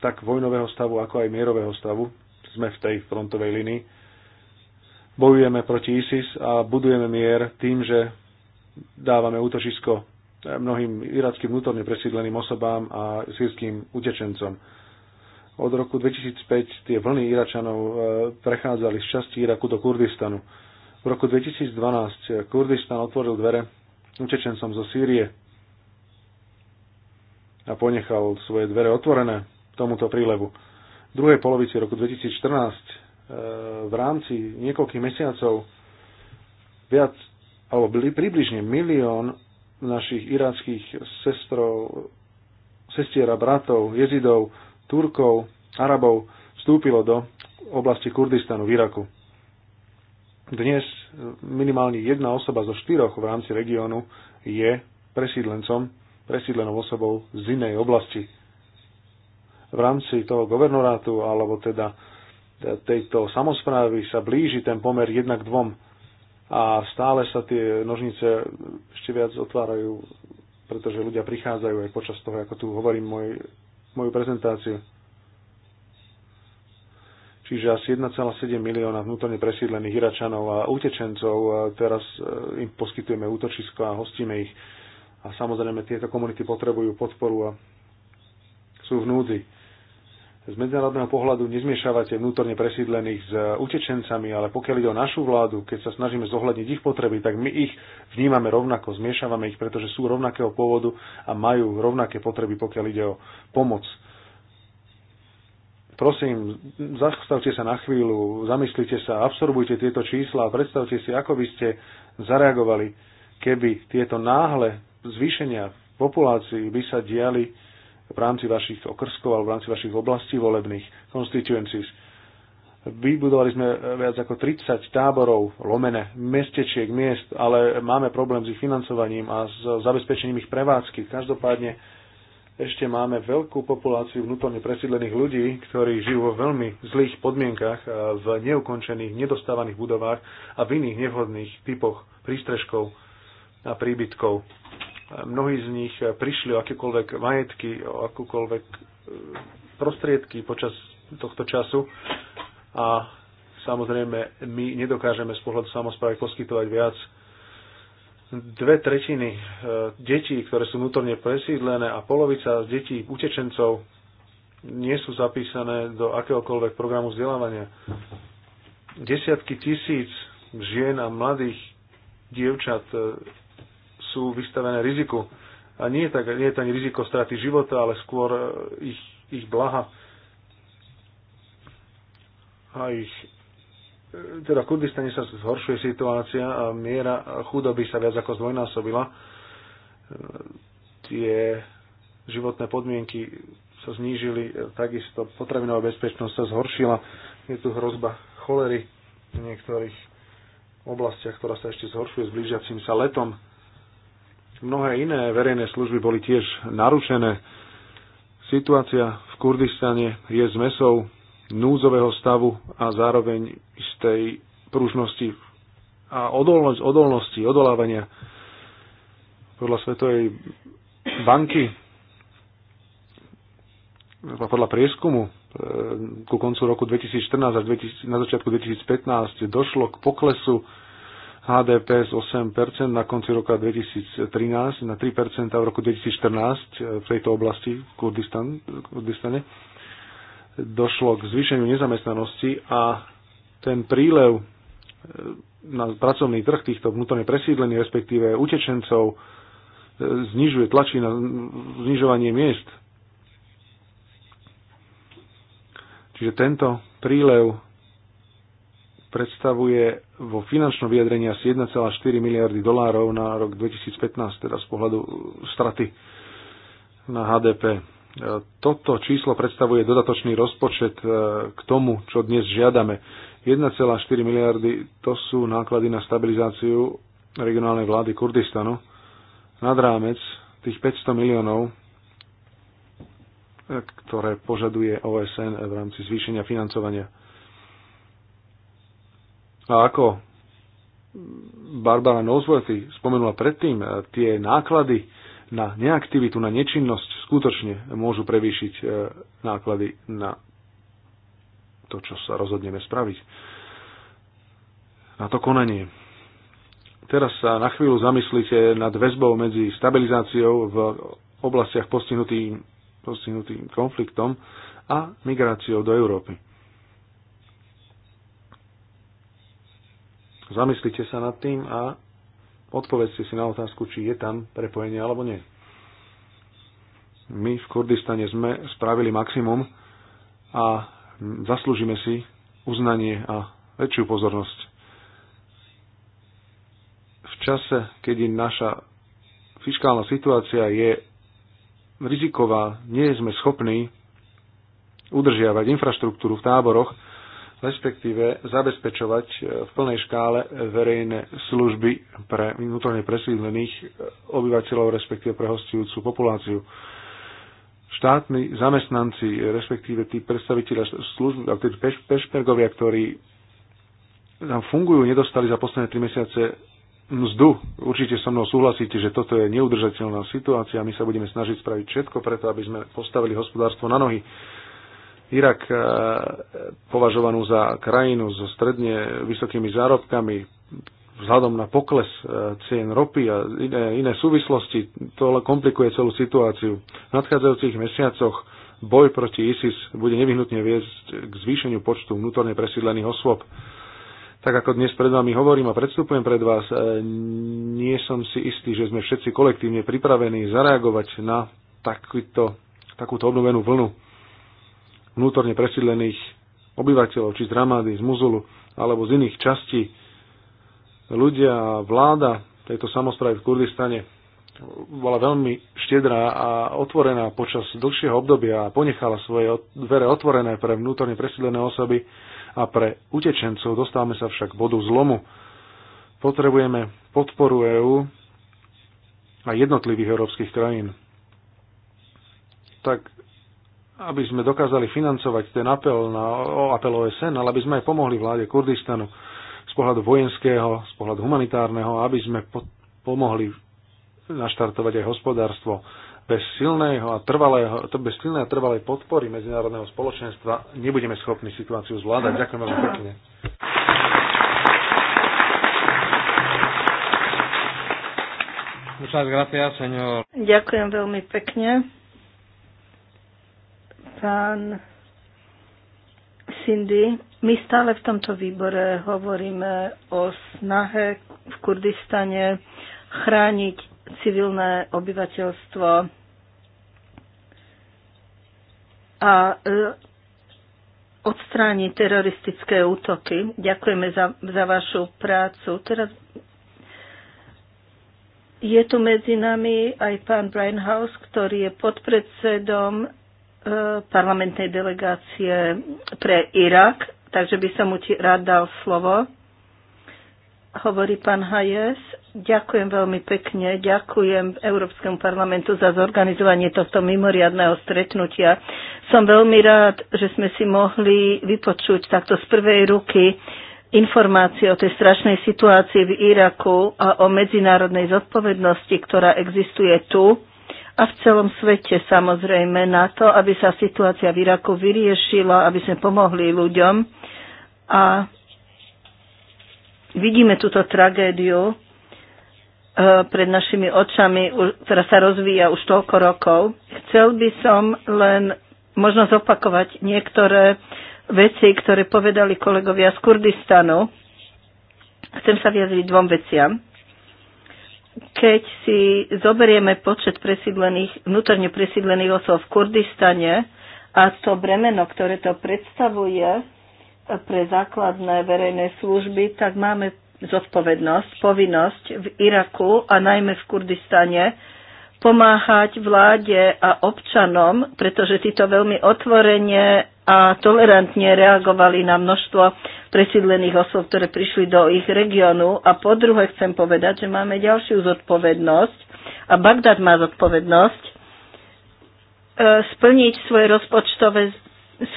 tak vojnového stavu, ako aj mierového stavu. Sme v tej frontovej línii. Bojujeme proti ISIS a budujeme mier tým, že dávame útočisko mnohým irackým vnútorne presídleným osobám a sírským utečencom. Od roku 2005 tie vlny Iračanov eh, prechádzali z časti Iraku do Kurdistanu v roku 2012 Kurdistan otvoril dvere utečencom zo Sýrie a ponechal svoje dvere otvorené tomuto prílevu. V druhej polovici roku 2014 eh, v rámci niekoľkých mesiacov viac, alebo byli približne milión našich iráckých sestrov, sestier a bratov, jezidov, Turkov, Arabov vstúpilo do oblasti Kurdistanu v Iraku. Dnes e, minimálne jedna osoba zo štyroch v rámci regiónu je presídlencom, presídlenou osobou z inej oblasti. V rámci toho governorátu alebo teda e, tejto samozprávy sa blíži ten pomer jednak dvom a stále sa tie nožnice ešte viac otvárajú, pretože ľudia prichádzajú aj počas toho, ako tu hovorím moj, moju prezentáciu Čiže asi 1,7 milióna vnútorne presídlených Iračanov a utečencov teraz e, im poskytujeme útočisko a hostíme ich. A samozrejme tieto komunity potrebujú podporu a sú v núdzi. Z medzinárodného pohľadu nezmiešavate vnútorne presídlených s utečencami, ale pokiaľ ide o našu vládu, keď sa snažíme zohľadniť ich potreby, tak my ich vnímame rovnako, zmiešavame ich, pretože sú rovnakého pôvodu a majú rovnaké potreby, pokiaľ ide o pomoc Prosím, zastavte sa na chvíľu, zamyslite sa, absorbujte tieto čísla a predstavte si, ako by ste zareagovali, keby tieto náhle zvýšenia v populácii by sa diali v rámci vašich okrskov alebo v rámci vašich oblastí volebných constituencies. Vybudovali sme viac ako 30 táborov, lomene, mestečiek, miest, ale máme problém s ich financovaním a s zabezpečením ich prevádzky. Každopádne ešte máme veľkú populáciu vnútorne presídlených ľudí, ktorí žijú vo veľmi zlých podmienkach, v neukončených, nedostávaných budovách a v iných nevhodných typoch prístrežkov a príbytkov. Mnohí z nich prišli o akékoľvek majetky, o akúkoľvek e, prostriedky počas tohto času a samozrejme my nedokážeme z pohľadu samozprávy poskytovať viac dve tretiny e, detí, ktoré sú vnútorne presídlené a polovica z detí utečencov nie sú zapísané do akéhokoľvek programu vzdelávania. Desiatky tisíc žien a mladých dievčat e, sú vystavené riziku. A nie je, tak, nie je ani riziko straty života, ale skôr e, ich, ich blaha a ich teda v Kurdistane sa zhoršuje situácia a miera chudoby sa viac ako zdvojnásobila. E, tie životné podmienky sa znížili, e, takisto potravinová bezpečnosť sa zhoršila. Je tu hrozba cholery v niektorých oblastiach, ktorá sa ešte zhoršuje s blížiacim sa letom. Mnohé iné verejné služby boli tiež narušené. Situácia v Kurdistane je zmesou núzového stavu a zároveň istej pružnosti a odolnosti, odolnosti, odolávania podľa Svetovej banky podľa prieskumu e, ku koncu roku 2014 až 2000, na začiatku 2015 došlo k poklesu HDP z 8% na konci roka 2013 na 3% v roku 2014 e, v tejto oblasti v Kurdistane došlo k zvýšeniu nezamestnanosti a ten prílev e, na pracovný trh týchto vnútorne presídlených, respektíve utečencov, e, znižuje, tlačí na znižovanie miest. Čiže tento prílev predstavuje vo finančnom vyjadrení asi 1,4 miliardy dolárov na rok 2015, teda z pohľadu straty na HDP. Toto číslo predstavuje dodatočný rozpočet e, k tomu, čo dnes žiadame. 1,4 miliardy to sú náklady na stabilizáciu regionálnej vlády Kurdistanu. Nad rámec tých 500 miliónov, e, ktoré požaduje OSN v rámci zvýšenia financovania. A ako Barbara Noseworthy spomenula predtým, e, tie náklady na neaktivitu, na nečinnosť skutočne môžu prevýšiť e, náklady na to, čo sa rozhodneme spraviť. Na to konanie. Teraz sa na chvíľu zamyslite nad väzbou medzi stabilizáciou v oblastiach postihnutým, postihnutým konfliktom a migráciou do Európy. Zamyslite sa nad tým a Odpovedzte si na otázku, či je tam prepojenie alebo nie. My v Kurdistane sme spravili maximum a zaslúžime si uznanie a väčšiu pozornosť. V čase, keď naša fiskálna situácia je riziková, nie sme schopní udržiavať infraštruktúru v táboroch, respektíve zabezpečovať e, v plnej škále verejné služby pre vnútorne presídlených e, obyvateľov, respektíve pre hostujúcu populáciu. Štátni zamestnanci, respektíve tí predstaviteľa služby, tí peš, pešpergovia, ktorí tam fungujú, nedostali za posledné tri mesiace mzdu. Určite so mnou súhlasíte, že toto je neudržateľná situácia. My sa budeme snažiť spraviť všetko preto, aby sme postavili hospodárstvo na nohy Irak eh, považovanú za krajinu so stredne vysokými zárobkami vzhľadom na pokles eh, cien ropy a iné, iné súvislosti, to komplikuje celú situáciu. V nadchádzajúcich mesiacoch boj proti ISIS bude nevyhnutne viesť k zvýšeniu počtu vnútorne presídlených osôb. Tak ako dnes pred vami hovorím a predstupujem pred vás, eh, nie som si istý, že sme všetci kolektívne pripravení zareagovať na takýto, takúto obnovenú vlnu vnútorne presídlených obyvateľov, či z Ramády, z Muzulu alebo z iných častí. Ľudia, a vláda tejto samozprávy v Kurdistane bola veľmi štedrá a otvorená počas dlhšieho obdobia a ponechala svoje dvere otvorené pre vnútorne presídlené osoby a pre utečencov. Dostávame sa však k bodu zlomu. Potrebujeme podporu EÚ a jednotlivých európskych krajín. Tak aby sme dokázali financovať ten apel na o apel OSN, ale aby sme aj pomohli vláde Kurdistanu z pohľadu vojenského, z pohľadu humanitárneho, aby sme po, pomohli naštartovať aj hospodárstvo bez silného a trvalého, to bez silnej a trvalej podpory medzinárodného spoločenstva nebudeme schopní situáciu zvládať. Ďakujem veľmi pekne. Ďakujem veľmi pekne dekán Cindy, my stále v tomto výbore hovoríme o snahe v Kurdistane chrániť civilné obyvateľstvo a e, odstrániť teroristické útoky. Ďakujeme za, za vašu prácu. Teraz je tu medzi nami aj pán Brian House, ktorý je podpredsedom parlamentnej delegácie pre Irak, takže by som mu ti rád dal slovo. Hovorí pán Hayes. Ďakujem veľmi pekne. Ďakujem Európskemu parlamentu za zorganizovanie tohto mimoriadného stretnutia. Som veľmi rád, že sme si mohli vypočuť takto z prvej ruky informácie o tej strašnej situácii v Iraku a o medzinárodnej zodpovednosti, ktorá existuje tu a v celom svete samozrejme na to, aby sa situácia v Iraku vyriešila, aby sme pomohli ľuďom. A vidíme túto tragédiu e, pred našimi očami, ktorá sa rozvíja už toľko rokov. Chcel by som len možno zopakovať niektoré veci, ktoré povedali kolegovia z Kurdistanu. Chcem sa vyjadriť dvom veciam keď si zoberieme počet presídlených, vnútorne presídlených osôb v Kurdistane a to bremeno, ktoré to predstavuje e, pre základné verejné služby, tak máme zodpovednosť, povinnosť v Iraku a najmä v Kurdistane pomáhať vláde a občanom, pretože títo veľmi otvorene a tolerantne reagovali na množstvo presídlených osôb, ktoré prišli do ich regiónu. A po druhé chcem povedať, že máme ďalšiu zodpovednosť a Bagdad má zodpovednosť e, splniť svoje rozpočtové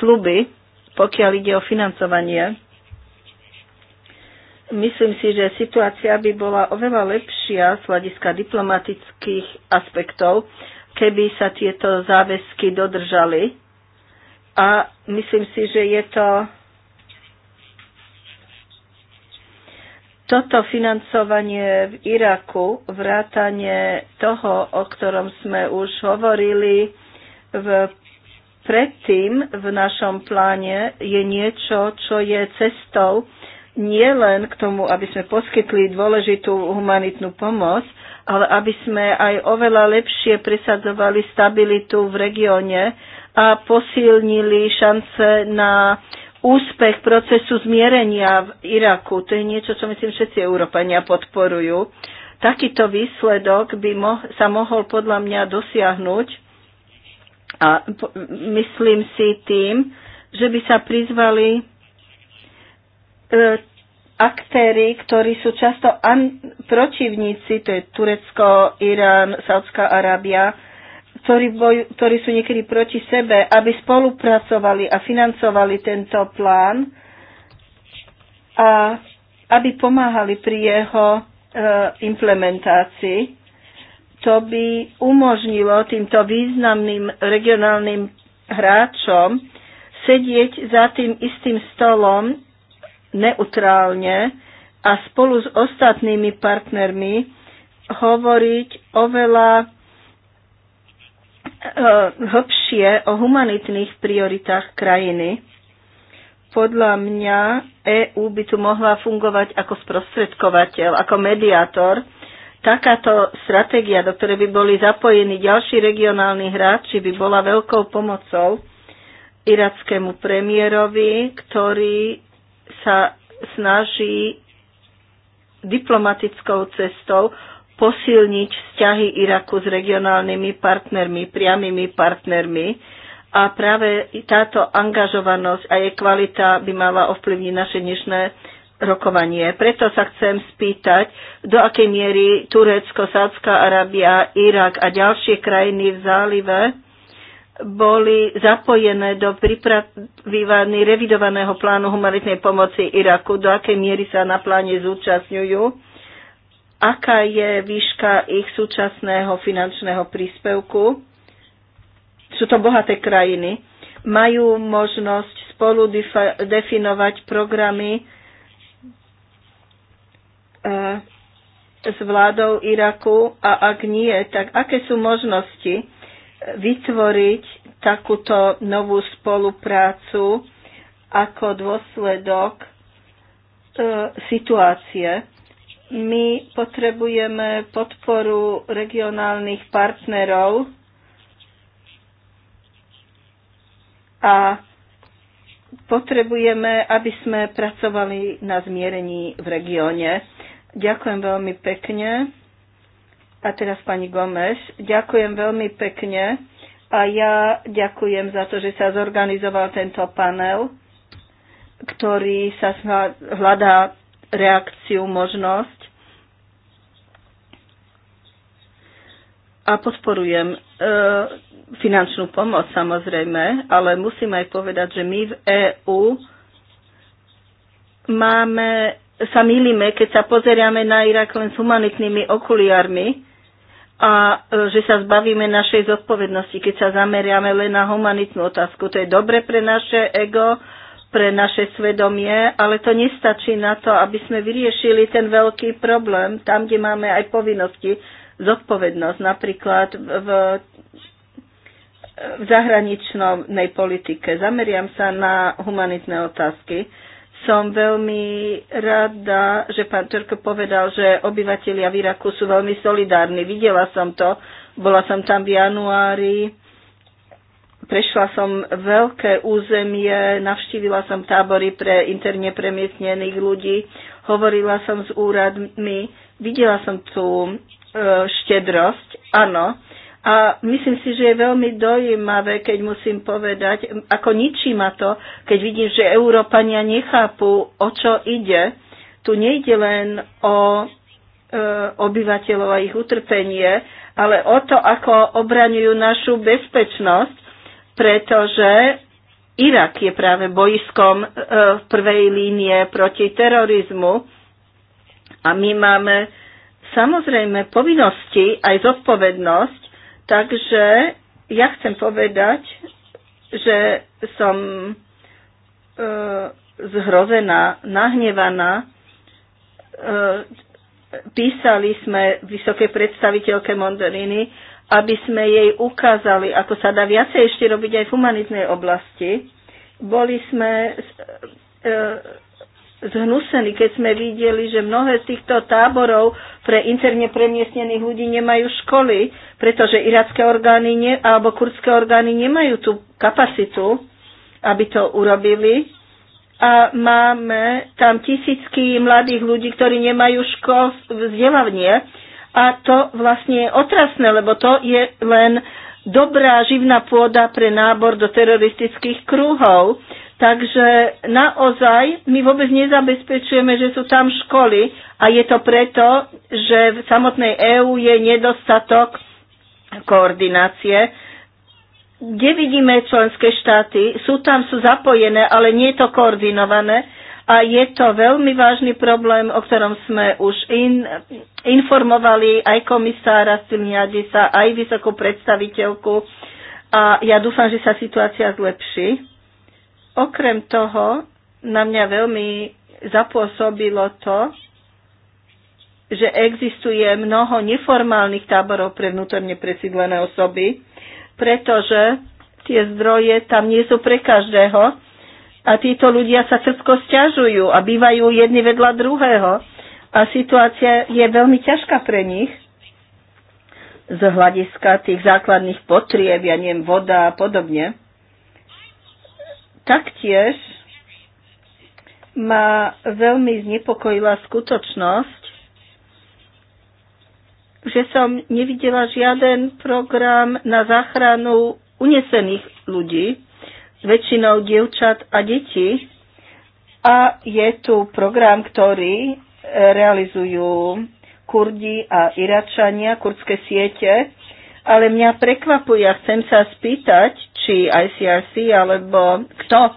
sluby, pokiaľ ide o financovanie. Myslím si, že situácia by bola oveľa lepšia z hľadiska diplomatických aspektov, keby sa tieto záväzky dodržali. A myslím si, že je to toto financovanie v Iraku, vrátanie toho, o ktorom sme už hovorili v, predtým v našom pláne, je niečo, čo je cestou nielen k tomu, aby sme poskytli dôležitú humanitnú pomoc, ale aby sme aj oveľa lepšie presadzovali stabilitu v regióne a posilnili šance na úspech procesu zmierenia v Iraku. To je niečo, čo myslím všetci Európania podporujú. Takýto výsledok by mo- sa mohol podľa mňa dosiahnuť a myslím si tým, že by sa prizvali e, aktéry, ktorí sú často an- protivníci, to je Turecko, Irán, Saudská Arábia, ktorí, boj, ktorí sú niekedy proti sebe, aby spolupracovali a financovali tento plán a aby pomáhali pri jeho e, implementácii. To by umožnilo týmto významným regionálnym hráčom sedieť za tým istým stolom neutrálne a spolu s ostatnými partnermi hovoriť oveľa hĺbšie eh, o humanitných prioritách krajiny. Podľa mňa EÚ by tu mohla fungovať ako sprostredkovateľ, ako mediátor. Takáto stratégia, do ktorej by boli zapojení ďalší regionálni hráči, by bola veľkou pomocou irackému premiérovi, ktorý sa snaží diplomatickou cestou posilniť vzťahy Iraku s regionálnymi partnermi, priamými partnermi. A práve táto angažovanosť a jej kvalita by mala ovplyvniť naše dnešné rokovanie. Preto sa chcem spýtať, do akej miery Turecko, Sádzka Arábia, Irak a ďalšie krajiny v zálive boli zapojené do pripravovaný revidovaného plánu humanitnej pomoci Iraku, do akej miery sa na pláne zúčastňujú aká je výška ich súčasného finančného príspevku. Sú to bohaté krajiny. Majú možnosť spolu definovať programy e, s vládou Iraku a ak nie, tak aké sú možnosti vytvoriť takúto novú spoluprácu ako dôsledok e, situácie my potrebujeme podporu regionálnych partnerov a potrebujeme, aby sme pracovali na zmierení v regióne. Ďakujem veľmi pekne. A teraz pani Gomes, ďakujem veľmi pekne a ja ďakujem za to, že sa zorganizoval tento panel, ktorý sa hľadá reakciu, možnosť a podporujem e, finančnú pomoc samozrejme, ale musím aj povedať, že my v EÚ máme, sa milíme, keď sa pozeráme na Irak len s humanitnými okuliarmi a e, že sa zbavíme našej zodpovednosti, keď sa zameriame len na humanitnú otázku. To je dobre pre naše ego, pre naše svedomie, ale to nestačí na to, aby sme vyriešili ten veľký problém tam, kde máme aj povinnosti zodpovednosť. Napríklad v, v zahraničnej politike. Zameriam sa na humanitné otázky. Som veľmi rada, že pán Turko povedal, že obyvatelia v Iraku sú veľmi solidárni. Videla som to, bola som tam v januári, prešla som veľké územie, navštívila som tábory pre interne premiestnených ľudí, hovorila som s úradmi, videla som tú E, štedrosť, áno. A myslím si, že je veľmi dojímavé, keď musím povedať, ako ničí ma to, keď vidím, že Európania nechápu, o čo ide. Tu nejde len o e, obyvateľov a ich utrpenie, ale o to, ako obraňujú našu bezpečnosť, pretože Irak je práve bojskom e, v prvej línie proti terorizmu a my máme samozrejme povinnosti aj zodpovednosť, takže ja chcem povedať, že som e, zhrozená, nahnevaná. E, písali sme vysoké predstaviteľke Mondoriny, aby sme jej ukázali, ako sa dá viacej ešte robiť aj v humanitnej oblasti. Boli sme e, zhnusení, keď sme videli, že mnohé z týchto táborov pre interne premiestnených ľudí nemajú školy, pretože iracké orgány ne, alebo kurdské orgány nemajú tú kapacitu, aby to urobili. A máme tam tisícky mladých ľudí, ktorí nemajú škol vzdelávanie. A to vlastne je otrasné, lebo to je len dobrá živná pôda pre nábor do teroristických krúhov Takže naozaj my vôbec nezabezpečujeme, že sú tam školy a je to preto, že v samotnej EÚ je nedostatok koordinácie. Kde vidíme členské štáty? Sú tam, sú zapojené, ale nie je to koordinované a je to veľmi vážny problém, o ktorom sme už in, informovali aj komisára Stilniadisa, aj vysokú predstaviteľku a ja dúfam, že sa situácia zlepší. Okrem toho, na mňa veľmi zapôsobilo to, že existuje mnoho neformálnych táborov pre vnútorne presídlené osoby, pretože tie zdroje tam nie sú pre každého a títo ľudia sa trpko stiažujú a bývajú jedni vedľa druhého a situácia je veľmi ťažká pre nich z hľadiska tých základných potrieb, ja neviem, voda a podobne. Taktiež ma veľmi znepokojila skutočnosť, že som nevidela žiaden program na záchranu unesených ľudí, väčšinou dievčat a detí. A je tu program, ktorý e, realizujú Kurdi a Iračania, kurdské siete. Ale mňa prekvapuje, chcem sa spýtať, či ICRC alebo kto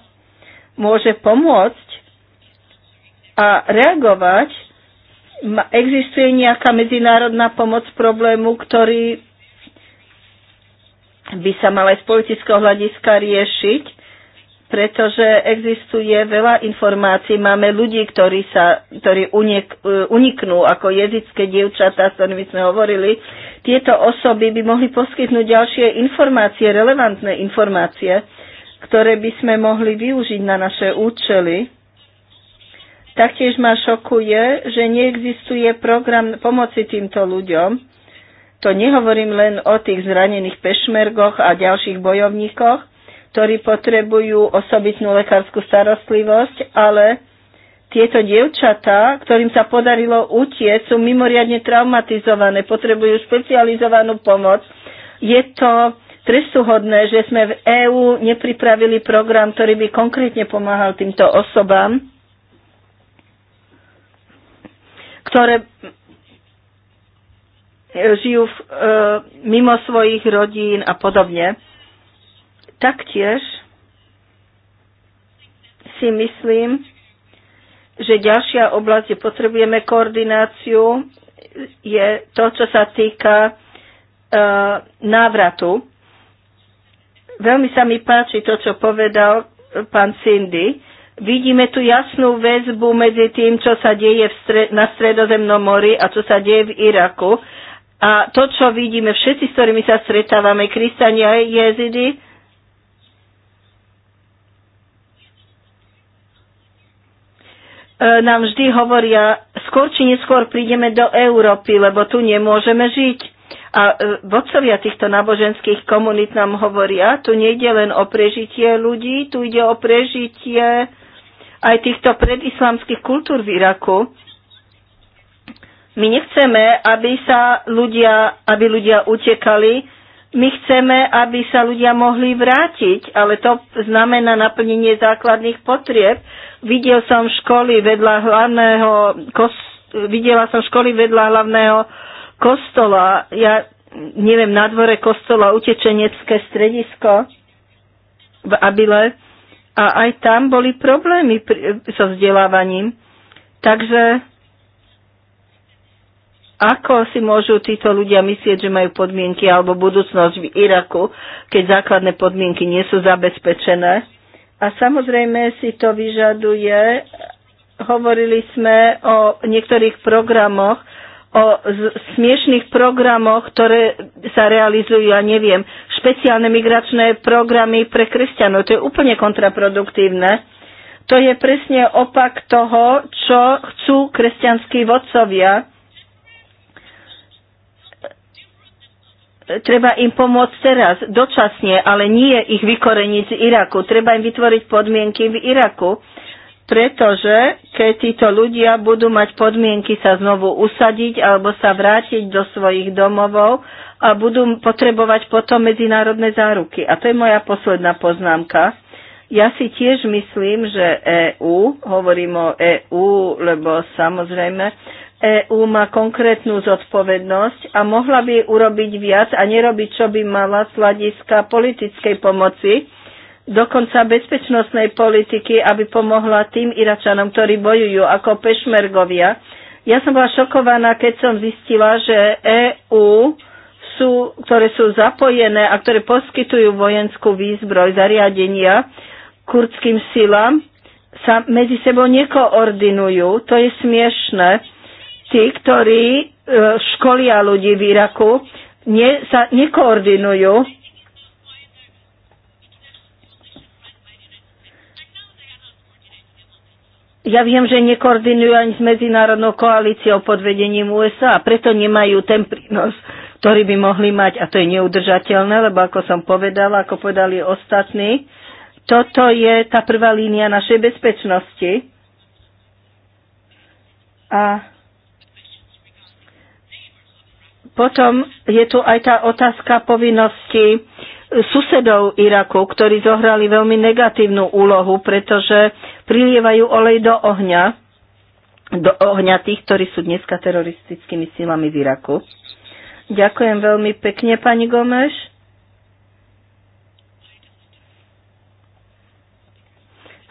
môže pomôcť a reagovať. Existuje nejaká medzinárodná pomoc problému, ktorý by sa mal aj z politického hľadiska riešiť pretože existuje veľa informácií. Máme ľudí, ktorí, sa, ktorí uniek, e, uniknú, ako jezické dievčatá, s ktorými sme hovorili. Tieto osoby by mohli poskytnúť ďalšie informácie, relevantné informácie, ktoré by sme mohli využiť na naše účely. Taktiež ma šokuje, že neexistuje program pomoci týmto ľuďom. To nehovorím len o tých zranených pešmergoch a ďalších bojovníkoch, ktorí potrebujú osobitnú lekárskú starostlivosť, ale tieto dievčatá, ktorým sa podarilo utieť, sú mimoriadne traumatizované, potrebujú špecializovanú pomoc. Je to trestuhodné, že sme v EÚ nepripravili program, ktorý by konkrétne pomáhal týmto osobám, ktoré žijú v, e, mimo svojich rodín a podobne. Taktiež si myslím, že ďalšia oblasť, kde potrebujeme koordináciu, je to, čo sa týka uh, návratu. Veľmi sa mi páči to, čo povedal pán Cindy. Vidíme tu jasnú väzbu medzi tým, čo sa deje v stre- na Stredozemnom mori a čo sa deje v Iraku. A to, čo vidíme všetci, s ktorými sa stretávame, kresťania, jezidy, E, nám vždy hovoria, skôr či neskôr prídeme do Európy, lebo tu nemôžeme žiť. A e, vodcovia týchto náboženských komunít nám hovoria, tu nejde len o prežitie ľudí, tu ide o prežitie aj týchto predislamských kultúr v Iraku. My nechceme, aby sa ľudia, aby ľudia utekali, my chceme, aby sa ľudia mohli vrátiť, ale to znamená naplnenie základných potrieb. Videl som školy vedľa hlavného videla som školy vedľa hlavného kostola. Ja neviem, na dvore kostola utečenecké stredisko v Abile a aj tam boli problémy so vzdelávaním. Takže ako si môžu títo ľudia myslieť, že majú podmienky alebo budúcnosť v Iraku, keď základné podmienky nie sú zabezpečené? A samozrejme si to vyžaduje, hovorili sme o niektorých programoch, o smiešných programoch, ktoré sa realizujú, ja neviem, špeciálne migračné programy pre kresťanov. To je úplne kontraproduktívne. To je presne opak toho, čo chcú kresťanskí vodcovia. treba im pomôcť teraz, dočasne, ale nie ich vykoreniť z Iraku. Treba im vytvoriť podmienky v Iraku, pretože keď títo ľudia budú mať podmienky sa znovu usadiť alebo sa vrátiť do svojich domovov a budú potrebovať potom medzinárodné záruky. A to je moja posledná poznámka. Ja si tiež myslím, že EÚ, hovorím o EÚ, lebo samozrejme, EÚ má konkrétnu zodpovednosť a mohla by urobiť viac a nerobiť, čo by mala z hľadiska politickej pomoci, dokonca bezpečnostnej politiky, aby pomohla tým Iračanom, ktorí bojujú ako pešmergovia. Ja som bola šokovaná, keď som zistila, že EÚ, sú, ktoré sú zapojené a ktoré poskytujú vojenskú výzbroj, zariadenia kurdským silám, sa medzi sebou nekoordinujú. To je smiešne tí, ktorí e, školia ľudí v Iraku, nie, sa nekoordinujú. Ja viem, že nekoordinujú ani s medzinárodnou koalíciou pod vedením USA a preto nemajú ten prínos, ktorý by mohli mať a to je neudržateľné, lebo ako som povedala, ako povedali ostatní, toto je tá prvá línia našej bezpečnosti. A potom je tu aj tá otázka povinnosti susedov Iraku, ktorí zohrali veľmi negatívnu úlohu, pretože prilievajú olej do ohňa, do ohňa tých, ktorí sú dneska teroristickými silami v Iraku. Ďakujem veľmi pekne, pani Gomeš.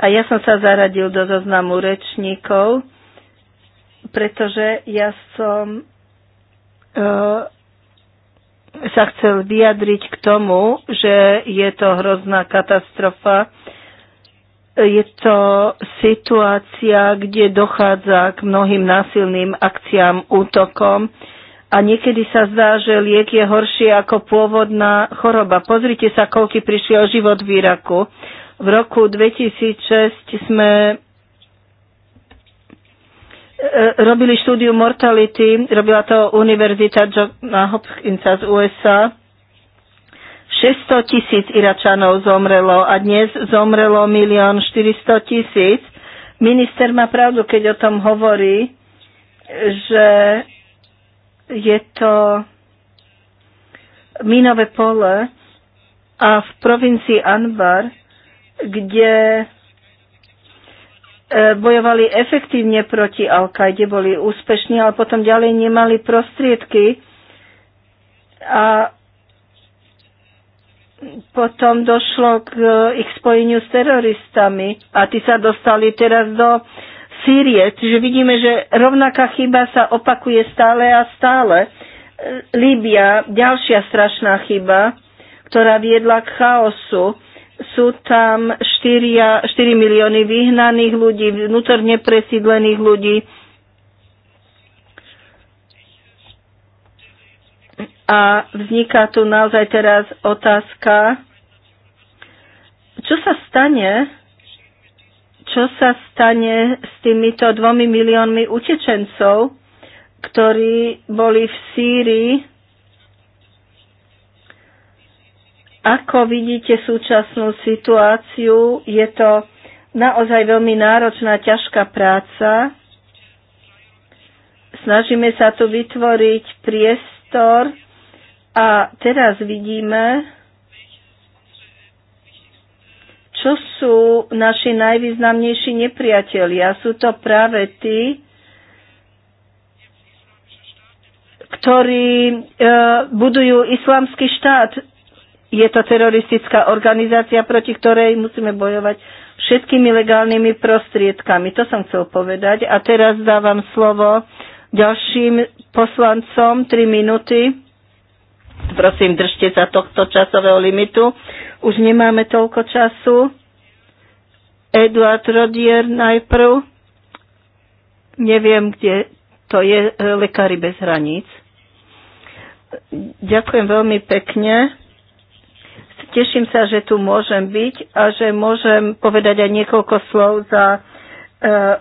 A ja som sa zaradil do zoznamu rečníkov, pretože ja som E, sa chcel vyjadriť k tomu, že je to hrozná katastrofa. Je to situácia, kde dochádza k mnohým násilným akciám, útokom a niekedy sa zdá, že liek je horší ako pôvodná choroba. Pozrite sa, koľky prišli o život v Iraku. V roku 2006 sme E, e, robili štúdiu mortality, robila to Univerzita John Hopkinsa z USA. 600 tisíc Iračanov zomrelo a dnes zomrelo 1 400 tisíc. Minister má pravdu, keď o tom hovorí, že je to minové pole a v provincii Anbar, kde E, bojovali efektívne proti Al-Kaide, boli úspešní, ale potom ďalej nemali prostriedky a potom došlo k e, ich spojeniu s teroristami a tí sa dostali teraz do Sýrie. Čiže vidíme, že rovnaká chyba sa opakuje stále a stále. E, Líbia, ďalšia strašná chyba, ktorá viedla k chaosu sú tam 4, 4 milióny vyhnaných ľudí, vnútorne presídlených ľudí. A vzniká tu naozaj teraz otázka, čo sa stane, čo sa stane s týmito dvomi miliónmi utečencov, ktorí boli v Sýrii Ako vidíte súčasnú situáciu? Je to naozaj veľmi náročná, ťažká práca. Snažíme sa tu vytvoriť priestor a teraz vidíme, čo sú naši najvýznamnejší nepriatelia. Sú to práve tí, ktorí e, budujú islamský štát je to teroristická organizácia, proti ktorej musíme bojovať všetkými legálnymi prostriedkami. To som chcel povedať. A teraz dávam slovo ďalším poslancom 3 minúty. Prosím, držte sa tohto časového limitu. Už nemáme toľko času. Eduard Rodier najprv. Neviem, kde to je e, Lekári bez hraníc. Ďakujem veľmi pekne. Teším sa, že tu môžem byť a že môžem povedať aj niekoľko slov za e,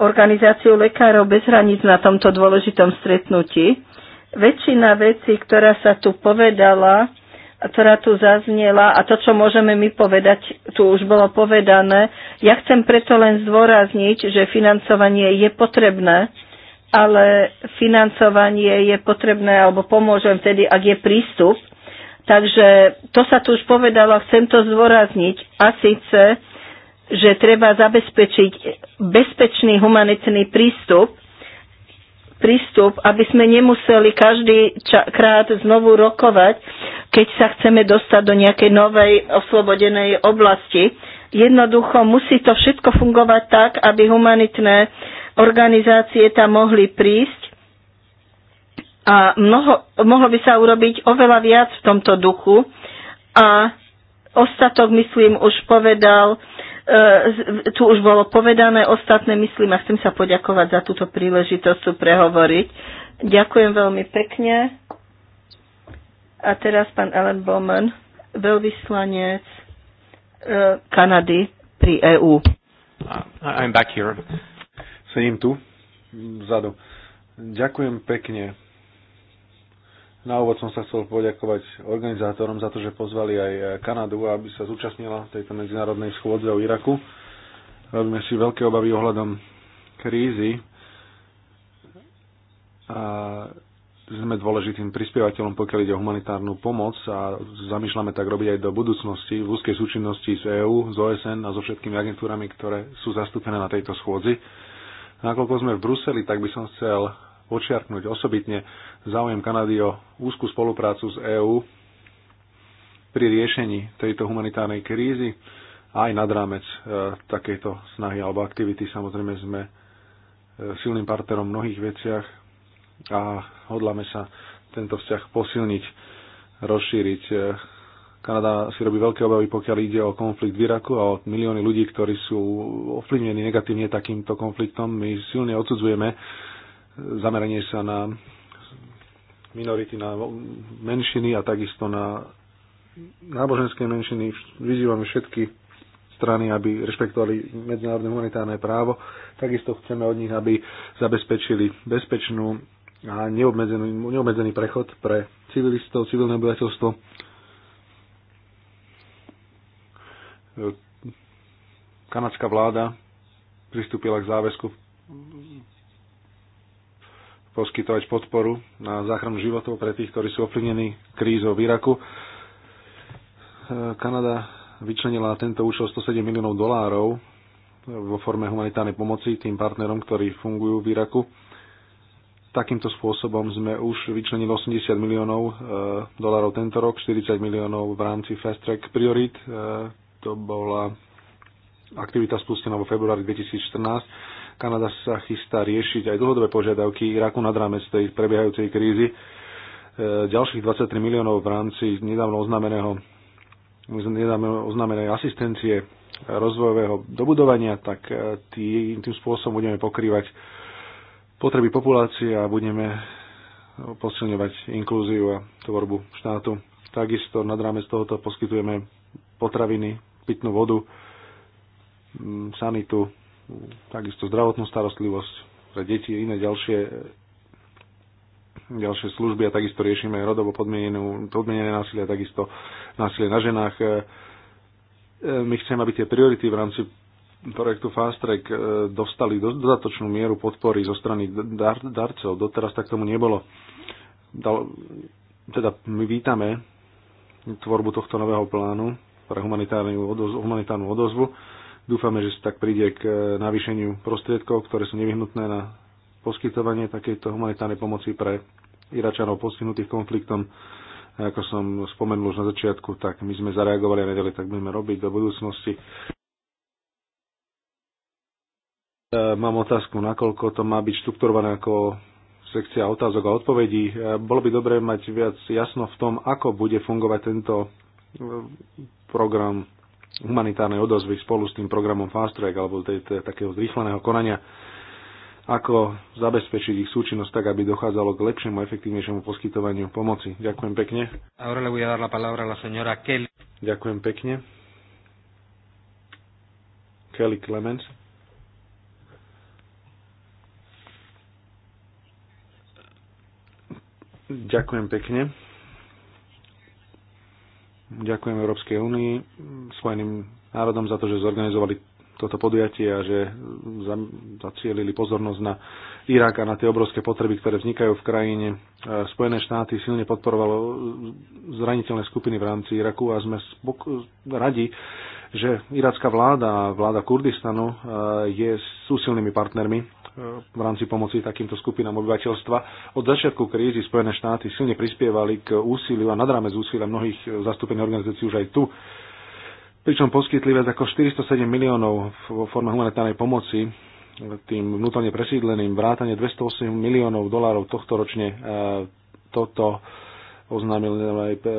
organizáciu Lekárov bez hraníc na tomto dôležitom stretnutí. Väčšina vecí, ktorá sa tu povedala, ktorá tu zaznela a to, čo môžeme my povedať, tu už bolo povedané. Ja chcem preto len zdôrazniť, že financovanie je potrebné, ale financovanie je potrebné, alebo pomôžem vtedy, ak je prístup Takže to sa tu už povedalo, chcem to zdôrazniť. A síce, že treba zabezpečiť bezpečný humanitný prístup, prístup, aby sme nemuseli každý krát znovu rokovať, keď sa chceme dostať do nejakej novej oslobodenej oblasti. Jednoducho musí to všetko fungovať tak, aby humanitné organizácie tam mohli prísť a mnoho, mohlo by sa urobiť oveľa viac v tomto duchu. A ostatok, myslím, už povedal, e, tu už bolo povedané, ostatné myslím a chcem sa poďakovať za túto príležitosť tu prehovoriť. Ďakujem veľmi pekne. A teraz pán Alan Bowman, veľvyslanec e, Kanady pri EÚ. I'm back here. Sedím tu, vzadu. Ďakujem pekne na úvod som sa chcel poďakovať organizátorom za to, že pozvali aj Kanadu, aby sa zúčastnila tejto medzinárodnej schôdze o Iraku. Robíme si veľké obavy ohľadom krízy a sme dôležitým prispievateľom, pokiaľ ide o humanitárnu pomoc a zamýšľame tak robiť aj do budúcnosti v úzkej súčinnosti s EÚ, s OSN a so všetkými agentúrami, ktoré sú zastúpené na tejto schôdzi. Nakoľko sme v Bruseli, tak by som chcel očiarknúť osobitne záujem Kanady o úzkú spoluprácu s EÚ pri riešení tejto humanitárnej krízy aj nad rámec e, takejto snahy alebo aktivity. Samozrejme sme e, silným partnerom v mnohých veciach a hodláme sa tento vzťah posilniť, rozšíriť. E, Kanada si robí veľké obavy, pokiaľ ide o konflikt v Iraku a o milióny ľudí, ktorí sú ovplyvnení negatívne takýmto konfliktom. My silne odsudzujeme zameranie sa na minority, na menšiny a takisto na náboženské menšiny. Vyzývame všetky strany, aby rešpektovali medzinárodné humanitárne právo. Takisto chceme od nich, aby zabezpečili bezpečnú a neobmedzený, neobmedzený prechod pre civilistov, civilné obyvateľstvo. Kanadská vláda pristúpila k záväzku poskytovať podporu na záchranu životov pre tých, ktorí sú ovplyvnení krízou v Iraku. E, Kanada vyčlenila na tento účel 107 miliónov dolárov vo forme humanitárnej pomoci tým partnerom, ktorí fungujú v Iraku. Takýmto spôsobom sme už vyčlenili 80 miliónov e, dolárov tento rok, 40 miliónov v rámci Fast Track Priorit. E, to bola aktivita spustená vo februári 2014 Kanada sa chystá riešiť aj dlhodobé požiadavky Iraku nad rámec tej prebiehajúcej krízy. E, ďalších 23 miliónov v rámci nedávno oznámeného nedávno oznámenej asistencie rozvojového dobudovania, tak e, tým, tým spôsobom budeme pokrývať potreby populácie a budeme posilňovať inklúziu a tvorbu štátu. Takisto nad rámec tohoto poskytujeme potraviny, pitnú vodu, sanitu, takisto zdravotnú starostlivosť pre deti a iné ďalšie, ďalšie služby a takisto riešime rodovo podmienené násilie a takisto násilie na ženách. E, e, my chceme, aby tie priority v rámci projektu Fast Track e, dostali dodatočnú mieru podpory zo strany dar, darcov. Doteraz tak tomu nebolo. Dal, teda my vítame tvorbu tohto nového plánu pre humanitárnu, odozvu, humanitárnu odozvu Dúfame, že sa tak príde k e, navýšeniu prostriedkov, ktoré sú nevyhnutné na poskytovanie takejto humanitárnej pomoci pre Iračanov postihnutých konfliktom. Ako som spomenul už na začiatku, tak my sme zareagovali a vedeli, tak budeme robiť do budúcnosti. E, mám otázku, nakoľko to má byť štrukturované ako sekcia otázok a odpovedí. E, bolo by dobré mať viac jasno v tom, ako bude fungovať tento program humanitárnej odozvy spolu s tým programom Fast Track alebo tej, tej, takého zrýchleného konania, ako zabezpečiť ich súčinnosť tak, aby dochádzalo k lepšiemu a efektívnejšiemu poskytovaniu pomoci. Ďakujem pekne. Ahora le voy a dar la palabra a la señora Kelly. Ďakujem pekne. Kelly Clements. Ďakujem pekne. Ďakujem Európskej únii, Spojeným národom za to, že zorganizovali toto podujatie a že zacielili pozornosť na Irak a na tie obrovské potreby, ktoré vznikajú v krajine. Spojené štáty silne podporovalo zraniteľné skupiny v rámci Iraku a sme radi, že iracká vláda a vláda Kurdistanu je, sú silnými partnermi v rámci pomoci takýmto skupinám obyvateľstva. Od začiatku krízy Spojené štáty silne prispievali k úsiliu a nadráme z úsilia mnohých zastúpených organizácií už aj tu pričom poskytli viac ako 407 miliónov vo forme humanitárnej pomoci tým vnútorne presídleným, vrátane 208 miliónov dolárov tohto ročne. E, toto, oznámil aj, e,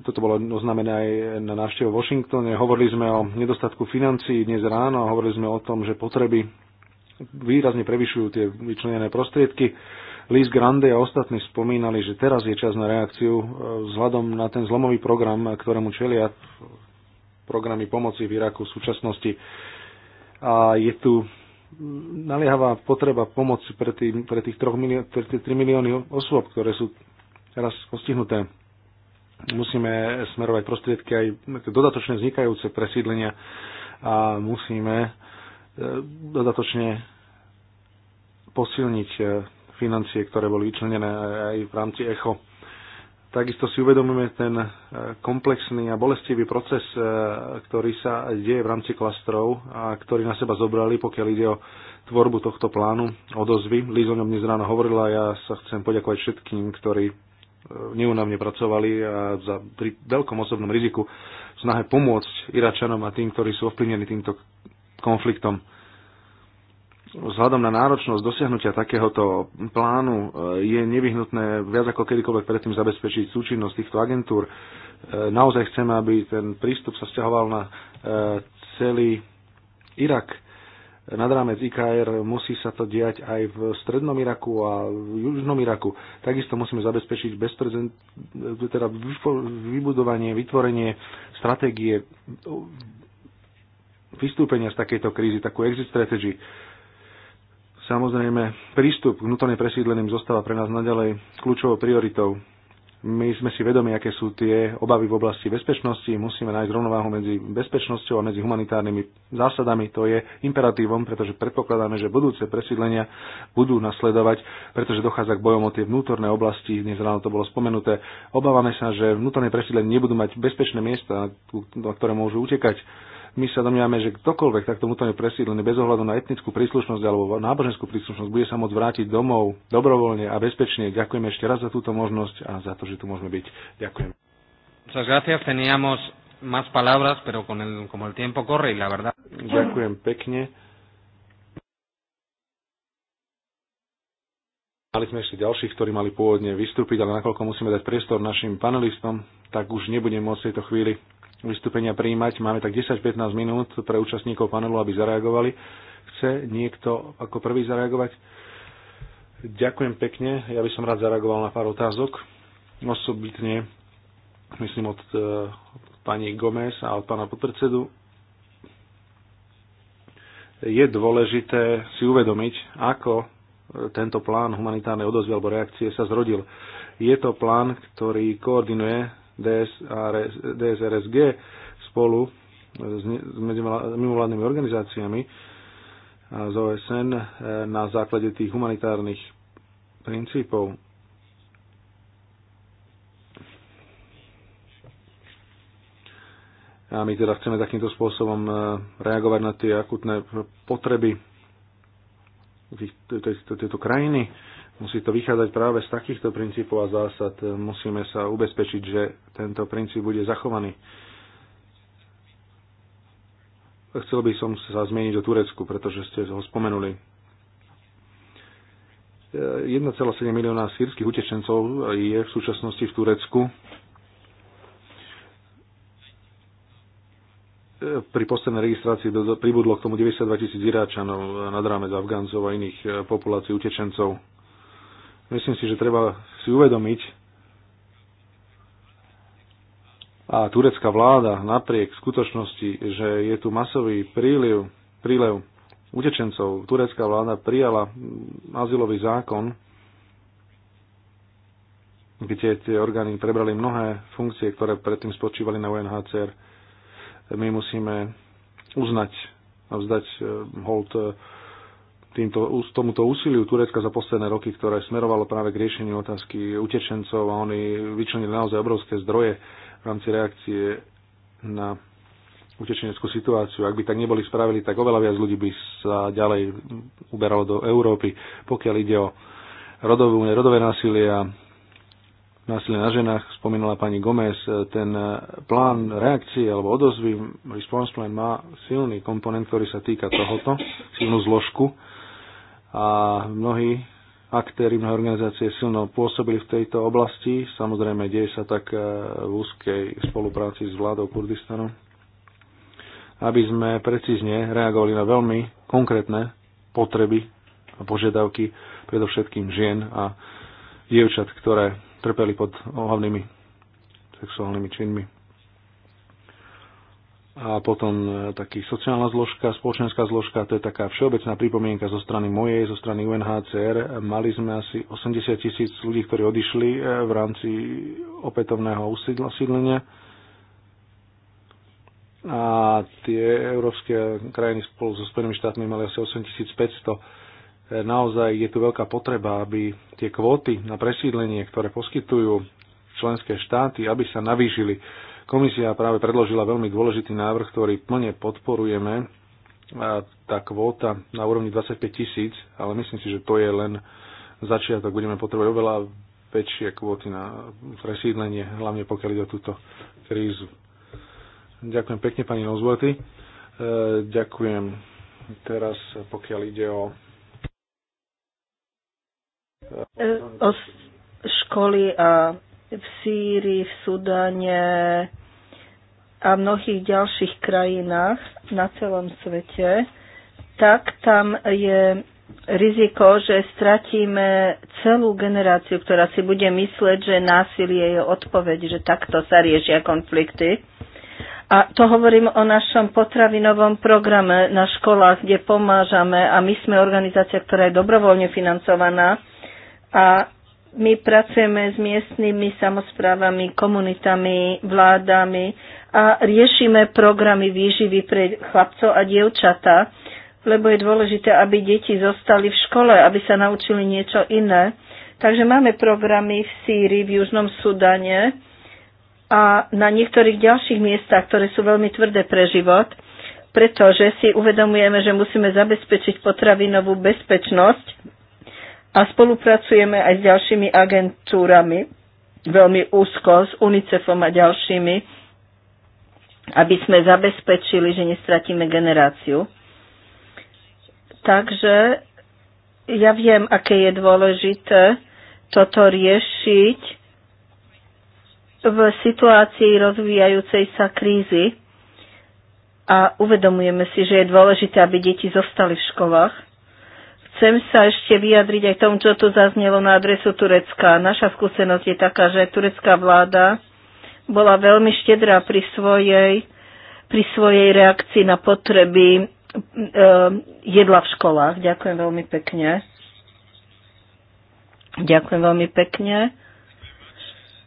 toto bolo oznámené aj na návšteve v Washingtone. Hovorili sme o nedostatku financií dnes ráno a hovorili sme o tom, že potreby výrazne prevyšujú tie vyčlenené prostriedky. Liz Grande a ostatní spomínali, že teraz je čas na reakciu e, vzhľadom na ten zlomový program, ktorému čelia programy pomoci v Iraku v súčasnosti. A je tu naliehavá potreba pomoci pre, tý, pre tých 3 milió- 3 milióny osôb, ktoré sú teraz postihnuté. Musíme smerovať prostriedky aj dodatočne vznikajúce presídlenia a musíme e, dodatočne posilniť e, financie, ktoré boli vyčlenené aj v rámci ECHO. Takisto si uvedomíme ten e, komplexný a bolestivý proces, e, ktorý sa deje v rámci klastrov a ktorý na seba zobrali, pokiaľ ide o tvorbu tohto plánu odozvy. Liz o ňom dnes ráno hovorila, ja sa chcem poďakovať všetkým, ktorí neunavne pracovali a za, pri veľkom osobnom riziku snahe pomôcť Iračanom a tým, ktorí sú ovplyvnení týmto konfliktom vzhľadom na náročnosť dosiahnutia takéhoto plánu e, je nevyhnutné viac ako kedykoľvek predtým zabezpečiť súčinnosť týchto agentúr. E, naozaj chceme, aby ten prístup sa stiahoval na e, celý Irak. Nad rámec IKR musí sa to diať aj v strednom Iraku a v južnom Iraku. Takisto musíme zabezpečiť teda vybudovanie, vytvorenie stratégie vystúpenia z takejto krízy, takú exit strategy Samozrejme, prístup k vnútorne presídleným zostáva pre nás naďalej kľúčovou prioritou. My sme si vedomi, aké sú tie obavy v oblasti bezpečnosti. Musíme nájsť rovnováhu medzi bezpečnosťou a medzi humanitárnymi zásadami. To je imperatívom, pretože predpokladáme, že budúce presídlenia budú nasledovať, pretože dochádza k bojom o tie vnútorné oblasti. Dnes ráno to bolo spomenuté. Obávame sa, že vnútorné presídlenie nebudú mať bezpečné miesta, na ktoré môžu utekať my sa domnievame, že ktokoľvek takto vnútorne presídlený bez ohľadu na etnickú príslušnosť alebo náboženskú príslušnosť bude sa môcť vrátiť domov dobrovoľne a bezpečne. Ďakujeme ešte raz za túto možnosť a za to, že tu môžeme byť. Ďakujem. más palabras, pero con el, como el tiempo corre y la verdad. Ďakujem pekne. Mali sme ešte ďalších, ktorí mali pôvodne vystúpiť, ale nakoľko musíme dať priestor našim panelistom, tak už nebudem môcť v tejto chvíli vystúpenia prijímať. Máme tak 10-15 minút pre účastníkov panelu, aby zareagovali. Chce niekto ako prvý zareagovať? Ďakujem pekne. Ja by som rád zareagoval na pár otázok. Osobitne, myslím, od e, pani Gomez a od pána podpredsedu je dôležité si uvedomiť, ako e, tento plán humanitárnej odozvy alebo reakcie sa zrodil. Je to plán, ktorý koordinuje DSRSG spolu s mimovládnymi organizáciami z OSN e, na základe tých humanitárnych princípov. A my teda chceme takýmto spôsobom e, reagovať na tie akutné potreby tejto krajiny Musí to vychádzať práve z takýchto princípov a zásad. Musíme sa ubezpečiť, že tento princíp bude zachovaný. Chcel by som sa zmeniť o Turecku, pretože ste ho spomenuli. 1,7 milióna sírskych utečencov je v súčasnosti v Turecku. pri poslednej registrácii pribudlo k tomu 92 tisíc Iráčanov nad rámec Afgáncov a iných eh, populácií utečencov. Myslím si, že treba si uvedomiť, a turecká vláda napriek skutočnosti, že je tu masový príliv, prílev utečencov, turecká vláda prijala azylový zákon, kde tie orgány prebrali mnohé funkcie, ktoré predtým spočívali na UNHCR. My musíme uznať a vzdať eh, hold eh, týmto, tomuto úsiliu Turecka za posledné roky, ktoré smerovalo práve k riešeniu otázky utečencov a oni vyčlenili naozaj obrovské zdroje v rámci reakcie na utečeneckú situáciu. Ak by tak neboli spravili, tak oveľa viac ľudí by sa ďalej uberalo do Európy, pokiaľ ide o rodovú, rodové násilie a násilie na ženách. Spomínala pani Gomez, ten plán reakcie alebo odozvy, response plan má silný komponent, ktorý sa týka tohoto, silnú zložku a mnohí aktéry, mnohé organizácie silno pôsobili v tejto oblasti. Samozrejme, deje sa tak eh, v úzkej spolupráci s vládou Kurdistanu, aby sme precízne reagovali na veľmi konkrétne potreby a požiadavky predovšetkým žien a dievčat, ktoré trpeli pod ohavnými sexuálnymi činmi a potom e, taký sociálna zložka, spoločenská zložka, to je taká všeobecná pripomienka zo strany mojej, zo strany UNHCR. Mali sme asi 80 tisíc ľudí, ktorí odišli e, v rámci opätovného usídlenia. A tie európske krajiny spolu so Spojenými štátmi mali asi 8500. E, naozaj je tu veľká potreba, aby tie kvóty na presídlenie, ktoré poskytujú členské štáty, aby sa navýšili Komisia práve predložila veľmi dôležitý návrh, ktorý plne podporujeme. A tá kvóta na úrovni 25 tisíc, ale myslím si, že to je len začiatok. Budeme potrebovať oveľa väčšie kvóty na presídlenie, hlavne pokiaľ ide o túto krízu. Ďakujem pekne pani Nozboty. E, ďakujem teraz, pokiaľ ide o e, o školy a v Sýrii, v Sudáne a mnohých ďalších krajinách na celom svete, tak tam je riziko, že stratíme celú generáciu, ktorá si bude mysleť, že násilie je odpoveď, že takto sa riešia konflikty. A to hovorím o našom potravinovom programe na školách, kde pomážame a my sme organizácia, ktorá je dobrovoľne financovaná a my pracujeme s miestnymi samozprávami, komunitami, vládami a riešime programy výživy pre chlapcov a dievčatá, lebo je dôležité, aby deti zostali v škole, aby sa naučili niečo iné. Takže máme programy v Sýrii, v Južnom Sudane a na niektorých ďalších miestach, ktoré sú veľmi tvrdé pre život, pretože si uvedomujeme, že musíme zabezpečiť potravinovú bezpečnosť a spolupracujeme aj s ďalšími agentúrami veľmi úzko, s UNICEFom a ďalšími, aby sme zabezpečili, že nestratíme generáciu. Takže ja viem, aké je dôležité toto riešiť v situácii rozvíjajúcej sa krízy a uvedomujeme si, že je dôležité, aby deti zostali v školách Chcem sa ešte vyjadriť aj tomu, čo tu zaznelo na adresu Turecka. Naša skúsenosť je taká, že turecká vláda bola veľmi štedrá pri svojej, pri svojej reakcii na potreby e, jedla v školách. Ďakujem veľmi pekne. Ďakujem veľmi pekne.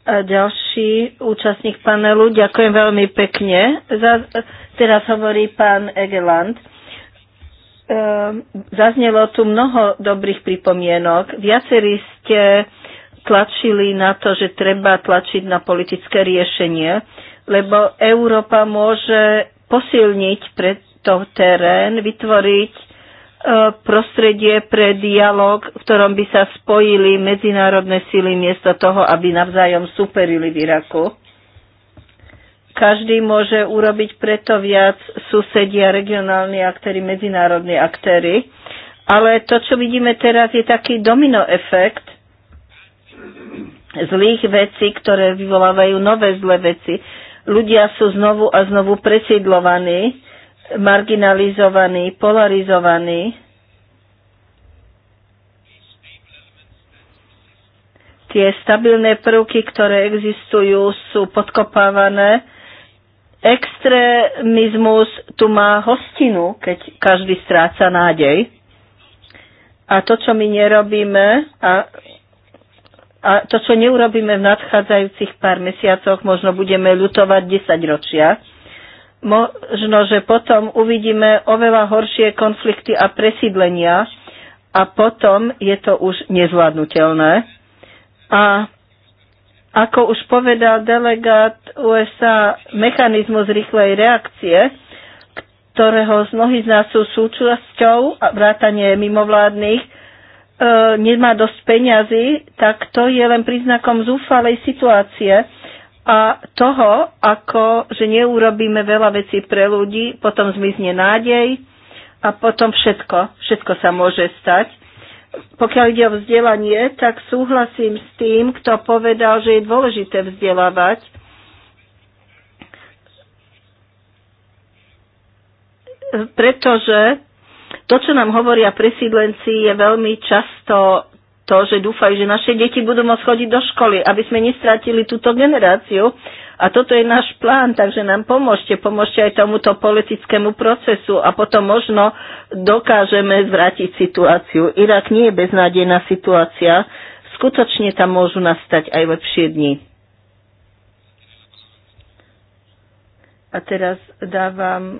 A ďalší účastník panelu, ďakujem veľmi pekne. Za, teraz hovorí pán Egeland. Ehm, zaznelo tu mnoho dobrých pripomienok. Viacerí ste tlačili na to, že treba tlačiť na politické riešenie, lebo Európa môže posilniť pre to terén, vytvoriť e, prostredie pre dialog, v ktorom by sa spojili medzinárodné síly miesto toho, aby navzájom superili v Iraku. Každý môže urobiť preto viac susedia, regionálni aktéry, medzinárodní aktéry. Ale to, čo vidíme teraz, je taký domino efekt zlých vecí, ktoré vyvolávajú nové zlé veci. Ľudia sú znovu a znovu presídlovaní, marginalizovaní, polarizovaní. tie stabilné prvky, ktoré existujú, sú podkopávané Extrémizmus tu má hostinu, keď každý stráca nádej. A to, čo my nerobíme a, a to, čo neurobíme v nadchádzajúcich pár mesiacoch, možno budeme ľutovať 10 ročia. Možno, že potom uvidíme oveľa horšie konflikty a presídlenia a potom je to už nezvládnutelné. A ako už povedal delegát USA, mechanizmus rýchlej reakcie, ktorého z mnohých z nás sú súčasťou, a vrátanie mimovládnych, e, nemá dosť peňazí, tak to je len príznakom zúfalej situácie a toho, ako, že neurobíme veľa vecí pre ľudí, potom zmizne nádej a potom všetko, všetko sa môže stať. Pokiaľ ide o vzdelanie, tak súhlasím s tým, kto povedal, že je dôležité vzdelávať. Pretože to, čo nám hovoria presídlenci, je veľmi často to, že dúfajú, že naše deti budú môcť chodiť do školy, aby sme nestratili túto generáciu. A toto je náš plán, takže nám pomôžte, pomôžte aj tomuto politickému procesu a potom možno dokážeme zvrátiť situáciu. Irak nie je beznádejná situácia, skutočne tam môžu nastať aj lepšie dni. A teraz dávam e,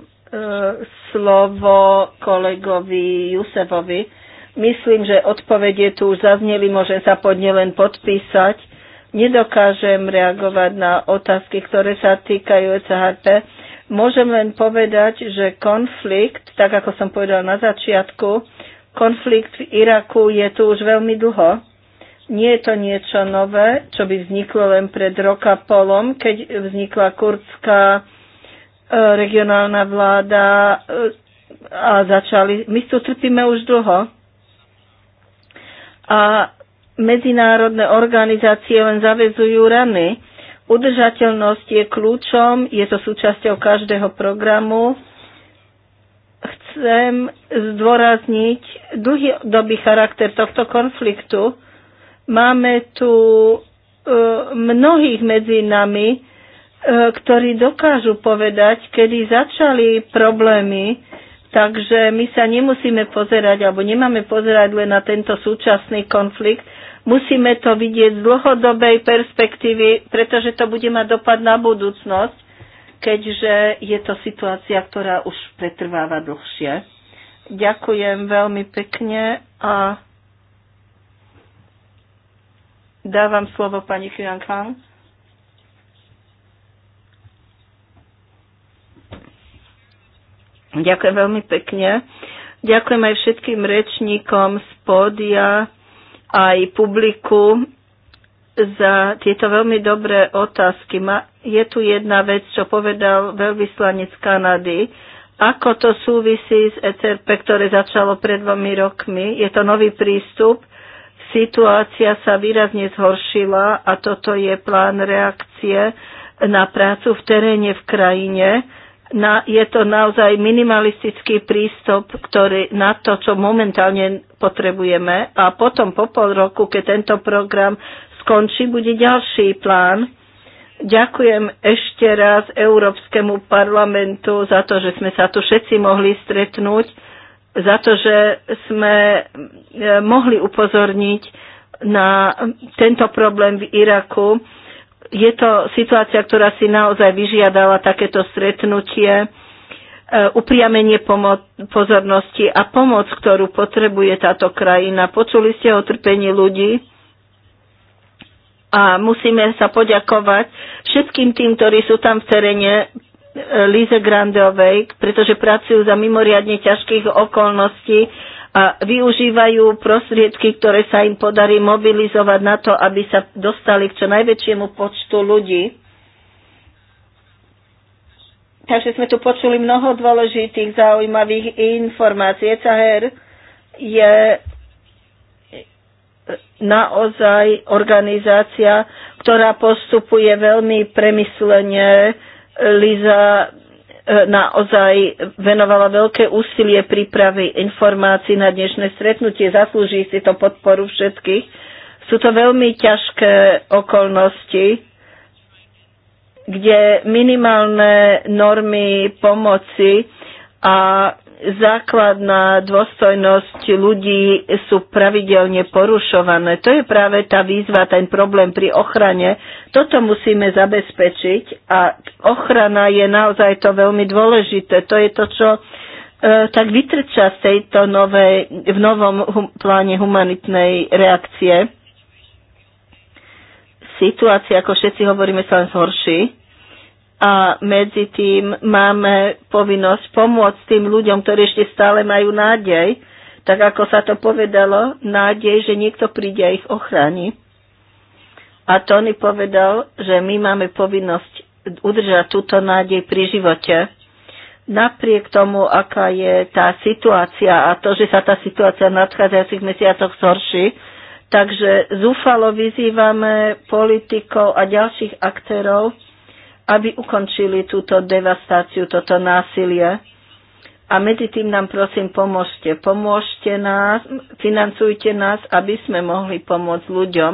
slovo kolegovi Jusevovi. Myslím, že odpovede tu už zazneli, môžem sa pod ne len podpísať. Nedokážem reagovať na otázky, ktoré sa týkajú CHP. Môžem len povedať, že konflikt, tak ako som povedal na začiatku, konflikt v Iraku je tu už veľmi dlho. Nie je to niečo nové, čo by vzniklo len pred roka polom, keď vznikla kurdská e, regionálna vláda e, a začali. My tu trpíme už dlho a medzinárodné organizácie len zavezujú rany. Udržateľnosť je kľúčom, je to súčasťou každého programu. Chcem zdôrazniť dlhodobý charakter tohto konfliktu. Máme tu e, mnohých medzi nami, e, ktorí dokážu povedať, kedy začali problémy, Takže my sa nemusíme pozerať, alebo nemáme pozerať len na tento súčasný konflikt. Musíme to vidieť z dlhodobej perspektívy, pretože to bude mať dopad na budúcnosť, keďže je to situácia, ktorá už pretrváva dlhšie. Ďakujem veľmi pekne a dávam slovo pani Kiran Kang. Ďakujem veľmi pekne. Ďakujem aj všetkým rečníkom z pódia, aj publiku za tieto veľmi dobré otázky. Je tu jedna vec, čo povedal veľvyslanec Kanady. Ako to súvisí s ECRP, ktoré začalo pred dvomi rokmi? Je to nový prístup. Situácia sa výrazne zhoršila a toto je plán reakcie na prácu v teréne v krajine na, je to naozaj minimalistický prístup ktorý, na to, čo momentálne potrebujeme. A potom po pol roku, keď tento program skončí, bude ďalší plán. Ďakujem ešte raz Európskemu parlamentu za to, že sme sa tu všetci mohli stretnúť, za to, že sme eh, mohli upozorniť na tento problém v Iraku je to situácia, ktorá si naozaj vyžiadala takéto stretnutie, e, upriamenie pomo- pozornosti a pomoc, ktorú potrebuje táto krajina. Počuli ste o trpení ľudí a musíme sa poďakovať všetkým tým, ktorí sú tam v teréne e, Lize Grandovej, pretože pracujú za mimoriadne ťažkých okolností a využívajú prostriedky, ktoré sa im podarí mobilizovať na to, aby sa dostali k čo najväčšiemu počtu ľudí. Takže sme tu počuli mnoho dôležitých, zaujímavých informácií. ECHR e je naozaj organizácia, ktorá postupuje veľmi premyslenie. Liza E, naozaj venovala veľké úsilie prípravy informácií na dnešné stretnutie. Zaslúži si to podporu všetkých. Sú to veľmi ťažké okolnosti, kde minimálne normy pomoci a základná dôstojnosť ľudí sú pravidelne porušované. To je práve tá výzva, ten problém pri ochrane. Toto musíme zabezpečiť a ochrana je naozaj to veľmi dôležité. To je to, čo e, tak vytrča z tejto novej, v novom hum, pláne humanitnej reakcie. Situácia, ako všetci hovoríme, sa zhorší a medzi tým máme povinnosť pomôcť tým ľuďom, ktorí ešte stále majú nádej, tak ako sa to povedalo, nádej, že niekto príde a ich ochráni. A Tony povedal, že my máme povinnosť udržať túto nádej pri živote. Napriek tomu, aká je tá situácia a to, že sa tá situácia v nadchádzajúcich mesiacoch zhorší, takže zúfalo vyzývame politikov a ďalších aktérov, aby ukončili túto devastáciu, toto násilie. A medzi tým nám prosím pomôžte. Pomôžte nás, financujte nás, aby sme mohli pomôcť ľuďom,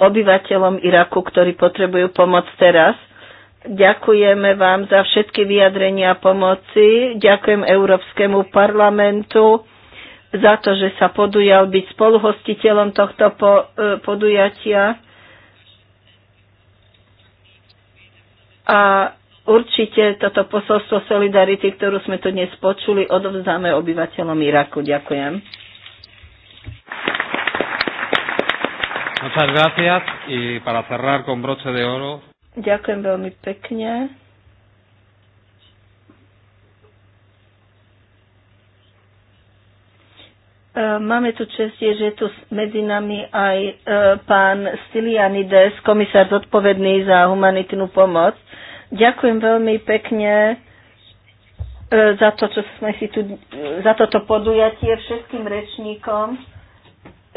obyvateľom Iraku, ktorí potrebujú pomoc teraz. Ďakujeme vám za všetky vyjadrenia pomoci. Ďakujem Európskemu parlamentu za to, že sa podujal byť spoluhostiteľom tohto e, podujatia A určite toto posolstvo solidarity, ktorú sme tu dnes počuli, odovzdáme obyvateľom Iraku. Ďakujem. Muchas gracias y para cerrar con broche de oro. Ďakujem veľmi pekne. E, máme tu čestie, že je tu medzi nami aj e, pán Stylianides, komisár zodpovedný za humanitnú pomoc. Ďakujem veľmi pekne e, za to, čo sme si tu, e, za toto podujatie všetkým rečníkom,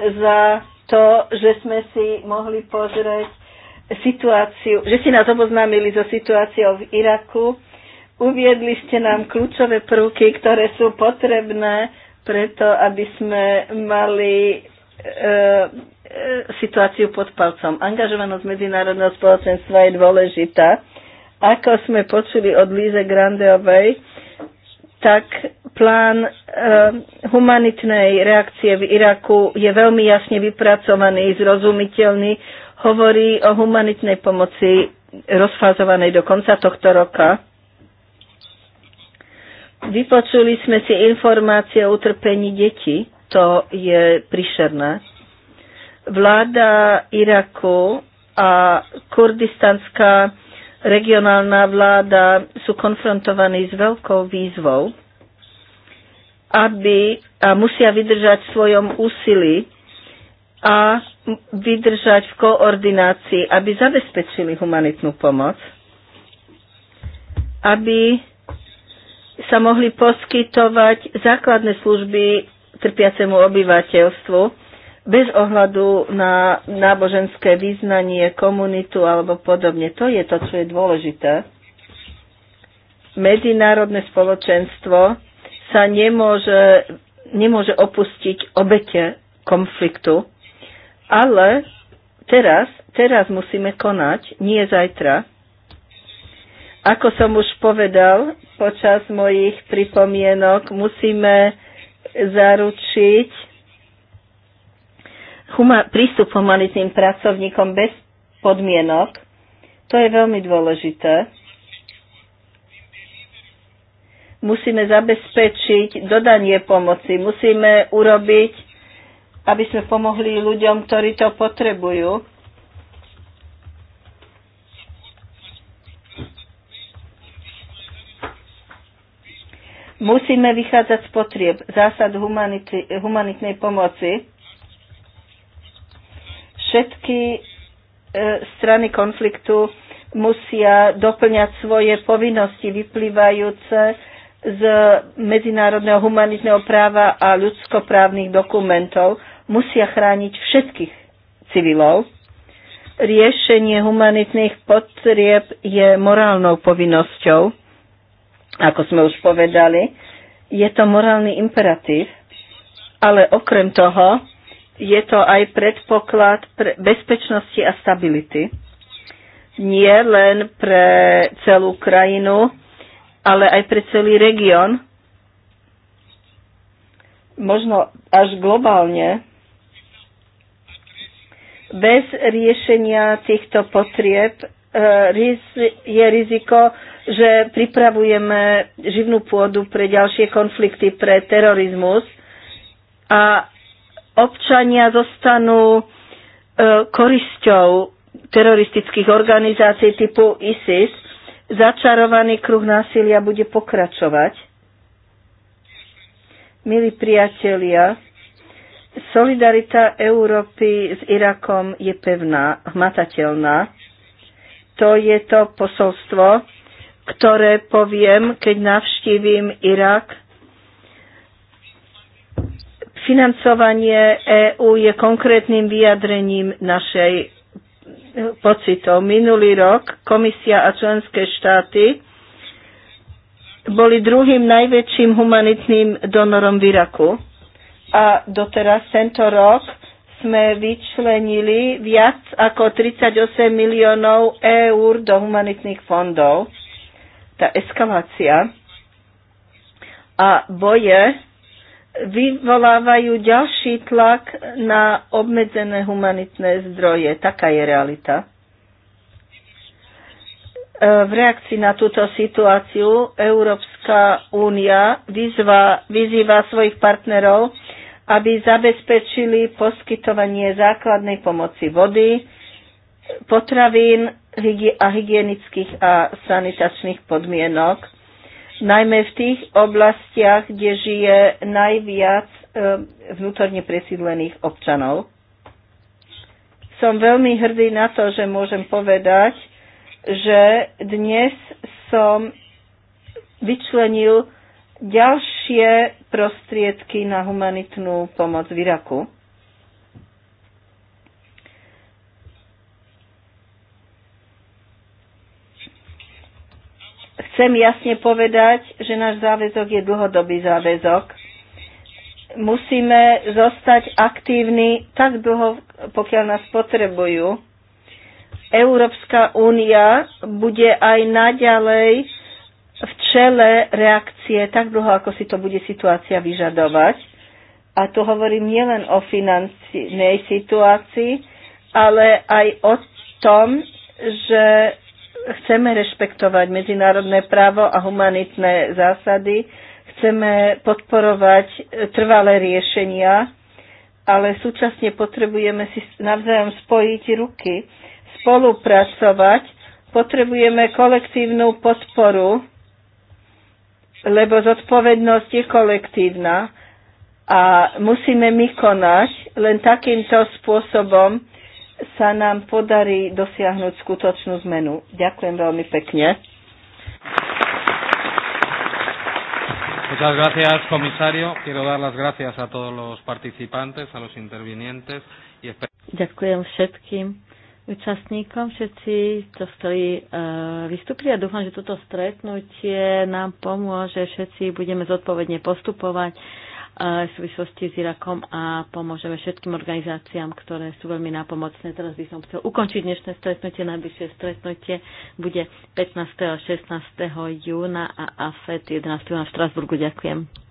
za to, že sme si mohli pozrieť situáciu, že si nás oboznámili so situáciou v Iraku. Uviedli ste nám kľúčové prvky, ktoré sú potrebné preto, aby sme mali e, e, situáciu pod palcom. Angažovanosť medzinárodného spoločenstva je dôležitá ako sme počuli od Líze Grandeovej, tak plán eh, humanitnej reakcie v Iraku je veľmi jasne vypracovaný, zrozumiteľný, hovorí o humanitnej pomoci rozfázovanej do konca tohto roka. Vypočuli sme si informácie o utrpení detí. To je príšerné. Vláda Iraku a kurdistanská regionálna vláda sú konfrontovaní s veľkou výzvou, aby a musia vydržať v svojom úsilí a vydržať v koordinácii, aby zabezpečili humanitnú pomoc, aby sa mohli poskytovať základné služby trpiacemu obyvateľstvu, bez ohľadu na náboženské význanie, komunitu alebo podobne. To je to, čo je dôležité. Medzinárodné spoločenstvo sa nemôže, nemôže opustiť obete konfliktu, ale teraz, teraz musíme konať, nie zajtra. Ako som už povedal počas mojich pripomienok, musíme zaručiť huma- prístup humanitným pracovníkom bez podmienok. To je veľmi dôležité. Musíme zabezpečiť dodanie pomoci. Musíme urobiť, aby sme pomohli ľuďom, ktorí to potrebujú. Musíme vychádzať z potrieb zásad humanity, humanitnej pomoci. Všetky e, strany konfliktu musia doplňať svoje povinnosti vyplývajúce z medzinárodného humanitného práva a ľudskoprávnych dokumentov. Musia chrániť všetkých civilov. Riešenie humanitných potrieb je morálnou povinnosťou, ako sme už povedali. Je to morálny imperatív, ale okrem toho je to aj predpoklad pre bezpečnosti a stability. Nie len pre celú krajinu, ale aj pre celý región. Možno až globálne. Bez riešenia týchto potrieb e, je riziko, že pripravujeme živnú pôdu pre ďalšie konflikty, pre terorizmus a občania zostanú e, korisťou teroristických organizácií typu ISIS, začarovaný kruh násilia bude pokračovať. Milí priatelia, solidarita Európy s Irakom je pevná, hmatateľná. To je to posolstvo, ktoré poviem, keď navštívim Irak Financovanie EÚ je konkrétnym vyjadrením našej eh, pocitov. Minulý rok komisia a členské štáty boli druhým najväčším humanitným donorom v Iraku. A doteraz tento rok sme vyčlenili viac ako 38 miliónov eur do humanitných fondov. Tá eskalácia a boje vyvolávajú ďalší tlak na obmedzené humanitné zdroje. Taká je realita. E, v reakcii na túto situáciu Európska únia vyzva, vyzýva svojich partnerov, aby zabezpečili poskytovanie základnej pomoci vody, potravín a hygienických a sanitačných podmienok najmä v tých oblastiach, kde žije najviac eh, vnútorne presídlených občanov. Som veľmi hrdý na to, že môžem povedať, že dnes som vyčlenil ďalšie prostriedky na humanitnú pomoc v Iraku. Chcem jasne povedať, že náš záväzok je dlhodobý záväzok. Musíme zostať aktívni tak dlho, pokiaľ nás potrebujú. Európska únia bude aj naďalej v čele reakcie tak dlho, ako si to bude situácia vyžadovať. A tu hovorím nielen o finančnej situácii, ale aj o tom, že chceme rešpektovať medzinárodné právo a humanitné zásady, chceme podporovať e, trvalé riešenia, ale súčasne potrebujeme si navzájom spojiť ruky, spolupracovať, potrebujeme kolektívnu podporu, lebo zodpovednosť je kolektívna a musíme my konať len takýmto spôsobom, sa nám podarí dosiahnuť skutočnú zmenu. Ďakujem veľmi pekne. Muchas gracias, comisario. Quiero dar las gracias a todos los participantes, a los intervinientes. Y Ďakujem všetkým účastníkom, všetci, čo stojí, uh, vystúpili a dúfam, že toto stretnutie nám pomôže, všetci budeme zodpovedne postupovať. Eh, v súvislosti s Irakom a pomôžeme všetkým organizáciám, ktoré sú veľmi nápomocné. Teraz by som chcel ukončiť dnešné stretnutie. Najbližšie stretnutie bude 15. a 16. júna a AFET 11. júna v Štrasburgu. Ďakujem.